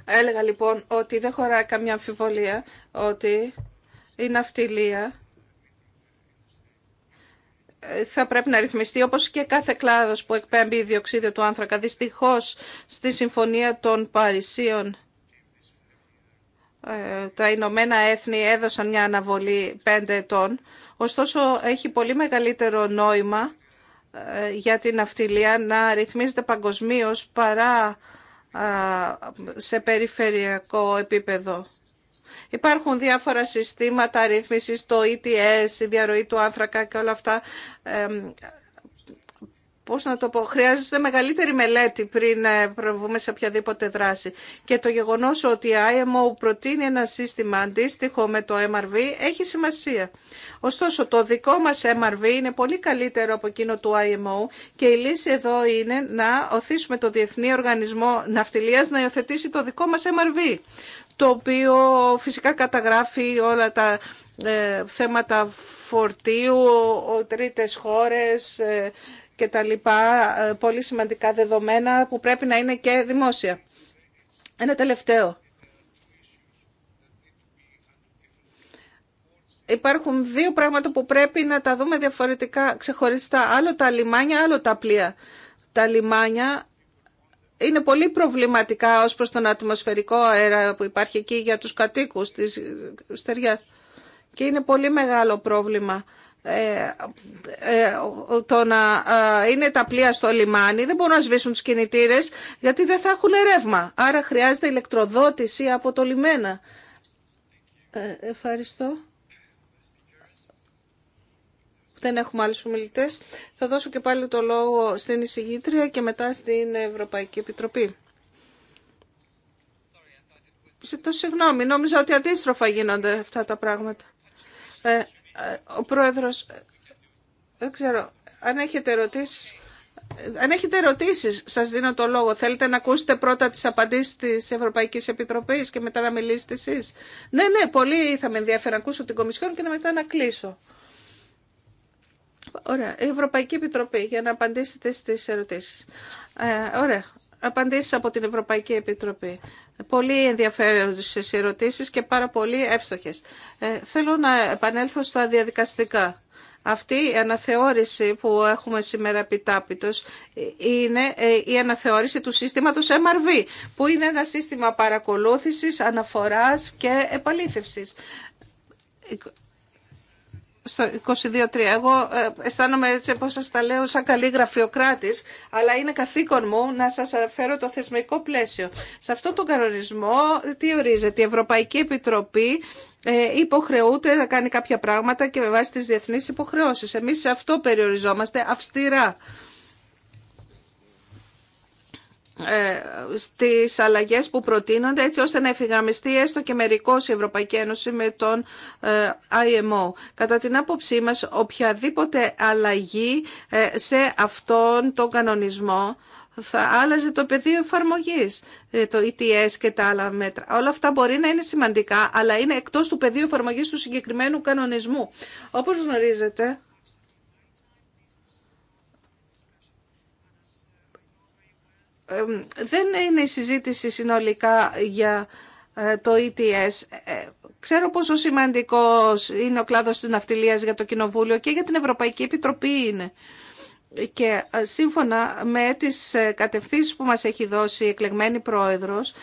Έλεγα λοιπόν ότι δεν χωράει καμιά αμφιβολία ότι η ναυτιλία ε, θα πρέπει να ρυθμιστεί όπως και κάθε κλάδος που εκπέμπει η διοξίδιο του άνθρακα. Δυστυχώς στη Συμφωνία των Παρισίων ε, τα Ηνωμένα Έθνη έδωσαν μια αναβολή 5 ετών. Ωστόσο, έχει πολύ μεγαλύτερο νόημα ε, για την αυτιλία να ρυθμίζεται παγκοσμίω παρά σε περιφερειακό επίπεδο. Υπάρχουν διάφορα συστήματα ρύθμισης, το ETS, η διαρροή του άνθρακα και όλα αυτά ε, πώς να το πω, χρειάζεται μεγαλύτερη μελέτη πριν ε, προβούμε σε οποιαδήποτε δράση. Και το γεγονός ότι η IMO προτείνει ένα σύστημα αντίστοιχο με το MRV έχει σημασία. Ωστόσο, το δικό μας MRV είναι πολύ καλύτερο από εκείνο του IMO και η λύση εδώ είναι να οθήσουμε το Διεθνή Οργανισμό Ναυτιλίας να υιοθετήσει το δικό μας MRV, το οποίο φυσικά καταγράφει όλα τα ε, θέματα φορτίου, τρίτες χώρες, ε, και τα λοιπά, ε, πολύ σημαντικά δεδομένα που πρέπει να είναι και δημόσια. Ένα τελευταίο. Υπάρχουν δύο πράγματα που πρέπει να τα δούμε διαφορετικά, ξεχωριστά. Άλλο τα λιμάνια, άλλο τα πλοία. Τα λιμάνια είναι πολύ προβληματικά ως προς τον ατμοσφαιρικό αέρα που υπάρχει εκεί για τους κατοίκους της ε, στεριάς. Και είναι πολύ μεγάλο πρόβλημα ε, ε, το να ε, είναι τα πλοία στο λιμάνι δεν μπορούν να σβήσουν τους κινητήρες γιατί δεν θα έχουν ρεύμα. Άρα χρειάζεται ηλεκτροδότηση από το λιμένα. ευχαριστώ. Δεν έχουμε άλλους ομιλητές. Θα δώσω και πάλι το λόγο στην εισηγήτρια και μετά στην Ευρωπαϊκή Επιτροπή. Ζητώ συγγνώμη. Νόμιζα ότι αντίστροφα γίνονται αυτά τα πράγματα. Ο Πρόεδρος, δεν ξέρω, αν έχετε ερωτήσεις... Αν έχετε ερωτήσεις, σας δίνω το λόγο. Θέλετε να ακούσετε πρώτα τις απαντήσεις της Ευρωπαϊκής Επιτροπής και μετά να μιλήσετε εσείς. Ναι, ναι, πολύ θα με ενδιαφέρει να ακούσω την Κομισιόν και να μετά να κλείσω. Ωραία. Η Ευρωπαϊκή Επιτροπή για να απαντήσετε στις ερωτήσεις. Ε, ωραία. Απαντήσεις από την Ευρωπαϊκή Επιτροπή. Πολύ ενδιαφέρουσες ερωτήσεις και πάρα πολύ εύστοχες. Ε, θέλω να επανέλθω στα διαδικαστικά. Αυτή η αναθεώρηση που έχουμε σήμερα επιτάπητος ε, είναι ε, η αναθεώρηση του σύστηματος MRV, που είναι ένα σύστημα παρακολούθησης, αναφοράς και επαλήθευσης στο 22-3. Εγώ ε, αισθάνομαι έτσι πως σας τα λέω σαν καλή γραφειοκράτης, αλλά είναι καθήκον μου να σας φέρω το θεσμικό πλαίσιο. Σε αυτόν τον κανονισμό τι ορίζεται. Η Ευρωπαϊκή Επιτροπή ε, υποχρεούται να κάνει κάποια πράγματα και με βάση τις διεθνείς υποχρεώσεις. Εμείς σε αυτό περιοριζόμαστε αυστηρά. Ε, στις αλλαγές που προτείνονται έτσι ώστε να εφηγραμμιστεί έστω και μερικώς η Ευρωπαϊκή Ένωση με τον ε, IMO. Κατά την άποψή μας οποιαδήποτε αλλαγή ε, σε αυτόν τον κανονισμό θα άλλαζε το πεδίο εφαρμογής, το ETS και τα άλλα μέτρα. Όλα αυτά μπορεί να είναι σημαντικά, αλλά είναι εκτός του πεδίου εφαρμογής του συγκεκριμένου κανονισμού. Όπως γνωρίζετε, δεν είναι η συζήτηση συνολικά για ε, το ETS. Ε, ξέρω πόσο σημαντικός είναι ο κλάδος της ναυτιλίας για το Κοινοβούλιο και για την Ευρωπαϊκή Επιτροπή είναι. Και ε, σύμφωνα με τις κατευθύνσεις που μας έχει δώσει η εκλεγμένη πρόεδρος,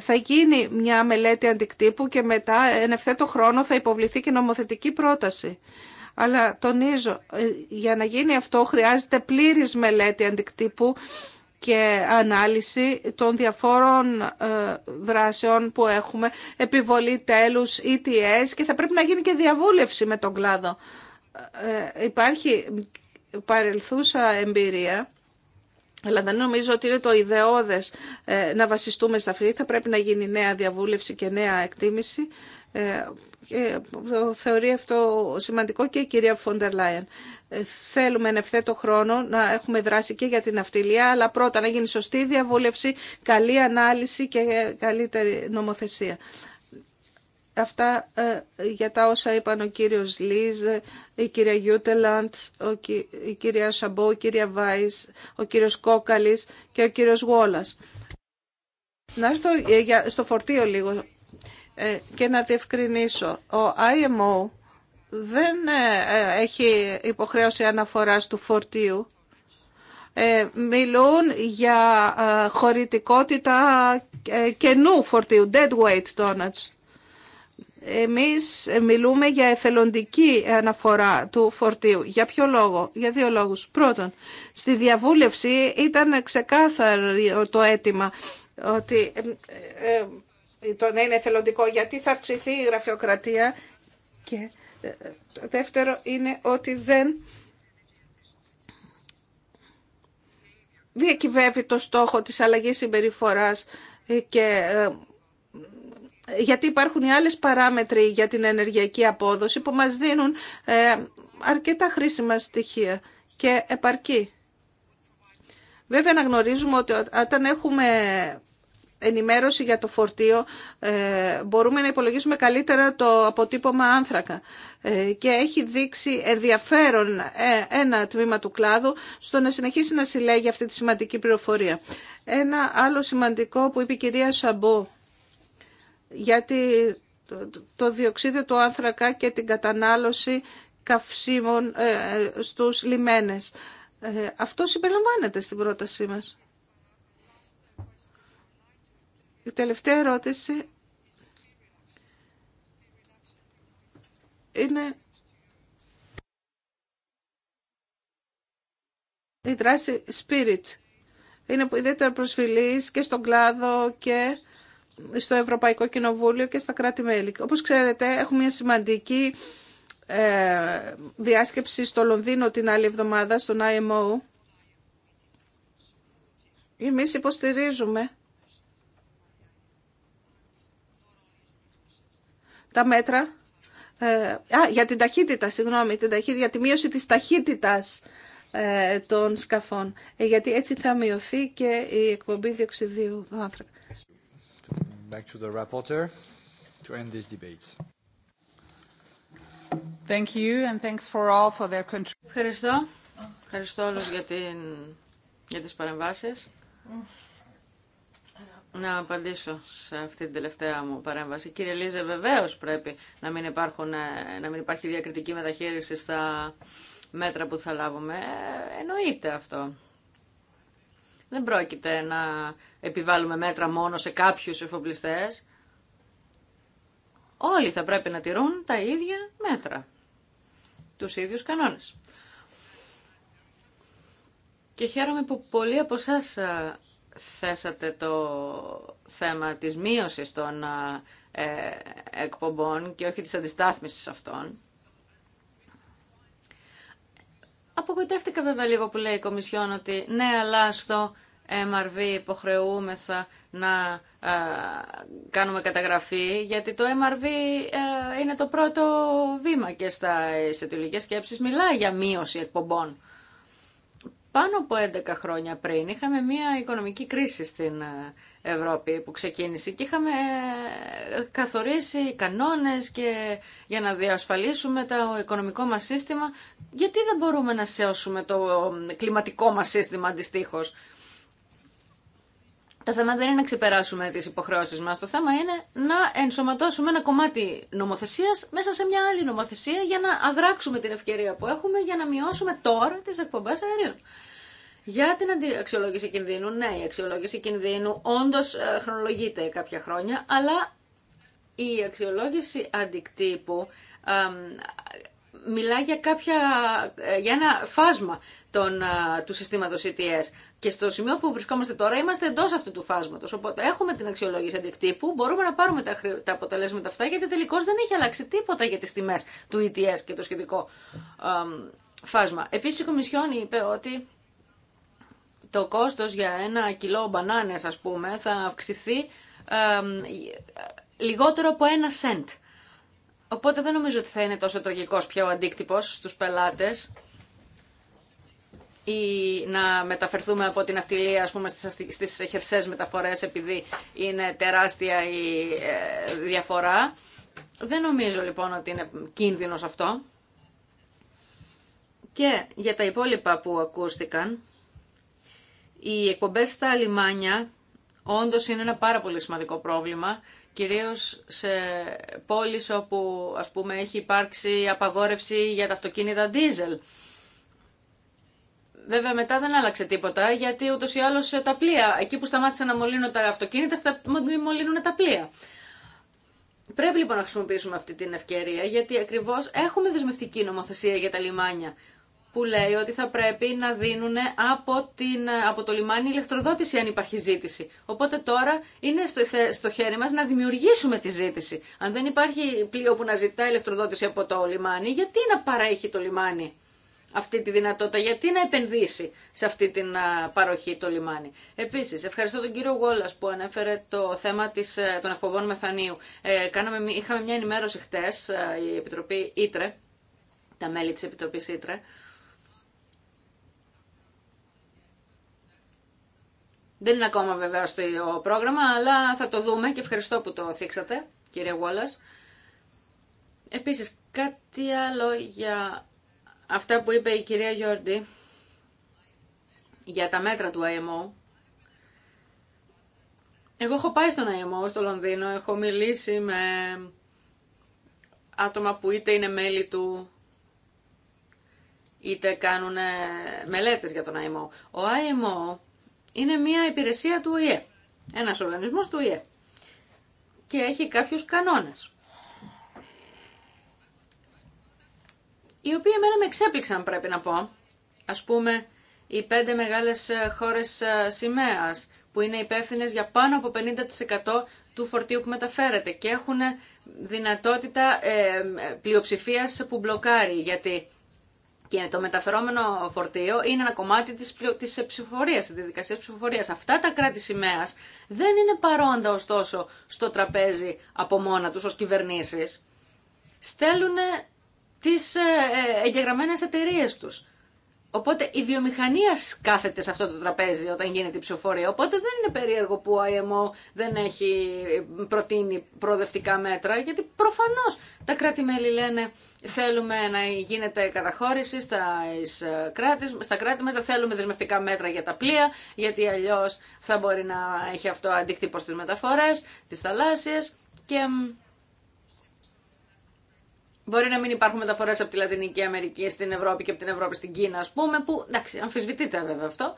θα γίνει μια μελέτη αντικτύπου και μετά εν ευθέτω χρόνο θα υποβληθεί και νομοθετική πρόταση. Αλλά τονίζω, για να γίνει αυτό χρειάζεται πλήρης μελέτη αντικτύπου και ανάλυση των διαφόρων ε, δράσεων που έχουμε, επιβολή τέλους, ETS και θα πρέπει να γίνει και διαβούλευση με τον κλάδο. Ε, υπάρχει παρελθούσα εμπειρία, αλλά δεν νομίζω ότι είναι το ιδεώδες ε, να βασιστούμε σε αυτή. Θα πρέπει να γίνει νέα διαβούλευση και νέα εκτίμηση. Θεωρεί αυτό σημαντικό και η κυρία Φόντερ Λάιεν θέλουμε εν ευθέτω χρόνο να έχουμε δράση και για την αυτιλία, αλλά πρώτα να γίνει σωστή διαβούλευση, καλή ανάλυση και καλύτερη νομοθεσία. Αυτά ε, για τα όσα είπαν ο κύριος Λίζ, η κυρία Γιούτελαντ, η κυρία Σαμπό, η κυρία Βάις, ο κύριος Κόκαλης και ο κύριος Γουόλας. Να έρθω ε, στο φορτίο λίγο ε, και να διευκρινίσω. Ο IMO δεν ε, ε, έχει υποχρέωση αναφοράς του φορτίου. Ε, μιλούν για χωρητικότητα καινού φορτίου, dead weight donuts. Εμείς μιλούμε για εθελοντική αναφορά του φορτίου. Για ποιο λόγο? Για δύο λόγους. Πρώτον, στη διαβούλευση ήταν ξεκάθαρο το αίτημα ότι το να είναι εθελοντικό γιατί θα αυξηθεί η γραφειοκρατία και το δεύτερο είναι ότι δεν διακυβεύει το στόχο της αλλαγής συμπεριφοράς και ε, γιατί υπάρχουν οι άλλες παράμετροι για την ενεργειακή απόδοση που μας δίνουν ε, αρκετά χρήσιμα στοιχεία και επαρκή. Βέβαια να γνωρίζουμε ότι όταν έχουμε ενημέρωση για το φορτίο ε, μπορούμε να υπολογίσουμε καλύτερα το αποτύπωμα άνθρακα ε, και έχει δείξει ενδιαφέρον ε, ένα τμήμα του κλάδου στο να συνεχίσει να συλλέγει αυτή τη σημαντική πληροφορία. Ένα άλλο σημαντικό που είπε η κυρία Σαμπό γιατί το διοξίδιο του άνθρακα και την κατανάλωση καυσίμων στους λιμένες. Αυτό συμπεριλαμβάνεται στην πρότασή μας. Η τελευταία ερώτηση είναι η δράση Spirit. Είναι ιδιαίτερα προσφυλής και στον κλάδο και στο Ευρωπαϊκό Κοινοβούλιο και στα κράτη-μέλη. Όπως ξέρετε, έχουμε μια σημαντική ε, διάσκεψη στο Λονδίνο την άλλη εβδομάδα, στον IMO. Εμείς υποστηρίζουμε τα μέτρα Ε, α, για την ταχύτητα, συγγνώμη, την ταχύτητα, για τη μείωση της ταχύτητας ε, των σκαφών. Ε, γιατί έτσι θα μειωθεί και η εκπομπή διοξιδίου άνθρακα. Back to the rapporteur to end this debate. Thank you and thanks for all for their contribution. Ευχαριστώ. Ευχαριστώ όλους για, την... για τις παρεμβάσεις να απαντήσω σε αυτή την τελευταία μου παρέμβαση. Κύριε Λίζε, βεβαίως πρέπει να μην, υπάρχουν, ε, να μην υπάρχει διακριτική μεταχείριση στα μέτρα που θα λάβουμε. Ε, εννοείται αυτό. Δεν πρόκειται να επιβάλλουμε μέτρα μόνο σε κάποιους εφοπλιστές. Όλοι θα πρέπει να τηρούν τα ίδια μέτρα, τους ίδιους κανόνες. Και χαίρομαι που πολλοί από εσά ε, θέσατε το θέμα της μείωσης των ε, εκπομπών και όχι της αντιστάθμισης αυτών. Απογοητεύτηκα βέβαια λίγο που λέει η Κομισιόν ότι ναι, αλλά στο MRV υποχρεούμεθα να ε, κάνουμε καταγραφή, γιατί το MRV ε, είναι το πρώτο βήμα και στα εισιτηλικές σκέψεις μιλάει για μείωση εκπομπών. Πάνω από 11 χρόνια πριν είχαμε μια οικονομική κρίση στην ε, Ευρώπη που ξεκίνησε και είχαμε ε, καθορίσει κανόνες και για να διασφαλίσουμε το οικονομικό μας σύστημα. Γιατί δεν μπορούμε να σώσουμε το ε, κλιματικό μας σύστημα αντιστοίχως. Το θέμα δεν είναι να ξεπεράσουμε τις υποχρεώσεις μας. Το θέμα είναι να ενσωματώσουμε ένα κομμάτι νομοθεσίας μέσα σε μια άλλη νομοθεσία για να αδράξουμε την ευκαιρία που έχουμε για να μειώσουμε τώρα τις εκπομπές αερίων. Για την αξιολόγηση κινδύνου, ναι, η αξιολόγηση κινδύνου όντως ε, χρονολογείται κάποια χρόνια, αλλά η αξιολόγηση αντικτύπου ε, Μιλά για, κάποια, ε, για ένα φάσμα των, ε, του συστήματος ETS. Ε και στο σημείο που βρισκόμαστε τώρα είμαστε εντός αυτού του φάσματος. Οπότε έχουμε την αξιολόγηση αντικτύπου, μπορούμε να πάρουμε τα, τα αποτελέσματα αυτά, γιατί τελικώς δεν έχει αλλάξει τίποτα για τις τιμές του ETS και το σχετικό φάσμα. Επίσης η Κομισιόν είπε ότι το κόστος για ένα κιλό μπανάνες, ας πούμε, θα αυξηθεί λιγότερο από ένα σέντ. Οπότε δεν νομίζω ότι θα είναι τόσο τραγικός πια ο αντίκτυπος στους πελάτες ή να μεταφερθούμε από την αυτιλία ας πούμε, στις χερσές μεταφορές επειδή είναι τεράστια η ε, διαφορά. Δεν νομίζω λοιπόν ότι είναι κίνδυνος αυτό. Και για τα υπόλοιπα που ακούστηκαν, οι εκπομπές στα λιμάνια όντως είναι ένα πάρα πολύ σημαντικό πρόβλημα κυρίως σε πόλεις όπου ας πούμε έχει υπάρξει απαγόρευση για τα αυτοκίνητα ντίζελ. Βέβαια μετά δεν άλλαξε τίποτα γιατί ούτως ή άλλως τα πλοία, εκεί που σταμάτησαν να μολύνουν τα αυτοκίνητα, στα... μολύνουν τα πλοία. Πρέπει λοιπόν να χρησιμοποιήσουμε αυτή την ευκαιρία γιατί ακριβώς έχουμε δεσμευτική νομοθεσία για τα λιμάνια που λέει ότι θα πρέπει να δίνουν από, την, από το λιμάνι ηλεκτροδότηση αν υπάρχει ζήτηση. Οπότε τώρα είναι στο, στο χέρι μας να δημιουργήσουμε τη ζήτηση. Αν δεν υπάρχει πλοίο που να ζητά ηλεκτροδότηση από το λιμάνι, γιατί να παρέχει το λιμάνι αυτή τη δυνατότητα, γιατί να επενδύσει σε αυτή την παροχή το λιμάνι. Επίσης, ευχαριστώ τον κύριο Γόλας που ανέφερε το θέμα της, ε, των εκπομπών μεθανίου. Ε, κάναμε, είχαμε μια ενημέρωση χτες, ε, η Επιτροπή Ήτρε, τα μέλη της Επιτροπής Ήτρε, Δεν είναι ακόμα βεβαίως το πρόγραμμα, αλλά θα το δούμε και ευχαριστώ που το θίξατε, κύριε Γουόλας. Επίσης, κάτι άλλο για αυτά που είπε η κυρία Γιόρντι για τα μέτρα του IMO. Εγώ έχω πάει στον IMO στο Λονδίνο, έχω μιλήσει με άτομα που είτε είναι μέλη του, είτε κάνουν μελέτες για τον IMO. Ο IMO είναι μια υπηρεσία του ΟΗΕ, ένας οργανισμός του ΟΗΕ και έχει κάποιους κανόνες. Οι οποίοι εμένα με εξέπληξαν πρέπει να πω, ας πούμε οι πέντε μεγάλες ε, χώρες ε, σημαίας που είναι υπεύθυνε για πάνω από 50% του φορτίου που μεταφέρεται και έχουν δυνατότητα ε, πλειοψηφίας που μπλοκάρει γιατί και το μεταφερόμενο φορτίο είναι ένα κομμάτι της, της ψηφοφορίας, της διαδικασίας Αυτά τα κράτη σημαία δεν είναι παρόντα ωστόσο στο τραπέζι από μόνα τους ως κυβερνήσεις. Στέλνουν τις ε, ε, εγγεγραμμένες εταιρείε τους. Οπότε η βιομηχανία κάθεται σε αυτό το τραπέζι όταν γίνεται η ψηφοφορία. Οπότε δεν είναι περίεργο που ο IMO δεν έχει προτείνει προοδευτικά μέτρα, γιατί προφανώς τα κράτη-μέλη λένε θέλουμε να γίνεται καταχώρηση στα, κράτη, στα κράτη μας, δεν θέλουμε δεσμευτικά μέτρα για τα πλοία, γιατί αλλιώς θα μπορεί να έχει αυτό αντίκτυπο στις μεταφορές, τις θαλάσσιες και Μπορεί να μην υπάρχουν μεταφορέ από τη Λατινική Αμερική στην Ευρώπη και από την Ευρώπη στην Κίνα, α πούμε, που εντάξει, αμφισβητείται βέβαια αυτό.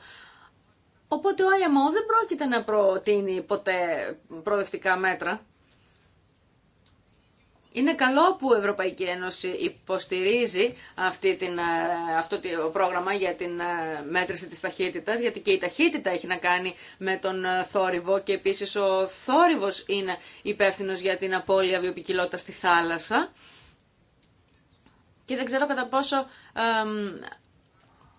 Οπότε ο IMO δεν πρόκειται να προτείνει ποτέ προοδευτικά μέτρα. Είναι καλό που η Ευρωπαϊκή Ένωση υποστηρίζει αυτή την, ε, αυτό το πρόγραμμα για την ε, μέτρηση της ταχύτητας, γιατί και η ταχύτητα έχει να κάνει με τον ε, θόρυβο και επίσης ο θόρυβος είναι υπεύθυνο για την απώλεια βιοπικιλότητα στη θάλασσα και δεν ξέρω κατά πόσο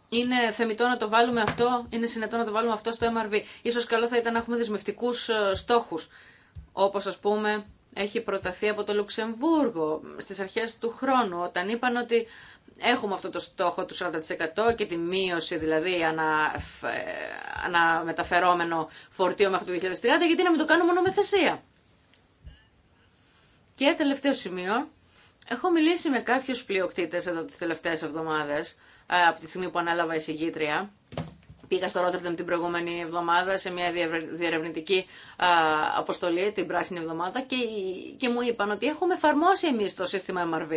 είναι θεμητό να το βάλουμε αυτό, είναι συνετό να το βάλουμε αυτό στο MRV. Ίσως καλό θα ήταν να έχουμε δεσμευτικούς ε, στόχους, όπως ας πούμε έχει προταθεί από το Λουξεμβούργο στις αρχές του χρόνου, όταν είπαν ότι έχουμε αυτό το στόχο του 40% και τη μείωση δηλαδή ε, αναμεταφερόμενο ανα φορτίο μέχρι το 2030, γιατί να μην το κάνουμε μόνο Και τελευταίο σημείο, Έχω μιλήσει με κάποιους πλειοκτήτε εδώ τις τελευταίες εβδομάδες, ε, από τη στιγμή που ανάλαβα εισηγήτρια. Πήγα στο Ρότερνταμ την προηγούμενη εβδομάδα σε μια διερευνητική ε, αποστολή, την πράσινη εβδομάδα, και, και μου είπαν ότι έχουμε εφαρμόσει εμεί το σύστημα MRV,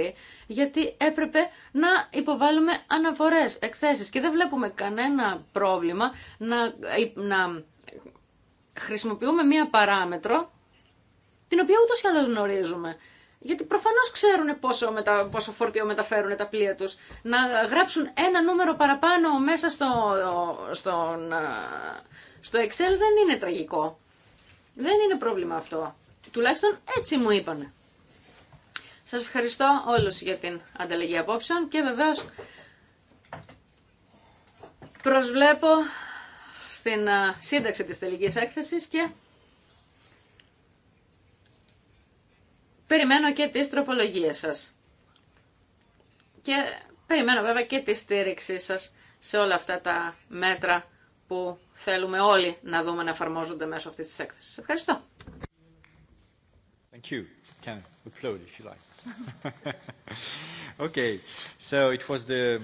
γιατί έπρεπε να υποβάλουμε αναφορέ, εκθέσει. Και δεν βλέπουμε κανένα πρόβλημα να, ε, να χρησιμοποιούμε μία παράμετρο, την οποία ούτω ή άλλω γνωρίζουμε. Γιατί προφανώς ξέρουν πόσο, μετα... πόσο φορτίο μεταφέρουν τα πλοία του. Να γράψουν ένα νούμερο παραπάνω μέσα στο, στον... στο Excel δεν είναι τραγικό. Δεν είναι πρόβλημα αυτό. Τουλάχιστον έτσι μου είπαν. Σα ευχαριστώ όλους για την ανταλλαγή απόψεων και βεβαίω προσβλέπω στην σύνταξη της τελικής έκθεσης και Περιμένω και τις τροπολογίες σας. Και περιμένω βέβαια και τη στήριξή σας σε όλα αυτά τα μέτρα που θέλουμε όλοι να δούμε να εφαρμόζονται μέσω αυτής της έκθεσης. Ευχαριστώ. Thank you. Can applaud if you like. okay. So it was the...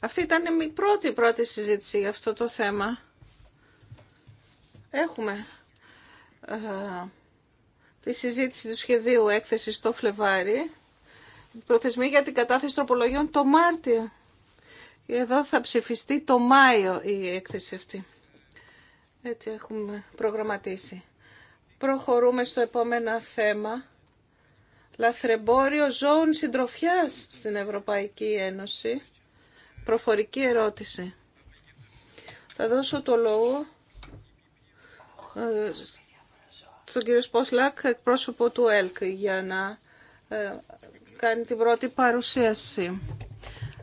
Αυτή ήταν η πρώτη πρώτη συζήτηση για αυτό το θέμα. Έχουμε ε, τη συζήτηση του σχεδίου έκθεση το Φλεβάρι. Προθεσμία για την κατάθεση τροπολογιών το Μάρτιο. Εδώ θα ψηφιστεί το Μάιο η έκθεση αυτή. Έτσι έχουμε προγραμματίσει. Προχωρούμε στο επόμενο θέμα. Λαθρεμπόριο ζώων συντροφιάς στην Ευρωπαϊκή Ένωση. Προφορική ερώτηση. Θα δώσω το λόγο ε, τον κύριο Σπόσλακ, εκπρόσωπο του ΕΛΚ, για να ε, κάνει την πρώτη παρουσίαση.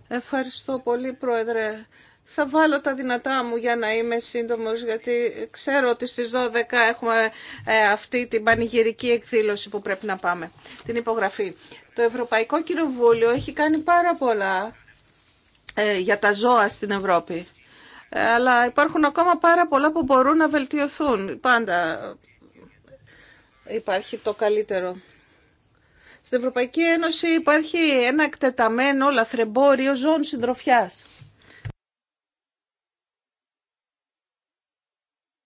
Ευχαριστώ πολύ, Πρόεδρε. Θα βάλω τα δυνατά μου για να είμαι σύντομος, γιατί ξέρω ότι στις 12 έχουμε ε, αυτή την πανηγυρική εκδήλωση που πρέπει να πάμε, την υπογραφή. Το Ευρωπαϊκό Κοινοβούλιο έχει κάνει πάρα πολλά ε, για τα ζώα στην Ευρώπη αλλά υπάρχουν ακόμα πάρα πολλά που μπορούν να βελτιωθούν πάντα υπάρχει το καλύτερο. Στην Ευρωπαϊκή Ένωση υπάρχει ένα εκτεταμένο λαθρεμπόριο ζώων συντροφιάς.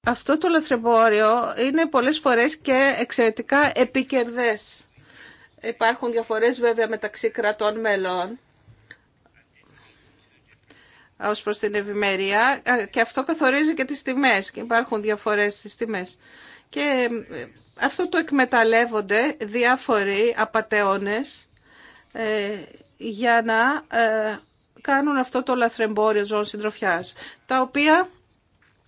Αυτό το λαθρεμπόριο είναι πολλές φορές και εξαιρετικά επικερδές. Υπάρχουν διαφορές βέβαια μεταξύ κρατών μελών ως προς την ευημερία και αυτό καθορίζει και τις τιμές και υπάρχουν διαφορές στις τιμές. Και ε, αυτό το εκμεταλλεύονται διάφοροι απατεώνες ε, για να ε, κάνουν αυτό το λαθρεμπόριο ζώων συντροφιάς, τα οποία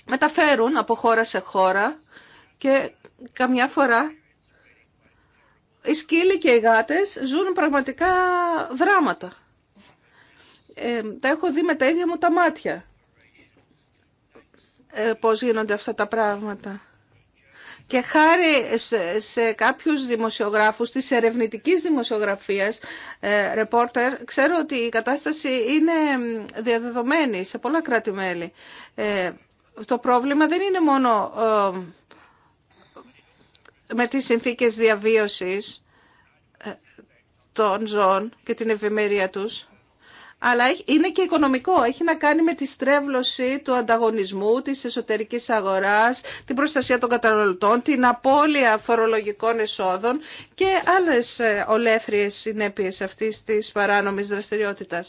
μεταφέρουν από χώρα σε χώρα και καμιά φορά οι σκύλοι και οι γάτες ζουν πραγματικά δράματα. Ε, τα έχω δει με τα ίδια μου τα μάτια ε, πώς γίνονται αυτά τα πράγματα. Και χάρη σε κάποιους δημοσιογράφους της ερευνητικής δημοσιογραφίας, ρεπόρτερ, ξέρω ότι η κατάσταση είναι διαδεδομένη σε πολλά κράτη-μέλη. Ε, το πρόβλημα δεν είναι μόνο ε, με τις συνθήκες διαβίωσης ε, των ζώων και την ευημερία τους, αλλά είναι και οικονομικό. Έχει να κάνει με τη στρέβλωση του ανταγωνισμού, τη εσωτερική αγορά, την προστασία των καταναλωτών, την απώλεια φορολογικών εσόδων και άλλες ε, ολέθριες συνέπειε αυτή της παράνομη δραστηριότητα.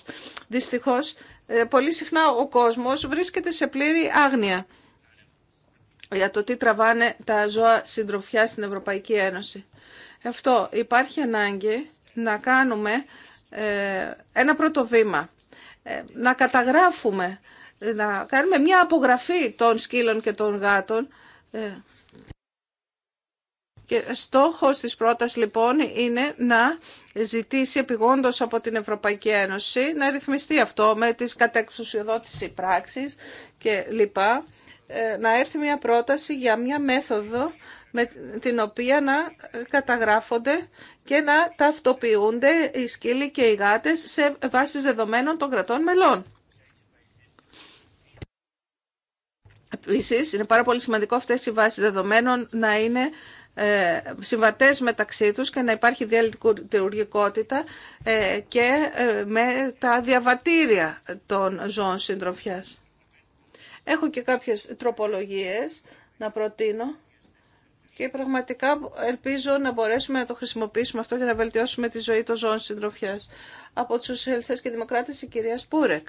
Δυστυχώς, ε, πολύ συχνά ο κόσμος βρίσκεται σε πλήρη άγνοια για το τι τραβάνε τα ζώα συντροφιά στην Ευρωπαϊκή Ένωση. Αυτό υπάρχει ανάγκη να κάνουμε ε, ένα πρώτο βήμα. Ε, να καταγράφουμε, να κάνουμε μια απογραφή των σκύλων και των γάτων. Ε, και στόχος της πρότασης λοιπόν είναι να ζητήσει επιγόντως από την Ευρωπαϊκή Ένωση να ρυθμιστεί αυτό με τις κατεξουσιοδότηση πράξης και λοιπά, να έρθει μια πρόταση για μια μέθοδο με την οποία να καταγράφονται και να ταυτοποιούνται οι σκύλοι και οι γάτες σε βάσεις δεδομένων των κρατών μελών. Επίση, είναι πάρα πολύ σημαντικό αυτές οι βάσεις δεδομένων να είναι ε, συμβατές μεταξύ τους και να υπάρχει διαλειτουργικότητα ε, και ε, με τα διαβατήρια των ζώων συντροφιάς. Έχω και κάποιες τροπολογίες να προτείνω και πραγματικά ελπίζω να μπορέσουμε να το χρησιμοποιήσουμε αυτό για να βελτιώσουμε τη ζωή των ζώων συντροφιά Από τους Σοσιαλιστέ και δημοκράτε, η κυρία Σπούρεκ.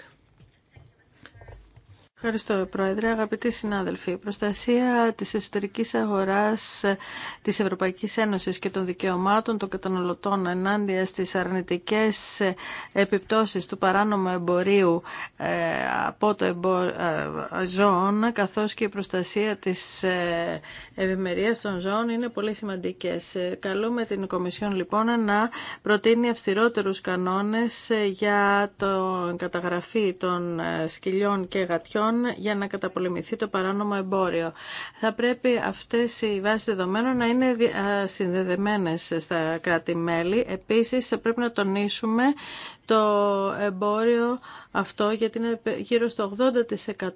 Ευχαριστώ, Πρόεδρε. Αγαπητοί συνάδελφοι, η προστασία της εσωτερικής αγοράς της Ευρωπαϊκής Ένωση και των δικαιωμάτων των καταναλωτών ενάντια στις αρνητικές επιπτώσεις του παράνομου εμπορίου ε, από το εμπο... Ε, ζώων, καθώς και η προστασία της ε, ευημερία των ζώων είναι πολύ σημαντικές. Καλούμε την Κομισιόν, λοιπόν, να προτείνει αυστηρότερου κανόνε για την καταγραφή των σκυλιών και γατιών για να καταπολεμηθεί το παράνομο εμπόριο. Θα πρέπει αυτές οι βάσεις δεδομένων να είναι συνδεδεμένες στα κράτη-μέλη. Επίσης, θα πρέπει να τονίσουμε το εμπόριο αυτό γιατί είναι γύρω στο 80%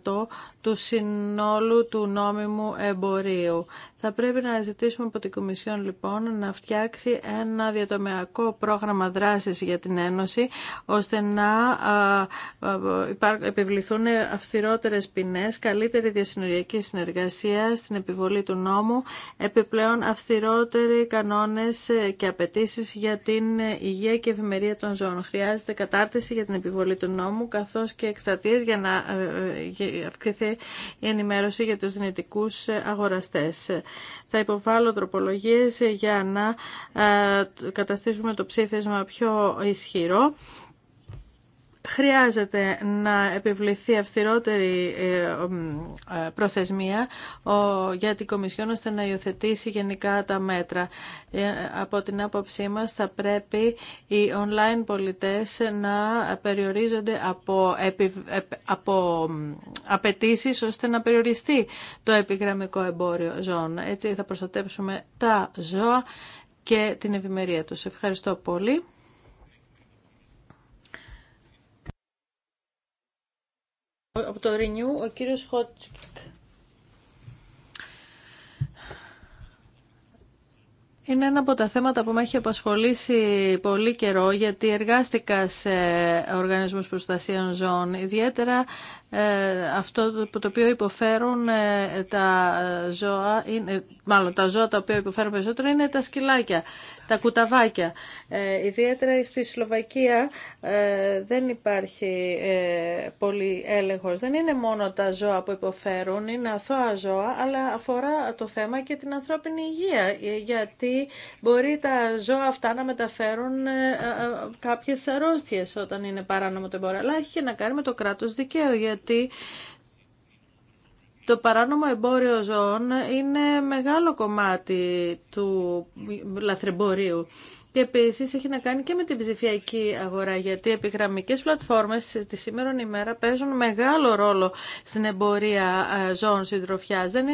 του συνόλου του νόμιμου εμπορίου. Θα πρέπει να ζητήσουμε από την Κομισιόν λοιπόν να φτιάξει ένα διατομεακό πρόγραμμα δράσης για την Ένωση ώστε να επιβληθούν αυστηρότερες ποινές, καλύτερη διασυνοριακή συνεργασία στην επιβολή του νόμου, επιπλέον αυστηρότεροι κανόνες και απαιτήσει για την υγεία και ευημερία των ζώων. Χρειάζεται χρειάζεται κατάρτιση για την επιβολή του νόμου, καθώς και εκστρατείε για να ε, ε, αυξηθεί η ενημέρωση για τους δυνητικού ε, αγοραστές. Θα υποβάλω τροπολογίε για να καταστήσουμε το ψήφισμα πιο ισχυρό χρειάζεται να επιβληθεί αυστηρότερη ε, ε, προθεσμία για την Κομισιόν ώστε να υιοθετήσει γενικά τα μέτρα. Ε, από την άποψή μας θα πρέπει οι online πολιτές να περιορίζονται από, από απαιτήσει ώστε να περιοριστεί το επιγραμμικό εμπόριο ζώων. Έτσι θα προστατεύσουμε τα ζώα και την ευημερία τους. Ευχαριστώ πολύ. Από το ο κύριος Χότσικ. Είναι ένα από τα θέματα που με έχει απασχολήσει πολύ καιρό γιατί εργάστηκα σε οργανισμούς προστασίας ζώων, ιδιαίτερα ε, αυτό που το οποίο υποφέρουν ε, τα ζώα, είναι, μάλλον τα ζώα τα οποία υποφέρουν περισσότερο είναι τα σκυλάκια, τα κουταβάκια. Ε, ιδιαίτερα στη Σλοβακία ε, δεν υπάρχει ε, πολύ έλεγχος. Δεν είναι μόνο τα ζώα που υποφέρουν, είναι αθώα ζώα, αλλά αφορά το θέμα και την ανθρώπινη υγεία, ε, γιατί μπορεί τα ζώα αυτά να μεταφέρουν ε, κάποιες αρρώστιες όταν είναι παράνομο το εμπόριο, αλλά έχει και να κάνει με το κράτος δικαίου, ότι το παράνομο εμπόριο ζώων είναι μεγάλο κομμάτι του λαθρεμπορίου και επίσης έχει να κάνει και με την ψηφιακή αγορά γιατί οι επιγραμμικέ πλατφόρμες τη σήμερα ημέρα παίζουν μεγάλο ρόλο στην εμπορία ε, ζώων συντροφιά. Δεν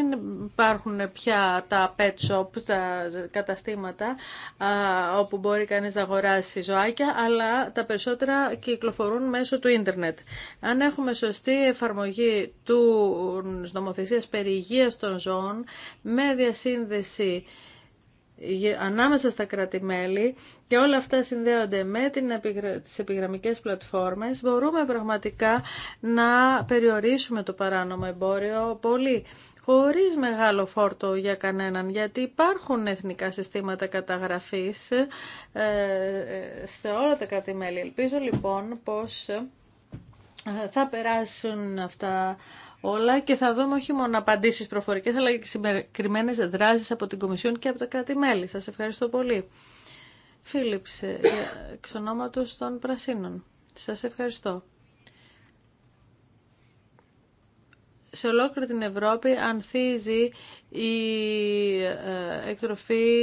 υπάρχουν πια τα pet shop, τα καταστήματα ε, όπου μπορεί κανείς να αγοράσει ζωάκια αλλά τα περισσότερα κυκλοφορούν μέσω του ίντερνετ. Αν έχουμε σωστή εφαρμογή του νομοθεσία περί υγείας των ζώων με διασύνδεση ανάμεσα στα κράτη-μέλη και όλα αυτά συνδέονται με την, τις επιγραμμικές πλατφόρμες, μπορούμε πραγματικά να περιορίσουμε το παράνομο εμπόριο πολύ χωρίς μεγάλο φόρτο για κανέναν, γιατί υπάρχουν εθνικά συστήματα καταγραφής ε, σε όλα τα κρατη Ελπίζω λοιπόν πως ε, θα περάσουν αυτά όλα και θα δούμε όχι μόνο απαντήσεις προφορικές αλλά και συγκεκριμένε δράσεις από την Κομισιόν και από τα κράτη-μέλη. Σας ευχαριστώ πολύ. Φίλιπς, ε, εξ ονόματος των Πρασίνων. Σας ευχαριστώ. Σε ολόκληρη την Ευρώπη ανθίζει η ε, εκτροφή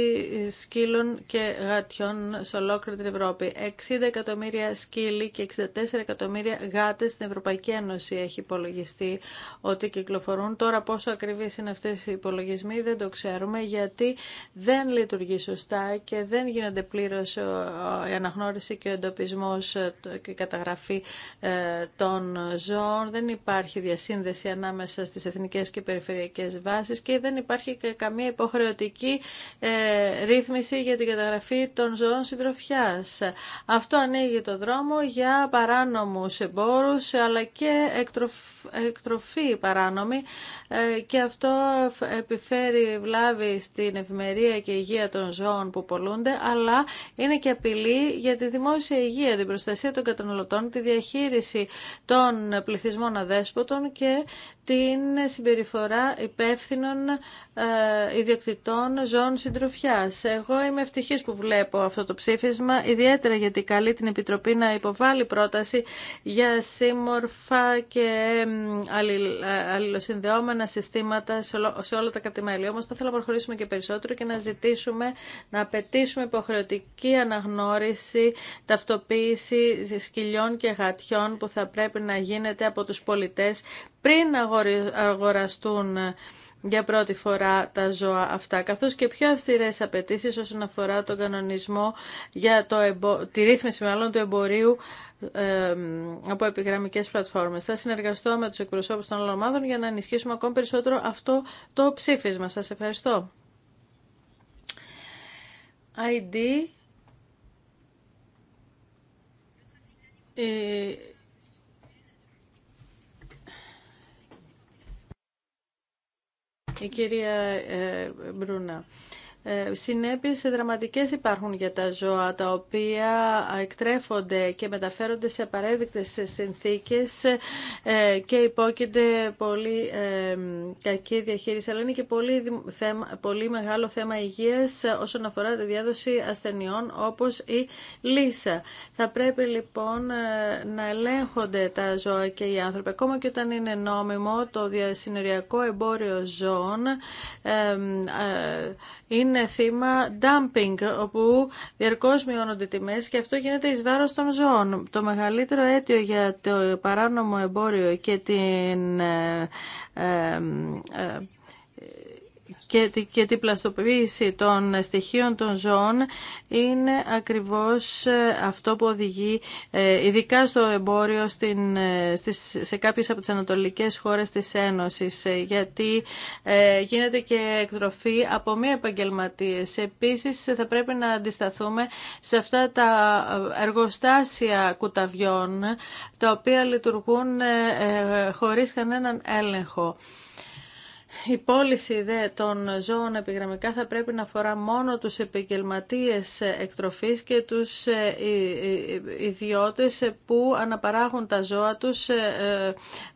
σκύλων και γατιών σε ολόκληρη την Ευρώπη. 60 εκατομμύρια σκύλοι και 64 εκατομμύρια γάτες στην Ευρωπαϊκή Ένωση έχει υπολογιστεί ότι κυκλοφορούν. Τώρα πόσο ακριβείς είναι αυτές οι υπολογισμοί δεν το ξέρουμε γιατί δεν λειτουργεί σωστά και δεν γίνονται πλήρως ε, η αναγνώριση και ο εντοπισμός ε, και η καταγραφή των ζώων. Δεν υπάρχει διασύνδεση ανάμεσα στις εθνικές και περιφερειακές βάσεις και δεν υπάρχει καμία υποχρεωτική ε, ρύθμιση για την καταγραφή των ζωών συντροφιάς. Αυτό ανοίγει το δρόμο για παράνομους εμπόρους αλλά και εκτροφή παράνομη ε, και αυτό επιφέρει βλάβη στην ευημερία και υγεία των ζώων που πολλούνται αλλά είναι και απειλή για τη δημόσια υγεία, την προστασία των καταναλωτών, τη διαχείριση των πληθυσμών αδέσποτων και την συμπεριφορά υπεύθυνων ε, ιδιοκτητών ζώων συντροφιά. Εγώ είμαι ευτυχής που βλέπω αυτό το ψήφισμα, ιδιαίτερα γιατί καλεί την Επιτροπή να υποβάλει πρόταση για σύμμορφα και ε, αλληλοσυνδεόμενα συστήματα σε όλα τα κατημέλη. Όμω, θα ήθελα να προχωρήσουμε και περισσότερο και να ζητήσουμε, να απαιτήσουμε υποχρεωτική αναγνώριση, ταυτοποίηση σκυλιών και γατιών που θα πρέπει να γίνεται από του πολιτέ πριν αγοραστούν ε, για πρώτη φορά τα ζώα αυτά, καθώς και πιο αυστηρές απαιτήσεις όσον αφορά τον κανονισμό για το εμπο... τη ρύθμιση μάλλον του εμπορίου ε, από επιγραμμικές πλατφόρμες. Θα συνεργαστώ με τους εκπροσώπους των άλλων ομάδων για να ενισχύσουμε ακόμη περισσότερο αυτό το ψήφισμα. Σας ευχαριστώ. ID. Η κυρία ε, Μπρούνα. Ε, συνέπειες δραματικές υπάρχουν για τα ζώα, τα οποία εκτρέφονται και μεταφέρονται σε απαραίτητες συνθήκες ε, και υπόκεινται πολύ ε, κακή διαχείριση, αλλά είναι και πολύ, θέμα, πολύ μεγάλο θέμα υγείας όσον αφορά τη διάδοση ασθενειών όπως η λύσα. Θα πρέπει λοιπόν να ελέγχονται τα ζώα και οι άνθρωποι, ακόμα και όταν είναι νόμιμο το διασυνοριακό εμπόριο ζώων, είναι θύμα dumping, όπου διαρκώς μειώνονται τιμές και αυτό γίνεται εις βάρος των ζώων. Το μεγαλύτερο αίτιο για το παράνομο εμπόριο και την ε, ε, και, την πλαστοποίηση των στοιχείων των ζώων είναι ακριβώς ε, αυτό που οδηγεί ε, ειδικά στο εμπόριο στην, ε, στις, σε κάποιες από τις ανατολικές χώρες της Ένωσης γιατί γίνεται και εκτροφή από μία επαγγελματίε. Επίσης θα πρέπει να αντισταθούμε σε αυτά τα εργοστάσια κουταβιών τα οποία λειτουργούν χωρίς κανέναν έλεγχο η πώληση δε των ζώων επιγραμμικά θα πρέπει να αφορά μόνο τους επαγγελματίες εκτροφής και τους ε, ε, ε, ιδιώτες που αναπαράγουν τα ζώα τους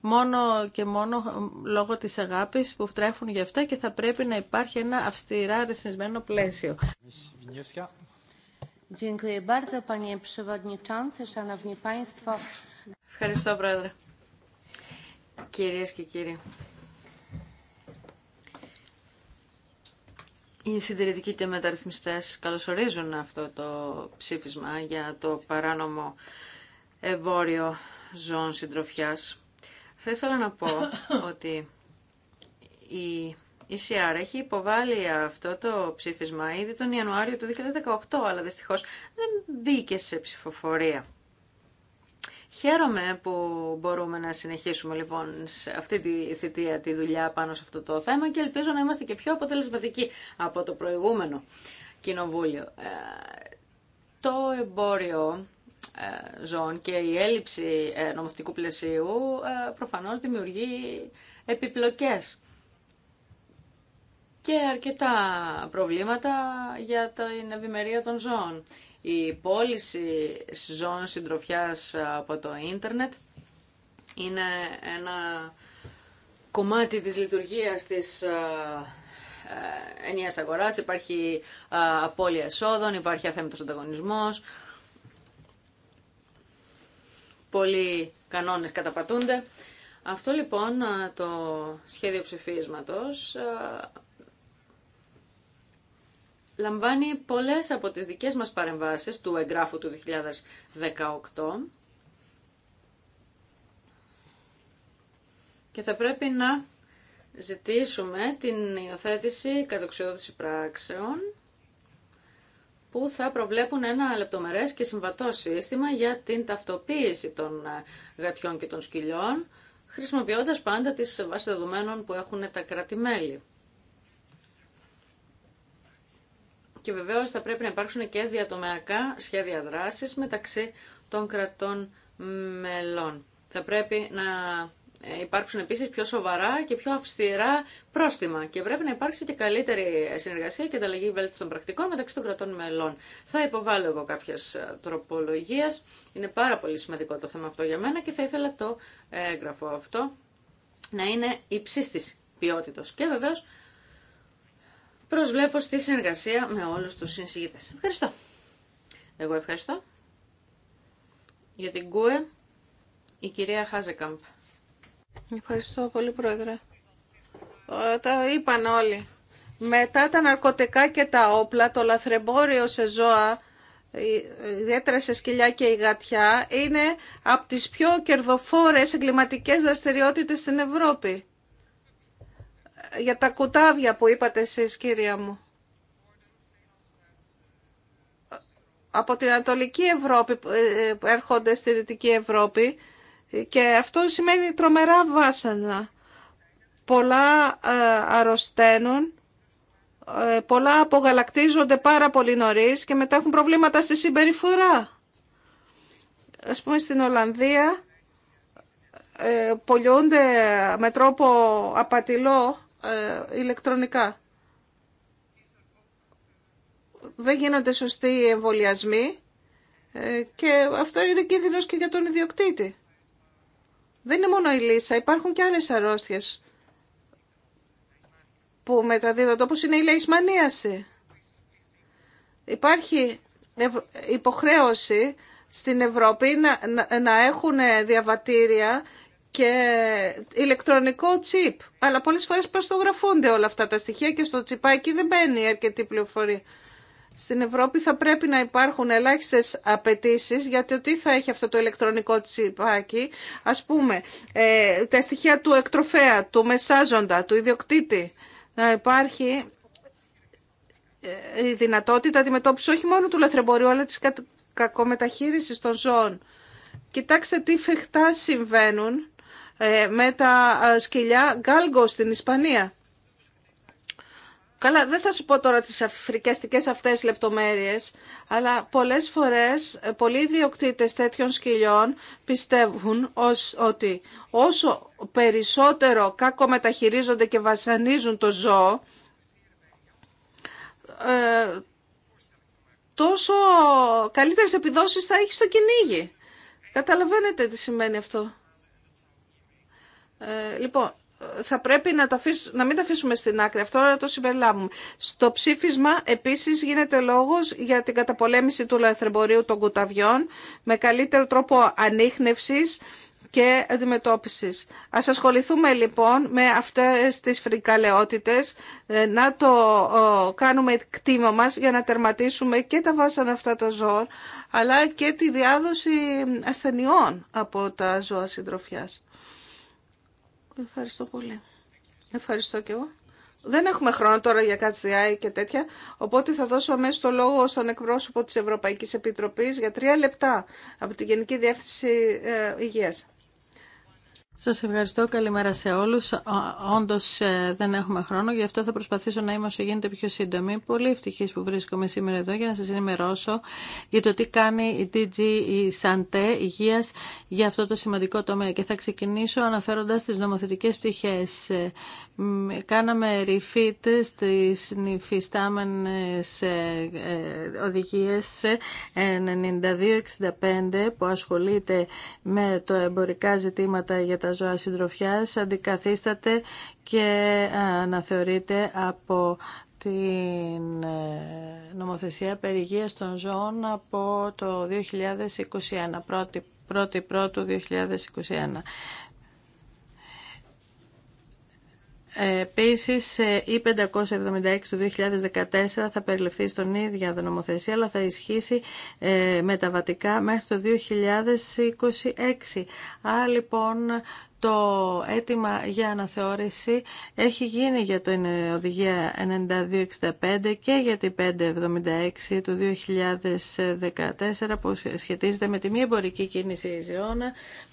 μόνο και μόνο λόγω της αγάπης που φτρέφουν γι' αυτά και θα πρέπει να υπάρχει ένα αυστηρά ρυθμισμένο πλαίσιο. Ευχαριστώ, Πρόεδρε. Κυρίες και κύριοι. Οι συντηρητικοί και μεταρρυθμιστέ καλωσορίζουν αυτό το ψήφισμα για το παράνομο εμπόριο ζών συντροφιά. Θα ήθελα να πω ότι η ECR έχει υποβάλει αυτό το ψήφισμα ήδη τον Ιανουάριο του 2018, αλλά δυστυχώς δεν μπήκε σε ψηφοφορία. Χαίρομαι που μπορούμε να συνεχίσουμε λοιπόν σε αυτή τη θητεία τη δουλειά πάνω σε αυτό το θέμα και ελπίζω να είμαστε και πιο αποτελεσματικοί από το προηγούμενο κοινοβούλιο. Ε, το εμπόριο ε, ζώων και η έλλειψη ε, νομοθετικού πλαισίου προφανώς δημιουργεί επιπλοκές και αρκετά προβλήματα για την ευημερία των ζώων. Η πώληση ζώνων συντροφιάς από το ίντερνετ είναι ένα κομμάτι της λειτουργίας της ε, ε, ενιαίας αγοράς. Υπάρχει ε, απώλεια εσόδων, υπάρχει αθέμητος ανταγωνισμός. Πολλοί κανόνες καταπατούνται. Αυτό λοιπόν το σχέδιο ψηφίσματος λαμβάνει πολλές από τις δικές μας παρεμβάσεις του εγγράφου του 2018 και θα πρέπει να ζητήσουμε την υιοθέτηση κατοξιώδηση πράξεων που θα προβλέπουν ένα λεπτομερές και συμβατό σύστημα για την ταυτοποίηση των ε, γατιών και των σκυλιών, χρησιμοποιώντας πάντα τις βάσεις δεδομένων που έχουν τα κρατη Και βεβαίως θα πρέπει να υπάρξουν και διατομεακά σχέδια δράσης μεταξύ των κρατών μελών. Θα πρέπει να ε, υπάρξουν επίσης πιο σοβαρά και πιο αυστηρά πρόστιμα και πρέπει να υπάρξει και καλύτερη συνεργασία και ανταλλαγή των πρακτικών μεταξύ των κρατών μελών. Θα υποβάλω εγώ κάποιες ε, τροπολογίες. Είναι πάρα πολύ σημαντικό το θέμα αυτό για μένα και θα ήθελα το έγγραφο αυτό να είναι υψή τη Και βεβαίως Προσβλέπω στη συνεργασία με όλους τους συνσηγητές. Ευχαριστώ. Εγώ ευχαριστώ. Για την ΚΟΕ, η κυρία Χάζεκαμπ. Ευχαριστώ πολύ, Πρόεδρε. Ε, τα είπαν όλοι. Μετά τα ναρκωτικά και τα όπλα, το λαθρεμπόριο σε ζώα, ε, ιδιαίτερα σε σκυλιά και η γατιά, είναι από τις πιο κερδοφόρες εγκληματικές δραστηριότητες στην Ευρώπη για τα κουτάβια που είπατε εσείς, κυρία μου. Από την Ανατολική Ευρώπη ε, ε, έρχονται στη Δυτική Ευρώπη και αυτό σημαίνει τρομερά βάσανα. Πολλά ε, αρρωσταίνουν, πολλά απογαλακτίζονται πάρα πολύ νωρίς και μετά έχουν προβλήματα στη συμπεριφορά. Ας πούμε στην Ολλανδία πολιούνται με τρόπο απατηλό ε, ηλεκτρονικά. Δεν γίνονται σωστοί οι εμβολιασμοί ε, και αυτό είναι κίνδυνος και για τον ιδιοκτήτη. Δεν είναι μόνο η λύσα, υπάρχουν και άλλες αρρώστιες που μεταδίδονται, όπως είναι η λαϊσμανίαση. Υπάρχει υποχρέωση στην Ευρώπη να, να, να έχουν διαβατήρια και ηλεκτρονικό τσιπ. Αλλά πολλέ φορές παστογραφούνται όλα αυτά τα στοιχεία και στο τσιπάκι δεν μπαίνει αρκετή πληροφορία. Στην Ευρώπη θα πρέπει να υπάρχουν ελάχιστε απαιτήσει γιατί τι θα έχει αυτό το ηλεκτρονικό τσιπάκι. Α πούμε, ε, τα στοιχεία του εκτροφέα, του μεσάζοντα, του ιδιοκτήτη. Να υπάρχει ε, η δυνατότητα αντιμετώπιση όχι μόνο του λαθρεμπορίου, αλλά της κακομεταχείρισης των ζώων. Κοιτάξτε τι φρικτά συμβαίνουν ε, με τα ε, σκυλιά γκάλγκο στην Ισπανία. Καλά, δεν θα σου πω τώρα τις αφρικαστικές αυτές λεπτομέρειες, αλλά πολλές φορές ε, πολλοί διοκτήτες τέτοιων σκυλιών πιστεύουν ότι όσο περισσότερο κάκο μεταχειρίζονται και βασανίζουν το ζώο, τόσο καλύτερες επιδόσεις θα έχει στο κυνήγι. Καταλαβαίνετε τι σημαίνει αυτό. Ε, λοιπόν, θα πρέπει να, μην τα αφήσουμε στην άκρη. Αυτό να το συμπεριλάβουμε. Στο ψήφισμα επίσης γίνεται λόγος για την καταπολέμηση του λαθρεμπορίου των κουταβιών με καλύτερο τρόπο ανείχνευσης και αντιμετώπισης. Ας ασχοληθούμε λοιπόν με αυτές τις φρικαλαιότητες, ε, να το κάνουμε κτήμα μας για να τερματίσουμε και τα βάσανα αυτά των ζώων, αλλά και τη διάδοση ασθενειών από τα ζώα συντροφιάς. Ευχαριστώ πολύ. Ευχαριστώ και εγώ. Δεν έχουμε χρόνο τώρα για κάτι και τέτοια, οπότε θα δώσω αμέσως το λόγο στον εκπρόσωπο της Ευρωπαϊκής Επιτροπής για τρία λεπτά από τη Γενική Διεύθυνση ε, Υγείας. Σας ευχαριστώ. Καλημέρα σε όλους. Όντως ε, δεν έχουμε χρόνο, γι' αυτό θα προσπαθήσω να είμαι όσο γίνεται πιο σύντομη. Πολύ ευτυχής που βρίσκομαι σήμερα εδώ για να σας ενημερώσω για το τι κάνει η DG η Σαντέ Υγείας για αυτό το σημαντικό τομέα. Και θα ξεκινήσω αναφέροντας τις νομοθετικές πτυχές. Ε, κάναμε refit στις νυφιστάμενες ε, οδηγίες 9265 που ασχολείται με το εμπορικά ζητήματα για τα ζώα συντροφιάς αντικαθίσταται και ε, αναθεωρείται από την ε, νομοθεσία περιγείας των ζώων από το 2021, πρώτη πρώτου 2021. Ε, Επίση, ε, η 576 του 2014 θα περιληφθεί στον ίδιο νομοθεσία, αλλά θα ισχύσει ε, μεταβατικά μέχρι το 2026. Άρα, λοιπόν, το αίτημα για αναθεώρηση έχει γίνει για την οδηγία 9265 και για την 576 του 2014 που σχετίζεται με τη μη εμπορική κίνηση ζώων,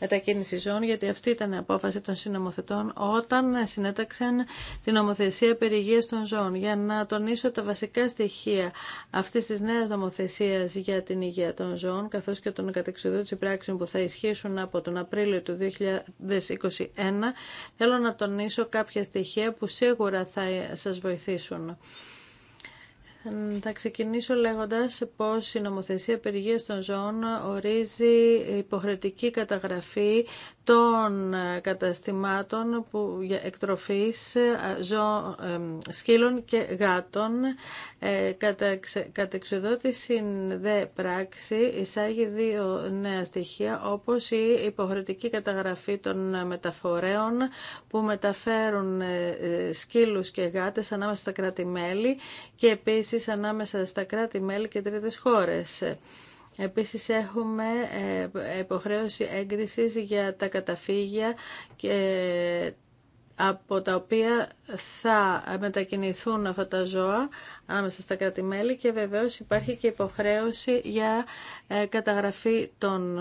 μετακίνηση ζώων, γιατί αυτή ήταν η απόφαση των συνομοθετών όταν συνέταξαν την νομοθεσία περιγείας των ζώων. Για να τονίσω τα βασικά στοιχεία αυτής της νέας νομοθεσίας για την υγεία των ζώων, καθώς και των κατεξοδότηση πράξεων που θα ισχύσουν από τον Απρίλιο του 2020, 2021 θέλω να τονίσω κάποια στοιχεία που σίγουρα θα σας βοηθήσουν. Θα ξεκινήσω λέγοντας πως η νομοθεσία περιγείας των ζώων ορίζει υποχρεωτική καταγραφή των ε, καταστημάτων που, για εκτροφής ε, ε, σκύλων και γάτων. κατά, κατά εξοδότηση δε πράξη εισάγει δύο νέα στοιχεία όπως η υποχρεωτική καταγραφή των μεταφορέων που μεταφέρουν σκύλους και γάτες ανάμεσα στα κρατη και επίσης σχέσεις ανάμεσα στα κράτη-μέλη και τρίτες χώρες. Επίσης έχουμε ε, υποχρέωση έγκρισης για τα καταφύγια και ε, από τα οποία θα μετακινηθούν αυτά τα ζώα ανάμεσα στα κράτη-μέλη και βεβαίως υπάρχει και υποχρέωση για ε, καταγραφή των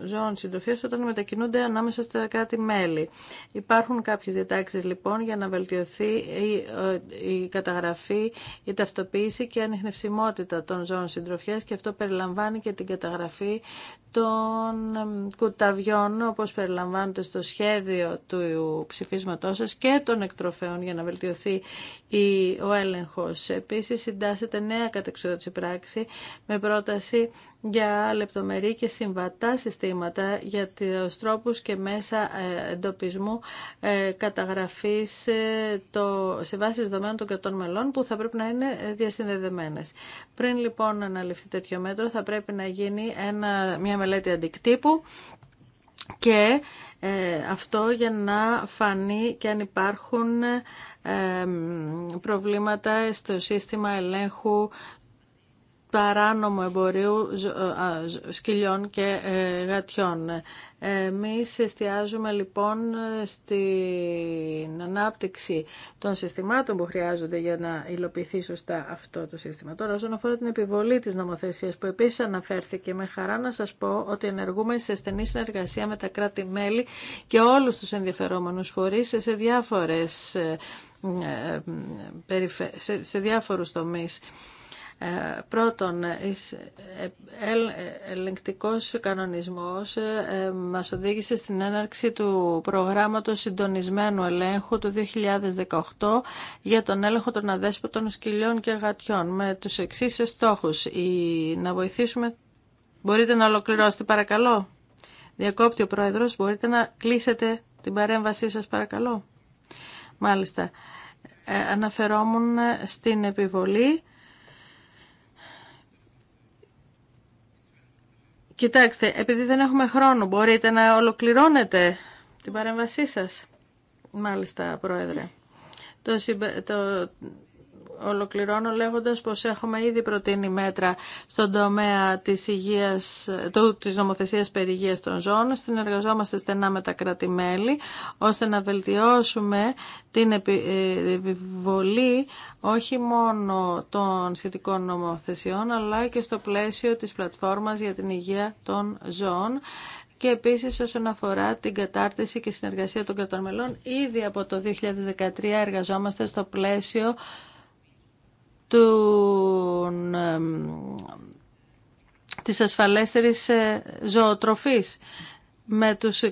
ε, ζώων συντροφίας όταν μετακινούνται ανάμεσα στα κράτη-μέλη. Υπάρχουν κάποιες διατάξεις λοιπόν για να βελτιωθεί ε, η, καταγραφή, η ταυτοποίηση και η ανιχνευσιμότητα των ζώων συντροφιάς και αυτό περιλαμβάνει και την καταγραφή των κουταβιών όπως περιλαμβάνεται στο σχέδιο του ψηφίσματός σας και των εκτροφέων για να βελτιωθεί η, ο έλεγχος. Επίσης, Επίσης συντάσσεται νέα της πράξη με πρόταση για λεπτομερή και συμβατά συστήματα για του τρόπου και μέσα ε, εντοπισμού ε, καταγραφής ε, το, σε βάση δεδομένων των κρατών μελών που θα πρέπει να είναι διασυνδεδεμένες. Πριν λοιπόν αναλυφθεί τέτοιο μέτρο θα πρέπει να γίνει ένα, μια μελέτη αντικτύπου και αυτό για να φανεί και αν υπάρχουν προβλήματα στο σύστημα ελέγχου παράνομου εμπορίου ε, σκυλιών και ε, γατιών. Εμείς εστιάζουμε λοιπόν στην ανάπτυξη των συστημάτων που χρειάζονται για να υλοποιηθεί σωστά αυτό το σύστημα. Τώρα όσον αφορά την επιβολή της νομοθεσίας που επίσης αναφέρθηκε με χαρά να σας πω ότι ενεργούμε σε στενή συνεργασία με τα κράτη-μέλη και όλους τους ενδιαφερόμενους φορείς σε διάφορες ε, σε διάφορους τομείς. Πρώτον, ε, ε, ελεγκτικός κανονισμός ε, μας οδήγησε στην έναρξη του προγράμματος συντονισμένου ελέγχου του 2018 για τον έλεγχο των αδέσποτων σκυλιών και γατιών με τους εξής στόχους. Να βοηθήσουμε... Μπορείτε να ολοκληρώσετε παρακαλώ. Διακόπτει ο Πρόεδρος, μπορείτε να κλείσετε την παρέμβασή σας παρακαλώ. Μάλιστα. αναφερόμουν στην επιβολή Κοιτάξτε, επειδή δεν έχουμε χρόνο, μπορείτε να ολοκληρώνετε την παρέμβασή σας. Μάλιστα, Πρόεδρε. Το, το ολοκληρώνω λέγοντας πως έχουμε ήδη προτείνει μέτρα στον τομέα της, υγείας, το, της νομοθεσίας περί υγείας των ζώων. Συνεργαζόμαστε στενά με τα κρατημέλη ώστε να βελτιώσουμε την ε, επιβολή όχι μόνο των σχετικών νομοθεσιών αλλά και στο πλαίσιο της πλατφόρμας για την υγεία των ζώων και επίσης όσον αφορά την κατάρτιση και συνεργασία των κρατών μελών, ήδη από το 2013 εργαζόμαστε στο πλαίσιο του, της ασφαλέστερης ε, ζωοτροφής με τους,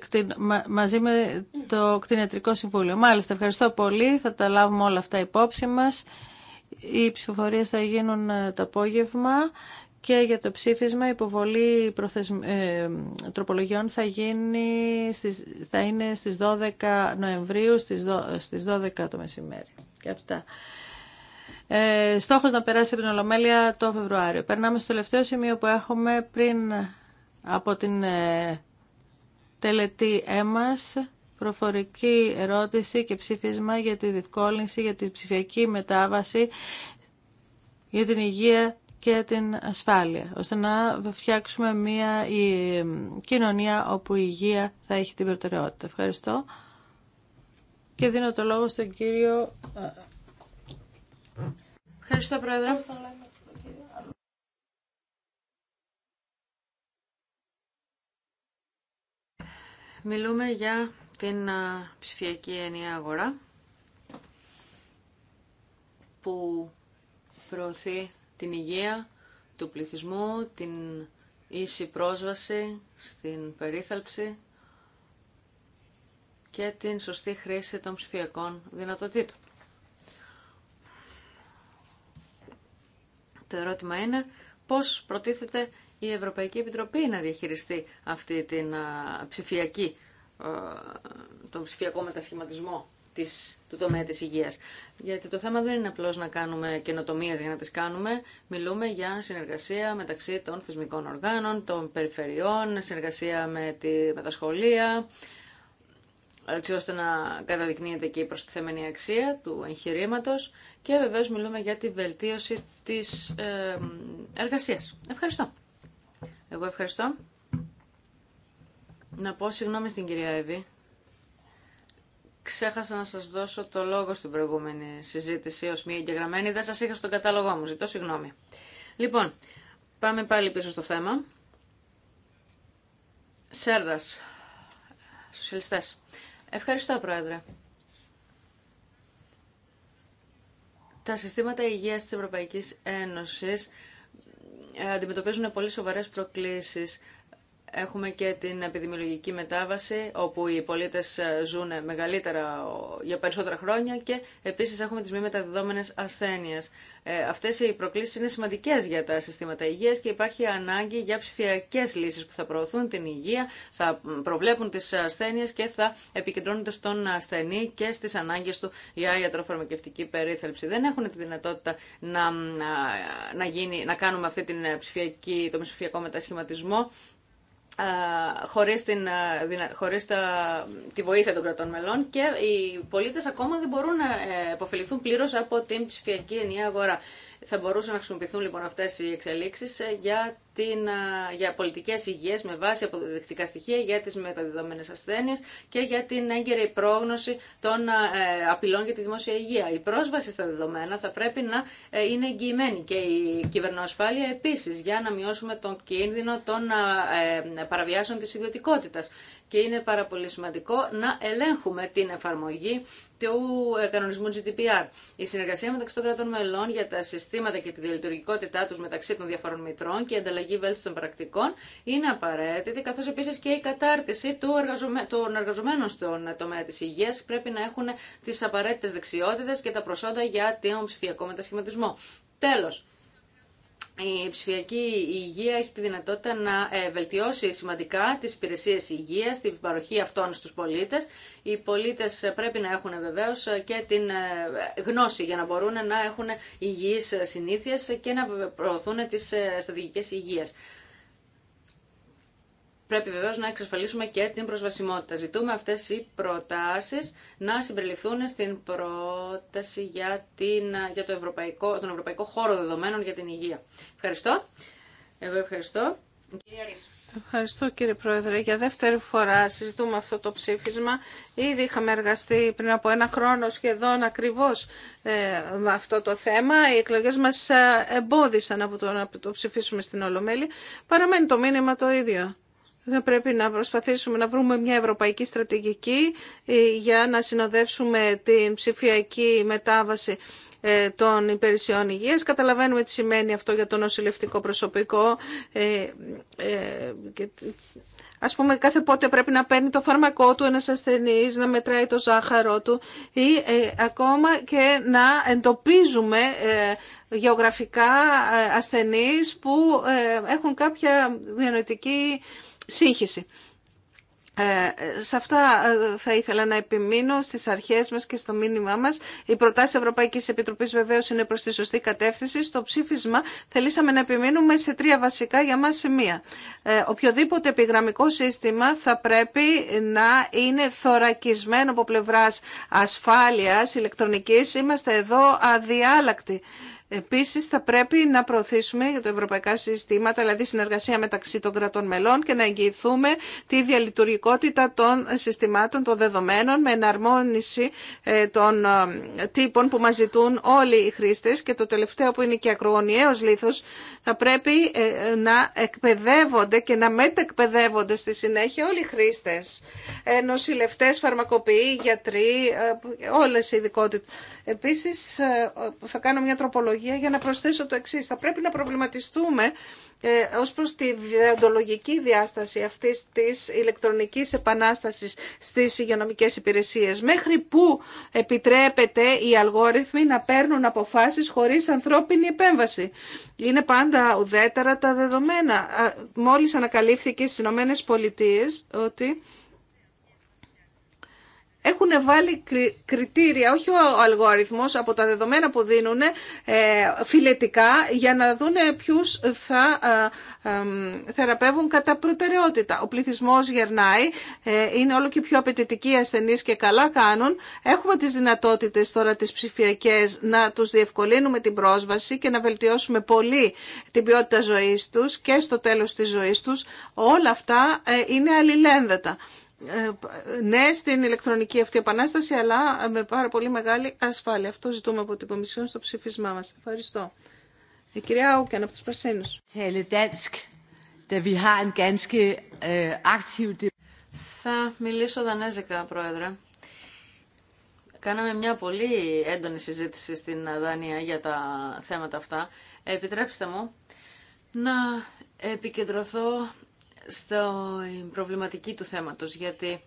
μαζί με το κτηνιατρικό συμβούλιο. Μάλιστα, ευχαριστώ πολύ. Θα τα λάβουμε όλα αυτά υπόψη μας. Οι ψηφοφορίες θα γίνουν ε, το απόγευμα και για το ψήφισμα υποβολή ε, τροπολογιών θα, γίνει στις... θα είναι στις 12 Νοεμβρίου στις, 12 το μεσημέρι. Και αυτά. Ε, στόχος να περάσει από την Ολομέλεια το Φεβρουάριο. Περνάμε στο τελευταίο σημείο που έχουμε πριν από την ε, τελετή έμας ε, προφορική ερώτηση και ψήφισμα για τη διευκόλυνση, για τη ψηφιακή μετάβαση, για την υγεία και την ασφάλεια, ώστε να φτιάξουμε μια ε, κοινωνία όπου η υγεία θα έχει την προτεραιότητα. Ευχαριστώ. Και δίνω το λόγο στον κύριο Ευχαριστώ, Πρόεδρε. Μιλούμε για την ψηφιακή ενιαία αγορά που προωθεί την υγεία του πληθυσμού, την ίση πρόσβαση στην περίθαλψη και την σωστή χρήση των ψηφιακών δυνατοτήτων. Το ερώτημα είναι πώς προτίθεται η Ευρωπαϊκή Επιτροπή να διαχειριστεί αυτή την ψηφιακή, τον ψηφιακό μετασχηματισμό της, του τομέα της υγείας. Γιατί το θέμα δεν είναι απλώς να κάνουμε καινοτομίε για να τις κάνουμε. Μιλούμε για συνεργασία μεταξύ των θεσμικών οργάνων, των περιφερειών, συνεργασία με, τη, με τα σχολεία, έτσι ώστε να καταδεικνύεται και η προστιθέμενη αξία του εγχειρήματο και βεβαίω μιλούμε για τη βελτίωση τη εργασία. Ευχαριστώ. Εγώ ευχαριστώ. Να πω συγγνώμη στην κυρία Εύη. Ξέχασα να σας δώσω το λόγο στην προηγούμενη συζήτηση ως μία εγγεγραμμένη. Δεν σας είχα στον κατάλογό μου. Ζητώ συγγνώμη. Λοιπόν, πάμε πάλι πίσω στο θέμα. Σέρδας. Σοσιαλιστές. Ευχαριστώ, Πρόεδρε. Τα συστήματα υγείας της Ευρωπαϊκής Ένωσης ε, αντιμετωπίζουν πολύ σοβαρές προκλήσεις Έχουμε και την επιδημιολογική μετάβαση, όπου οι πολίτε ε, ζουν μεγαλύτερα για περισσότερα χρόνια και επίση έχουμε τι μη μεταδεδόμενε ασθένειε. Ε, αυτές οι προκλήσει είναι σημαντικέ για τα συστήματα υγεία και υπάρχει ανάγκη για ψηφιακέ λύσει που θα προωθούν την υγεία, θα προβλέπουν τι ασθένειε και θα επικεντρώνονται στον ασθενή και στι ανάγκε του για ιατροφαρμακευτική περίθαλψη. Δεν έχουν τη δυνατότητα να, να, γίνει, να κάνουμε αυτή την ψηφιακή, το ψηφιακό μετασχηματισμό χωρίς, τη βοήθεια των κρατών μελών και οι πολίτες ακόμα δεν μπορούν να υποφεληθούν ε, πλήρως από την ψηφιακή ενιαία αγορά. Θα μπορούσαν να χρησιμοποιηθούν λοιπόν αυτές οι εξελίξεις ε, για την, για πολιτικές υγείας με βάση αποδεκτικά στοιχεία για τις μεταδεδομένες ασθένειες και για την έγκαιρη πρόγνωση των ε, απειλών για τη δημόσια υγεία. Η πρόσβαση στα δεδομένα θα πρέπει να ε, είναι εγγυημένη και η κυβερνοασφάλεια επίσης για να μειώσουμε τον κίνδυνο των ε, παραβιάσεων της ιδιωτικότητας και είναι πάρα πολύ σημαντικό να ελέγχουμε την εφαρμογή του κανονισμού GDPR. Η συνεργασία μεταξύ των κρατών μελών για τα συστήματα και τη διαλειτουργικότητά του μεταξύ των διαφορών μητρών και η ανταλλαγή βέλτιστων πρακτικών είναι απαραίτητη, καθώ επίση και η κατάρτιση του εργαζομέ... των εργαζομένων στον τομέα τη υγεία πρέπει να έχουν τι απαραίτητε δεξιότητε και τα προσόντα για τον ψηφιακό μετασχηματισμό. Τέλο, η ψηφιακή υγεία έχει τη δυνατότητα να ε, βελτιώσει σημαντικά τις υπηρεσίες υγείας, την παροχή αυτών στους πολίτες. Οι πολίτες πρέπει να έχουν ε, βεβαίως ε, και την γνώση για να μπορούν να έχουν υγιείς συνήθειες και να προωθούν τις στρατηγικές υγείας πρέπει βεβαίω να εξασφαλίσουμε και την προσβασιμότητα. Ζητούμε αυτέ οι προτάσει να συμπεριληφθούν στην πρόταση για, την, για το ευρωπαϊκό, τον Ευρωπαϊκό Χώρο Δεδομένων για την Υγεία. Ευχαριστώ. Εγώ ευχαριστώ. Ευχαριστώ κύριε Πρόεδρε. Για δεύτερη φορά συζητούμε αυτό το ψήφισμα. Ήδη είχαμε εργαστεί πριν από ένα χρόνο σχεδόν ακριβώς ε, με αυτό το θέμα. Οι εκλογές μας ε, εμπόδισαν από το να το ψηφίσουμε στην Ολομέλη. Παραμένει το μήνυμα το ίδιο θα πρέπει να προσπαθήσουμε να βρούμε μια ευρωπαϊκή στρατηγική ε, για να συνοδεύσουμε την ψηφιακή μετάβαση ε, των υπηρεσιών υγείας. Καταλαβαίνουμε τι σημαίνει αυτό για το νοσηλευτικό προσωπικό. Ε, ας πούμε κάθε πότε πρέπει να παίρνει το φάρμακό του ένας ασθενής, να μετράει το ζάχαρο του ή ακόμα και να εντοπίζουμε γεωγραφικά ασθενείς που έχουν κάποια διανοητική σύγχυση. Ε, σε αυτά ε, θα ήθελα να επιμείνω στις αρχές μας και στο μήνυμά μας. Η προτάση Ευρωπαϊκής Επιτροπής βεβαίως είναι προς τη σωστή κατεύθυνση. Στο ψήφισμα θελήσαμε να επιμείνουμε σε τρία βασικά για μας σημεία. Ε, οποιοδήποτε επιγραμμικό σύστημα θα πρέπει να είναι θωρακισμένο από πλευράς ασφάλειας ηλεκτρονικής. Είμαστε εδώ αδιάλακτοι. Επίσης θα πρέπει να προωθήσουμε για τα ευρωπαϊκά συστήματα, δηλαδή συνεργασία μεταξύ των κρατών μελών και να εγγυηθούμε τη διαλειτουργικότητα των συστημάτων, των δεδομένων με εναρμόνιση ε, των ε, τύπων που μας ζητούν όλοι οι χρήστες και το τελευταίο που είναι και ακρογωνιαίος λήθος θα πρέπει ε, να εκπαιδεύονται και να μετεκπαιδεύονται στη συνέχεια όλοι οι χρήστες, νοσηλευτές, φαρμακοποιοί, γιατροί, όλες οι ειδικότητες. Επίσης θα κάνω μια τροπολογία για να προσθέσω το εξή. Θα πρέπει να προβληματιστούμε ε, ως προς τη διοντολογική διάσταση αυτής της ηλεκτρονικής επανάστασης στις υγειονομικές υπηρεσίες. Μέχρι πού επιτρέπεται οι αλγόριθμοι να παίρνουν αποφάσεις χωρίς ανθρώπινη επέμβαση. Είναι πάντα ουδέτερα τα δεδομένα. Μόλις ανακαλύφθηκε στις Ηνωμένε ότι έχουν βάλει κριτήρια, όχι ο αλγόριθμος, από τα δεδομένα που δίνουν ε, φιλετικά για να δουν ποιους θα ε, ε, θεραπεύουν κατά προτεραιότητα. Ο πληθυσμός γερνάει, είναι όλο και πιο απαιτητικοί ασθενείς και καλά κάνουν. Έχουμε τις δυνατότητες τώρα τις ψηφιακές να τους διευκολύνουμε την πρόσβαση και να βελτιώσουμε πολύ την ποιότητα ζωής τους και στο τέλος της ζωής τους. Όλα αυτά είναι αλληλένδετα ναι στην ηλεκτρονική αυτή επανάσταση, αλλά με πάρα πολύ μεγάλη ασφάλεια. Αυτό ζητούμε από την Κομισιόν στο ψήφισμά μας. Ευχαριστώ. Η κυρία Όκεν από τους Πρασίνους. Øh, Θα μιλήσω δανέζικα, Πρόεδρε. Κάναμε μια πολύ έντονη συζήτηση στην Δανία για τα θέματα αυτά. Επιτρέψτε μου να επικεντρωθώ στο ε, προβληματική του θέματος, γιατί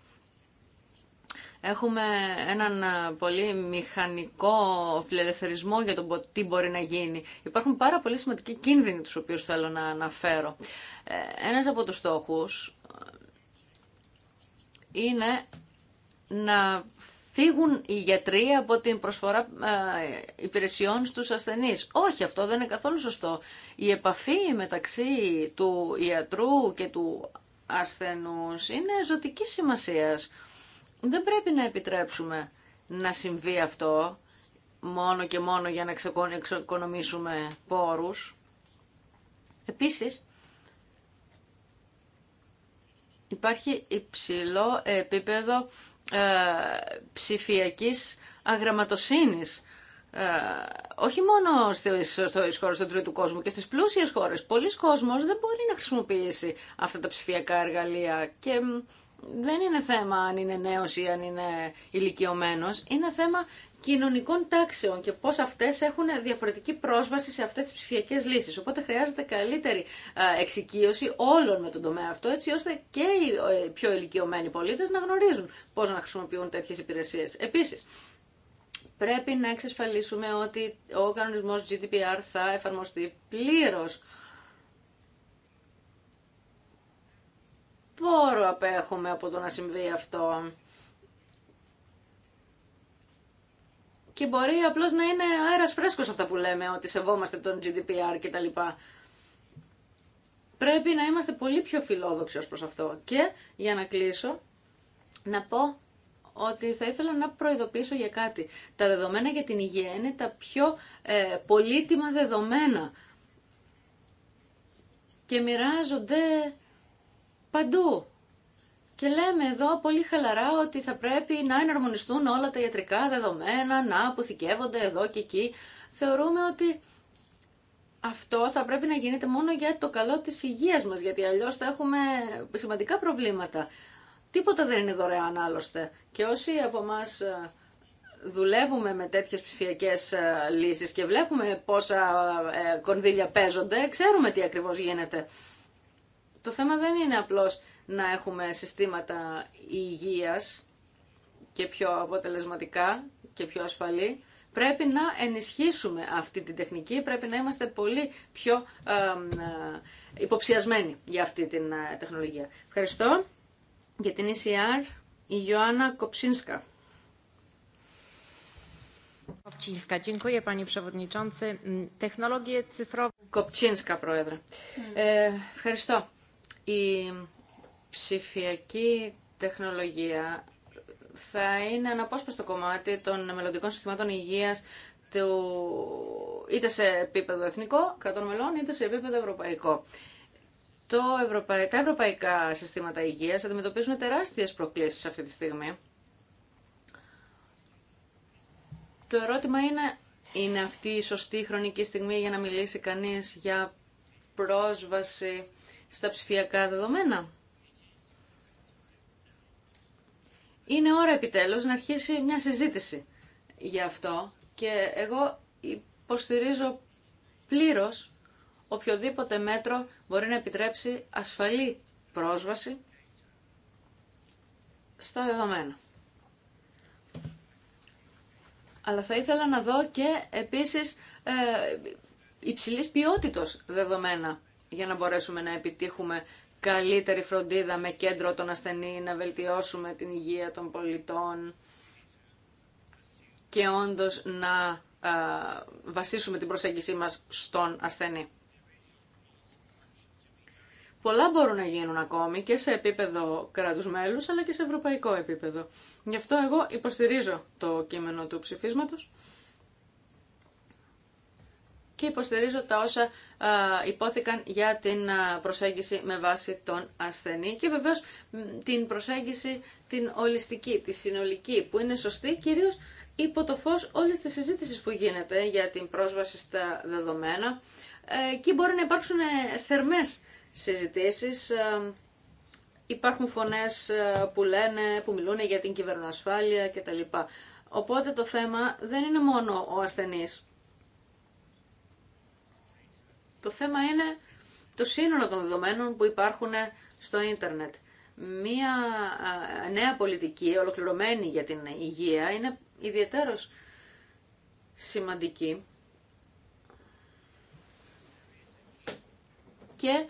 έχουμε έναν ε, πολύ μηχανικό φιλελευθερισμό για το τι μπορεί να γίνει. Υπάρχουν πάρα πολύ σημαντικοί κίνδυνοι τους οποίους θέλω να αναφέρω. Ε, ένας από τους στόχους είναι να φύγουν οι γιατροί από την προσφορά ε, υπηρεσιών στους ασθενείς. Όχι, αυτό δεν είναι καθόλου σωστό. Η επαφή μεταξύ του ιατρού και του ασθενούς είναι ζωτική σημασίας. Δεν πρέπει να επιτρέψουμε να συμβεί αυτό μόνο και μόνο για να εξοικονομήσουμε πόρους. Επίσης, υπάρχει υψηλό επίπεδο ε, ψηφιακής αγραμματοσύνης. Ε, όχι μόνο στις, στις χώρες του τρίτου κόσμου και στις πλούσιες χώρες. Πολλοί κόσμος δεν μπορεί να χρησιμοποιήσει αυτά τα ψηφιακά εργαλεία και δεν είναι θέμα αν είναι νέος ή αν είναι ηλικιωμένος. Είναι θέμα κοινωνικών τάξεων και πώς αυτές έχουν διαφορετική πρόσβαση σε αυτές τις ψηφιακές λύσεις. Οπότε χρειάζεται καλύτερη εξοικείωση όλων με τον τομέα αυτό, έτσι ώστε και οι πιο ηλικιωμένοι πολίτες να γνωρίζουν πώς να χρησιμοποιούν τέτοιες υπηρεσίες. Επίσης, πρέπει να εξασφαλίσουμε ότι ο κανονισμός GDPR θα εφαρμοστεί πλήρως πόρο απέχουμε από το να συμβεί αυτό. και μπορεί απλώ να είναι αέρας φρέσκο αυτά που λέμε, ότι σεβόμαστε τον GDPR κτλ. Πρέπει να είμαστε πολύ πιο φιλόδοξοι ω προ αυτό. Και για να κλείσω, να πω ότι θα ήθελα να προειδοποιήσω για κάτι. Τα δεδομένα για την υγεία είναι τα πιο ε, πολύτιμα δεδομένα και μοιράζονται παντού. Και λέμε εδώ πολύ χαλαρά ότι θα πρέπει να εναρμονιστούν όλα τα ιατρικά δεδομένα, να αποθηκεύονται εδώ και εκεί. Θεωρούμε ότι αυτό θα πρέπει να γίνεται μόνο για το καλό της υγείας μας, γιατί αλλιώς θα έχουμε σημαντικά προβλήματα. Τίποτα δεν είναι δωρεάν άλλωστε. Και όσοι από εμά δουλεύουμε με τέτοιες ψηφιακές ε, λύσεις και βλέπουμε πόσα ε, κονδύλια παίζονται, ξέρουμε τι ακριβώς γίνεται. Το θέμα δεν είναι απλώς να έχουμε συστήματα υγείας και πιο αποτελεσματικά και πιο ασφαλή. Πρέπει να ενισχύσουμε αυτή την τεχνική, πρέπει να είμαστε πολύ πιο ε, υποψιασμένοι για αυτή την ε, τεχνολογία. Ευχαριστώ. Για την ECR, η Ιωάννα Κοψίνσκα. Κοψίνσκα, mm, Πρόεδρε. Mm. Ε, ευχαριστώ. Η ψηφιακή τεχνολογία θα είναι αναπόσπαστο κομμάτι των μελλοντικών συστημάτων υγείας του, είτε σε επίπεδο εθνικό, κρατών μελών, είτε σε επίπεδο ευρωπαϊκό. Το Τα ευρωπαϊκά συστήματα υγείας αντιμετωπίζουν τεράστιες προκλήσεις αυτή τη στιγμή. Το ερώτημα είναι, είναι αυτή η σωστή χρονική στιγμή για να μιλήσει κανείς για πρόσβαση στα ψηφιακά δεδομένα. είναι ώρα επιτέλους να αρχίσει μια συζήτηση για αυτό και εγώ υποστηρίζω πλήρως οποιοδήποτε μέτρο μπορεί να επιτρέψει ασφαλή πρόσβαση στα δεδομένα. Αλλά θα ήθελα να δω και επίσης ε, υψηλής ποιότητος δεδομένα για να μπορέσουμε να επιτύχουμε καλύτερη φροντίδα με κέντρο των ασθενή, να βελτιώσουμε την υγεία των πολιτών και όντως να βασίσουμε την προσέγγιση μας στον ασθενή. Πολλά μπορούν να γίνουν ακόμη και σε επίπεδο κράτους μέλους αλλά και σε ευρωπαϊκό επίπεδο. Γι' αυτό εγώ υποστηρίζω το κείμενο του ψηφίσματος και υποστηρίζω τα όσα υπόθηκαν για την προσέγγιση με βάση τον ασθενή και βεβαίως την προσέγγιση την ολιστική, τη συνολική που είναι σωστή κυρίως υπό το φως όλες τις συζήτησεις που γίνεται για την πρόσβαση στα δεδομένα ε, και μπορεί να υπάρξουν ε, θερμές συζητήσεις ε, υπάρχουν φωνές που λένε, που μιλούν για την κυβερνοασφάλεια κτλ. Οπότε το θέμα δεν είναι μόνο ο ασθενής το θέμα είναι το σύνολο των δεδομένων που υπάρχουν στο ίντερνετ. Μία νέα πολιτική ολοκληρωμένη για την υγεία είναι ιδιαίτερος σημαντική και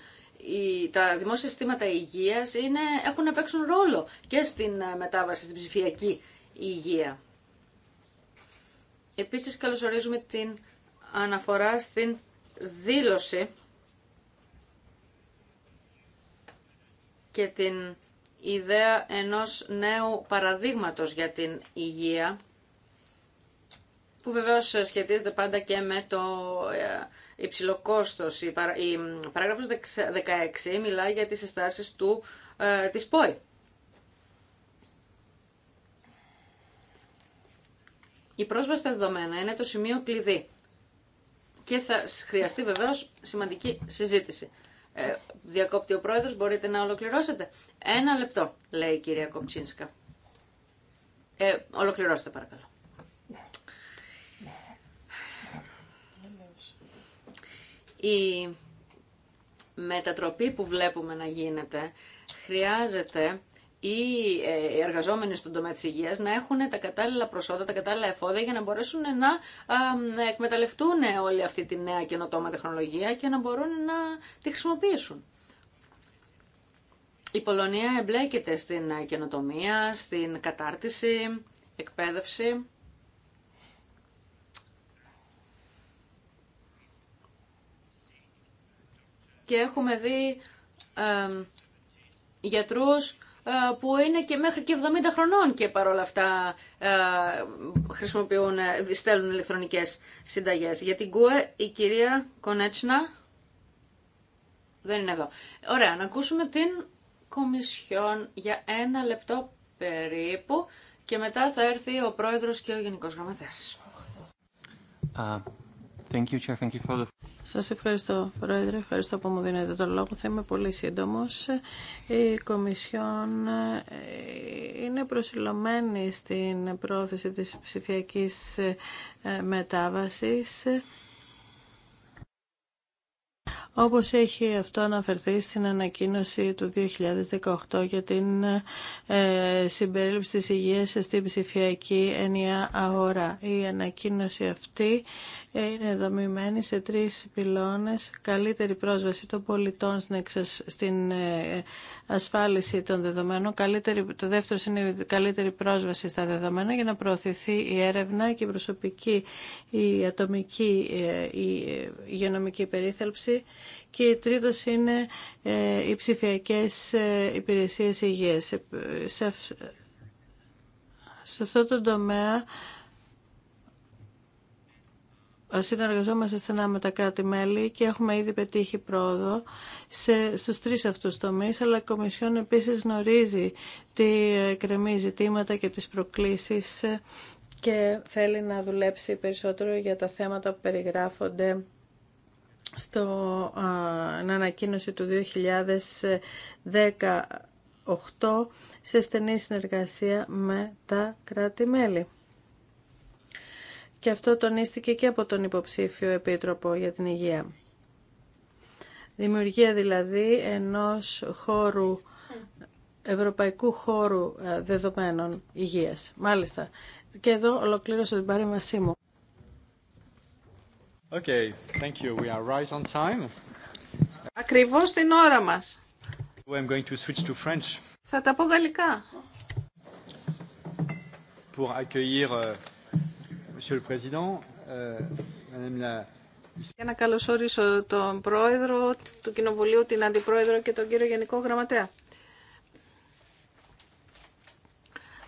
τα δημόσια συστήματα υγείας είναι, έχουν να παίξουν ρόλο και στην ε, μετάβαση στην ψηφιακή υγεία. Επίσης καλωσορίζουμε την αναφορά στην δήλωση και την ιδέα ενός νέου παραδείγματος για την υγεία που βεβαίως σχετίζεται πάντα και με το ε, υψηλό κόστος. Η παράγραφος 16 μιλάει για τις συστάσεις του, ε, της ΠΟΗ. Η πρόσβαση στα δεδομένα είναι το σημείο κλειδί και θα χρειαστεί βεβαίως σημαντική συζήτηση. Ε, διακόπτει ο πρόεδρος, μπορείτε να ολοκληρώσετε. Ένα λεπτό, λέει η κυρία Κομπτσίνσκα. Ε, ολοκληρώστε παρακαλώ. Η μετατροπή που βλέπουμε να γίνεται χρειάζεται ε, οι εργαζόμενοι στον τομέα της υγείας να έχουν τα κατάλληλα προσόντα, τα κατάλληλα εφόδια για να μπορέσουν να εκμεταλλευτούν όλη αυτή τη νέα καινοτόμα τεχνολογία και να μπορούν να τη χρησιμοποιήσουν. Η Πολωνία εμπλέκεται στην καινοτομία, στην κατάρτιση, εκπαίδευση. Και έχουμε δει ε, γιατρούς ε, που είναι και μέχρι και 70 χρονών και παρόλα αυτά ε, χρησιμοποιούν, ε, στέλνουν ηλεκτρονικές συνταγές. Για την ΚΟΕ η κυρία Κονέτσνα δεν είναι εδώ. Ωραία, να ακούσουμε την Κομισιόν για ένα λεπτό περίπου και μετά θα έρθει ο Πρόεδρος και ο Γενικός Γραμματέας. Thank Σας ευχαριστώ, Πρόεδρε. Ευχαριστώ που μου δίνετε τον λόγο. Θα είμαι πολύ σύντομος. Η Κομισιόν ε, είναι προσιλωμένη στην πρόθεση της ψηφιακή ε, μετάβασης όπως έχει αυτό αναφερθεί στην ανακοίνωση του 2018 για την ε, συμπερίληψη της υγείας στην ψηφιακή ενιαία αγορά. Η ανακοίνωση αυτή είναι δομημένη σε τρεις πυλώνες. Καλύτερη πρόσβαση των πολιτών στην ε, ασφάλιση των δεδομένων. Καλύτερη, το δεύτερο είναι η καλύτερη πρόσβαση στα δεδομένα για να προωθηθεί η έρευνα και η προσωπική, η ατομική, ε, η υγειονομική περίθαλψη. Και η τρίτος είναι ε, οι ψηφιακές υπηρεσίες υγείας. Σε αυτό το τομέα συνεργαζόμαστε στενά με τα κράτη-μέλη και έχουμε ήδη πετύχει πρόοδο σε, στους τρεις αυτούς τομείς, αλλά η Κομισιόν επίσης γνωρίζει τι ε, κρεμεί ζητήματα και τις προκλήσεις ε, και θέλει να δουλέψει περισσότερο για τα θέματα που περιγράφονται στο α, ανακοίνωση του 2018 σε στενή συνεργασία με τα κράτη-μέλη. Και αυτό τονίστηκε και από τον υποψήφιο Επίτροπο για την Υγεία. Δημιουργία δηλαδή ενός χώρου, ευρωπαϊκού χώρου ε, δεδομένων υγείας. Μάλιστα. Και εδώ ολοκλήρωσα την παρέμβασή μου. Okay, thank you. We are on time. Ακριβώς την ώρα μας. I'm going to switch to French. Θα τα πω γαλλικά. Pour accueillir euh, Euh, για να καλωσορίσω τον Πρόεδρο του Κοινοβουλίου, την Αντιπρόεδρο και τον κύριο Γενικό Γραμματέα.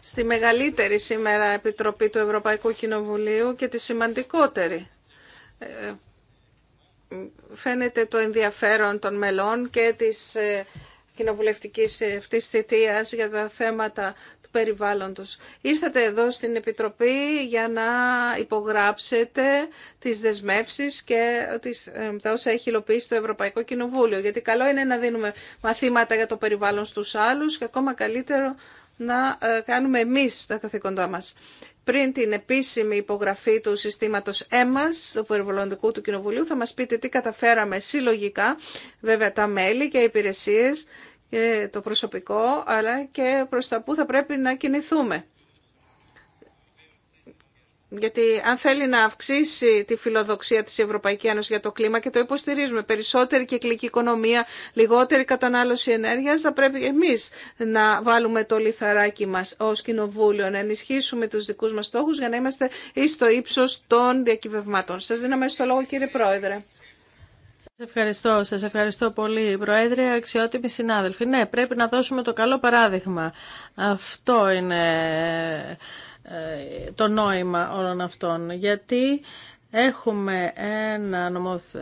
Στη μεγαλύτερη σήμερα Επιτροπή του Ευρωπαϊκού Κοινοβουλίου και τη σημαντικότερη. Ε, φαίνεται το ενδιαφέρον των μελών και της ε, κοινοβουλευτικής ε, αυτής θητείας για τα θέματα περιβάλλοντος. Ήρθατε εδώ στην Επιτροπή για να υπογράψετε τις δεσμεύσεις και τις, ε, τα όσα έχει υλοποιήσει το Ευρωπαϊκό Κοινοβούλιο. Γιατί καλό είναι να δίνουμε μαθήματα για το περιβάλλον στους άλλους και ακόμα καλύτερο να ε, κάνουμε εμείς τα καθήκοντά μας. Πριν την επίσημη υπογραφή του συστήματος ΕΜΑΣ, του Περιβαλλοντικού του Κοινοβουλίου, θα μας πείτε τι καταφέραμε συλλογικά, βέβαια τα μέλη και οι υπηρεσίες, το προσωπικό, αλλά και προς τα που θα πρέπει να κινηθούμε. Γιατί αν θέλει να αυξήσει τη φιλοδοξία της Ευρωπαϊκής Ένωσης για το κλίμα και το υποστηρίζουμε περισσότερη κυκλική οικονομία, λιγότερη κατανάλωση ενέργειας, θα πρέπει εμείς να βάλουμε το λιθαράκι μας ως Κοινοβούλιο, να ενισχύσουμε τους δικούς μας στόχους για να είμαστε εις το ύψος των διακυβευμάτων. Σας δίναμε στο λόγο κύριε Πρόεδρε. Ευχαριστώ, σας ευχαριστώ πολύ Προέδρε, αξιότιμοι συνάδελφοι. Ναι, πρέπει να δώσουμε το καλό παράδειγμα. Αυτό είναι ε, το νόημα όλων αυτών. Γιατί Έχουμε ένα,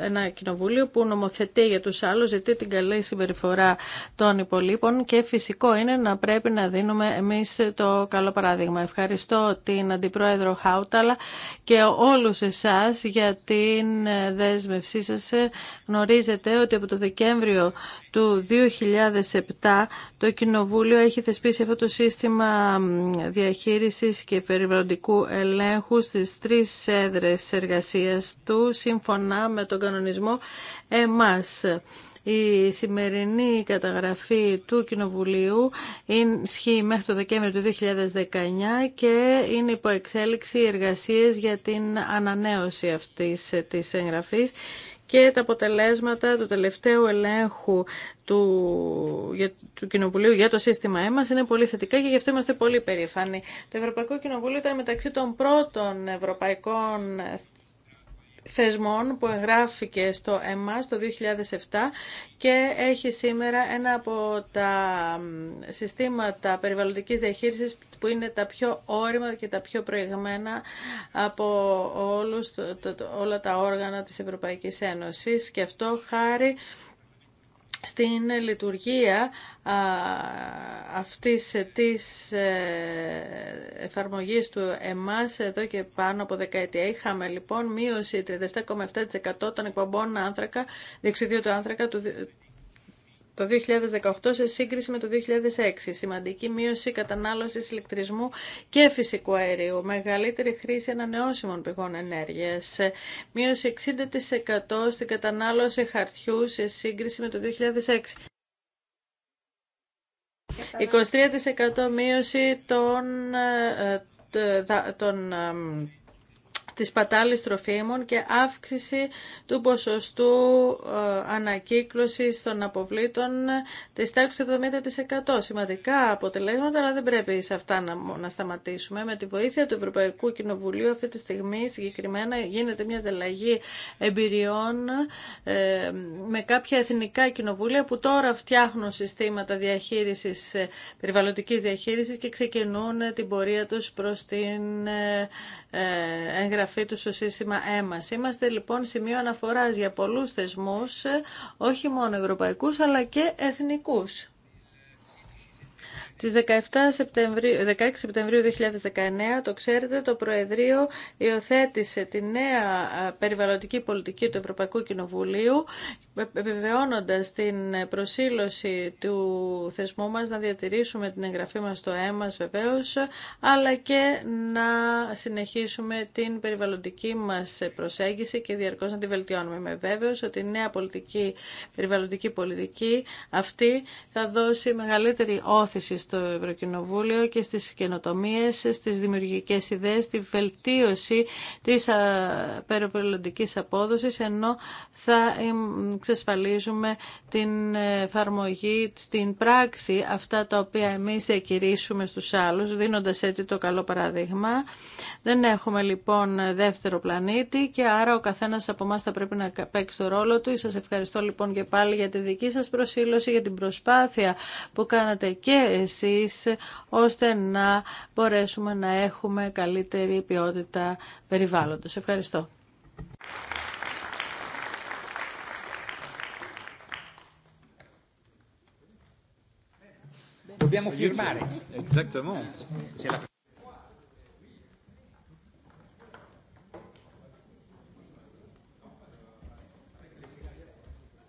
ένα κοινοβούλιο που νομοθετεί για τους άλλους, ζητεί την καλή συμπεριφορά των υπολείπων και φυσικό είναι να πρέπει να δίνουμε εμείς το καλό παράδειγμα. Ευχαριστώ την Αντιπρόεδρο Χάουταλα και όλους εσάς για την δέσμευσή σας. Γνωρίζετε ότι από το Δεκέμβριο του 2007 το Κοινοβούλιο έχει θεσπίσει αυτό το σύστημα διαχείρισης και περιβαλλοντικού ελέγχου στις τρεις έδρες εργασίας εργασίας του σύμφωνα με τον κανονισμό εμάς. Η σημερινή καταγραφή του Κοινοβουλίου ισχύει μέχρι το Δεκέμβριο του 2019 και είναι υπό εξέλιξη εργασίες για την ανανέωση αυτής της εγγραφής και τα αποτελέσματα του τελευταίου ελέγχου του, του Κοινοβουλίου για το σύστημα ΕΜΑΣ είναι πολύ θετικά και γι' αυτό είμαστε πολύ περήφανοι. Το Ευρωπαϊκό Κοινοβούλιο ήταν μεταξύ των πρώτων ευρωπαϊκών θεσμών που εγγράφηκε στο ΕΜΑΣ το 2007 και έχει σήμερα ένα από τα συστήματα περιβαλλοντικής διαχείρισης που είναι τα πιο όρημα και τα πιο προηγμένα από όλους, όλα τα όργανα της Ευρωπαϊκής Ένωσης και αυτό χάρη στην λειτουργία αυτής ε, της ε, εφαρμογής του εμάς εδώ και πάνω από δεκαετία. Είχαμε λοιπόν μείωση 37,7% των εκπομπών άνθρακα, διεξιδίου του άνθρακα του το 2018 σε σύγκριση με το 2006. Σημαντική μείωση κατανάλωσης ηλεκτρισμού και φυσικού αερίου. Μεγαλύτερη χρήση ανανεώσιμων πηγών ενέργειας. Μείωση 60% στην κατανάλωση χαρτιού σε σύγκριση με το 2006. 23% μείωση των, ε, των ε, της πατάλης τροφίμων και αύξηση του ποσοστού ε, ανακύκλωσης των αποβλήτων ε, της τάξης 70%. Σημαντικά αποτελέσματα, αλλά δεν πρέπει σε αυτά να, να σταματήσουμε. Με τη βοήθεια του Ευρωπαϊκού Κοινοβουλίου αυτή τη στιγμή συγκεκριμένα γίνεται μια ανταλλαγή εμπειριών ε, με κάποια εθνικά κοινοβούλια που τώρα φτιάχνουν συστήματα διαχείρισης, περιβαλλοντικής διαχείρισης και ξεκινούν την πορεία τους προς την εγγραφή του στο σύστημα ΕΜΑΣ. Είμαστε λοιπόν σημείο αναφοράς για πολλούς θεσμούς, όχι μόνο ευρωπαϊκούς αλλά και εθνικούς. Της 17 Σεπτεμβρίου, 16 Σεπτεμβρίου 2019, το ξέρετε, το Προεδρείο υιοθέτησε τη νέα περιβαλλοντική πολιτική του Ευρωπαϊκού Κοινοβουλίου, ε, επιβεβαιώνοντας την προσήλωση του θεσμού μας να διατηρήσουμε την εγγραφή μας στο ΕΜΑΣ βεβαίως, αλλά και να συνεχίσουμε την περιβαλλοντική μας προσέγγιση και διαρκώς να τη βελτιώνουμε. Είμαι ότι η νέα πολιτική, περιβαλλοντική πολιτική αυτή θα δώσει μεγαλύτερη όθηση στο Ευρωκοινοβούλιο και στις καινοτομίε, στις δημιουργικές ιδέες, στη βελτίωση της περιβαλλοντικής απόδοσης, ενώ θα εξασφαλίζουμε την εφαρμογή στην πράξη αυτά τα οποία εμείς διακηρύσουμε στους άλλους, δίνοντας έτσι το καλό παραδείγμα. Δεν έχουμε λοιπόν δεύτερο πλανήτη και άρα ο καθένας από εμά θα πρέπει να παίξει το ρόλο του. Σας ευχαριστώ λοιπόν και πάλι για τη δική σας προσήλωση, για την προσπάθεια που κάνατε και εσείς ώστε να μπορέσουμε να έχουμε καλύτερη ποιότητα περιβάλλοντος. Ευχαριστώ. Dobbiamo firmare.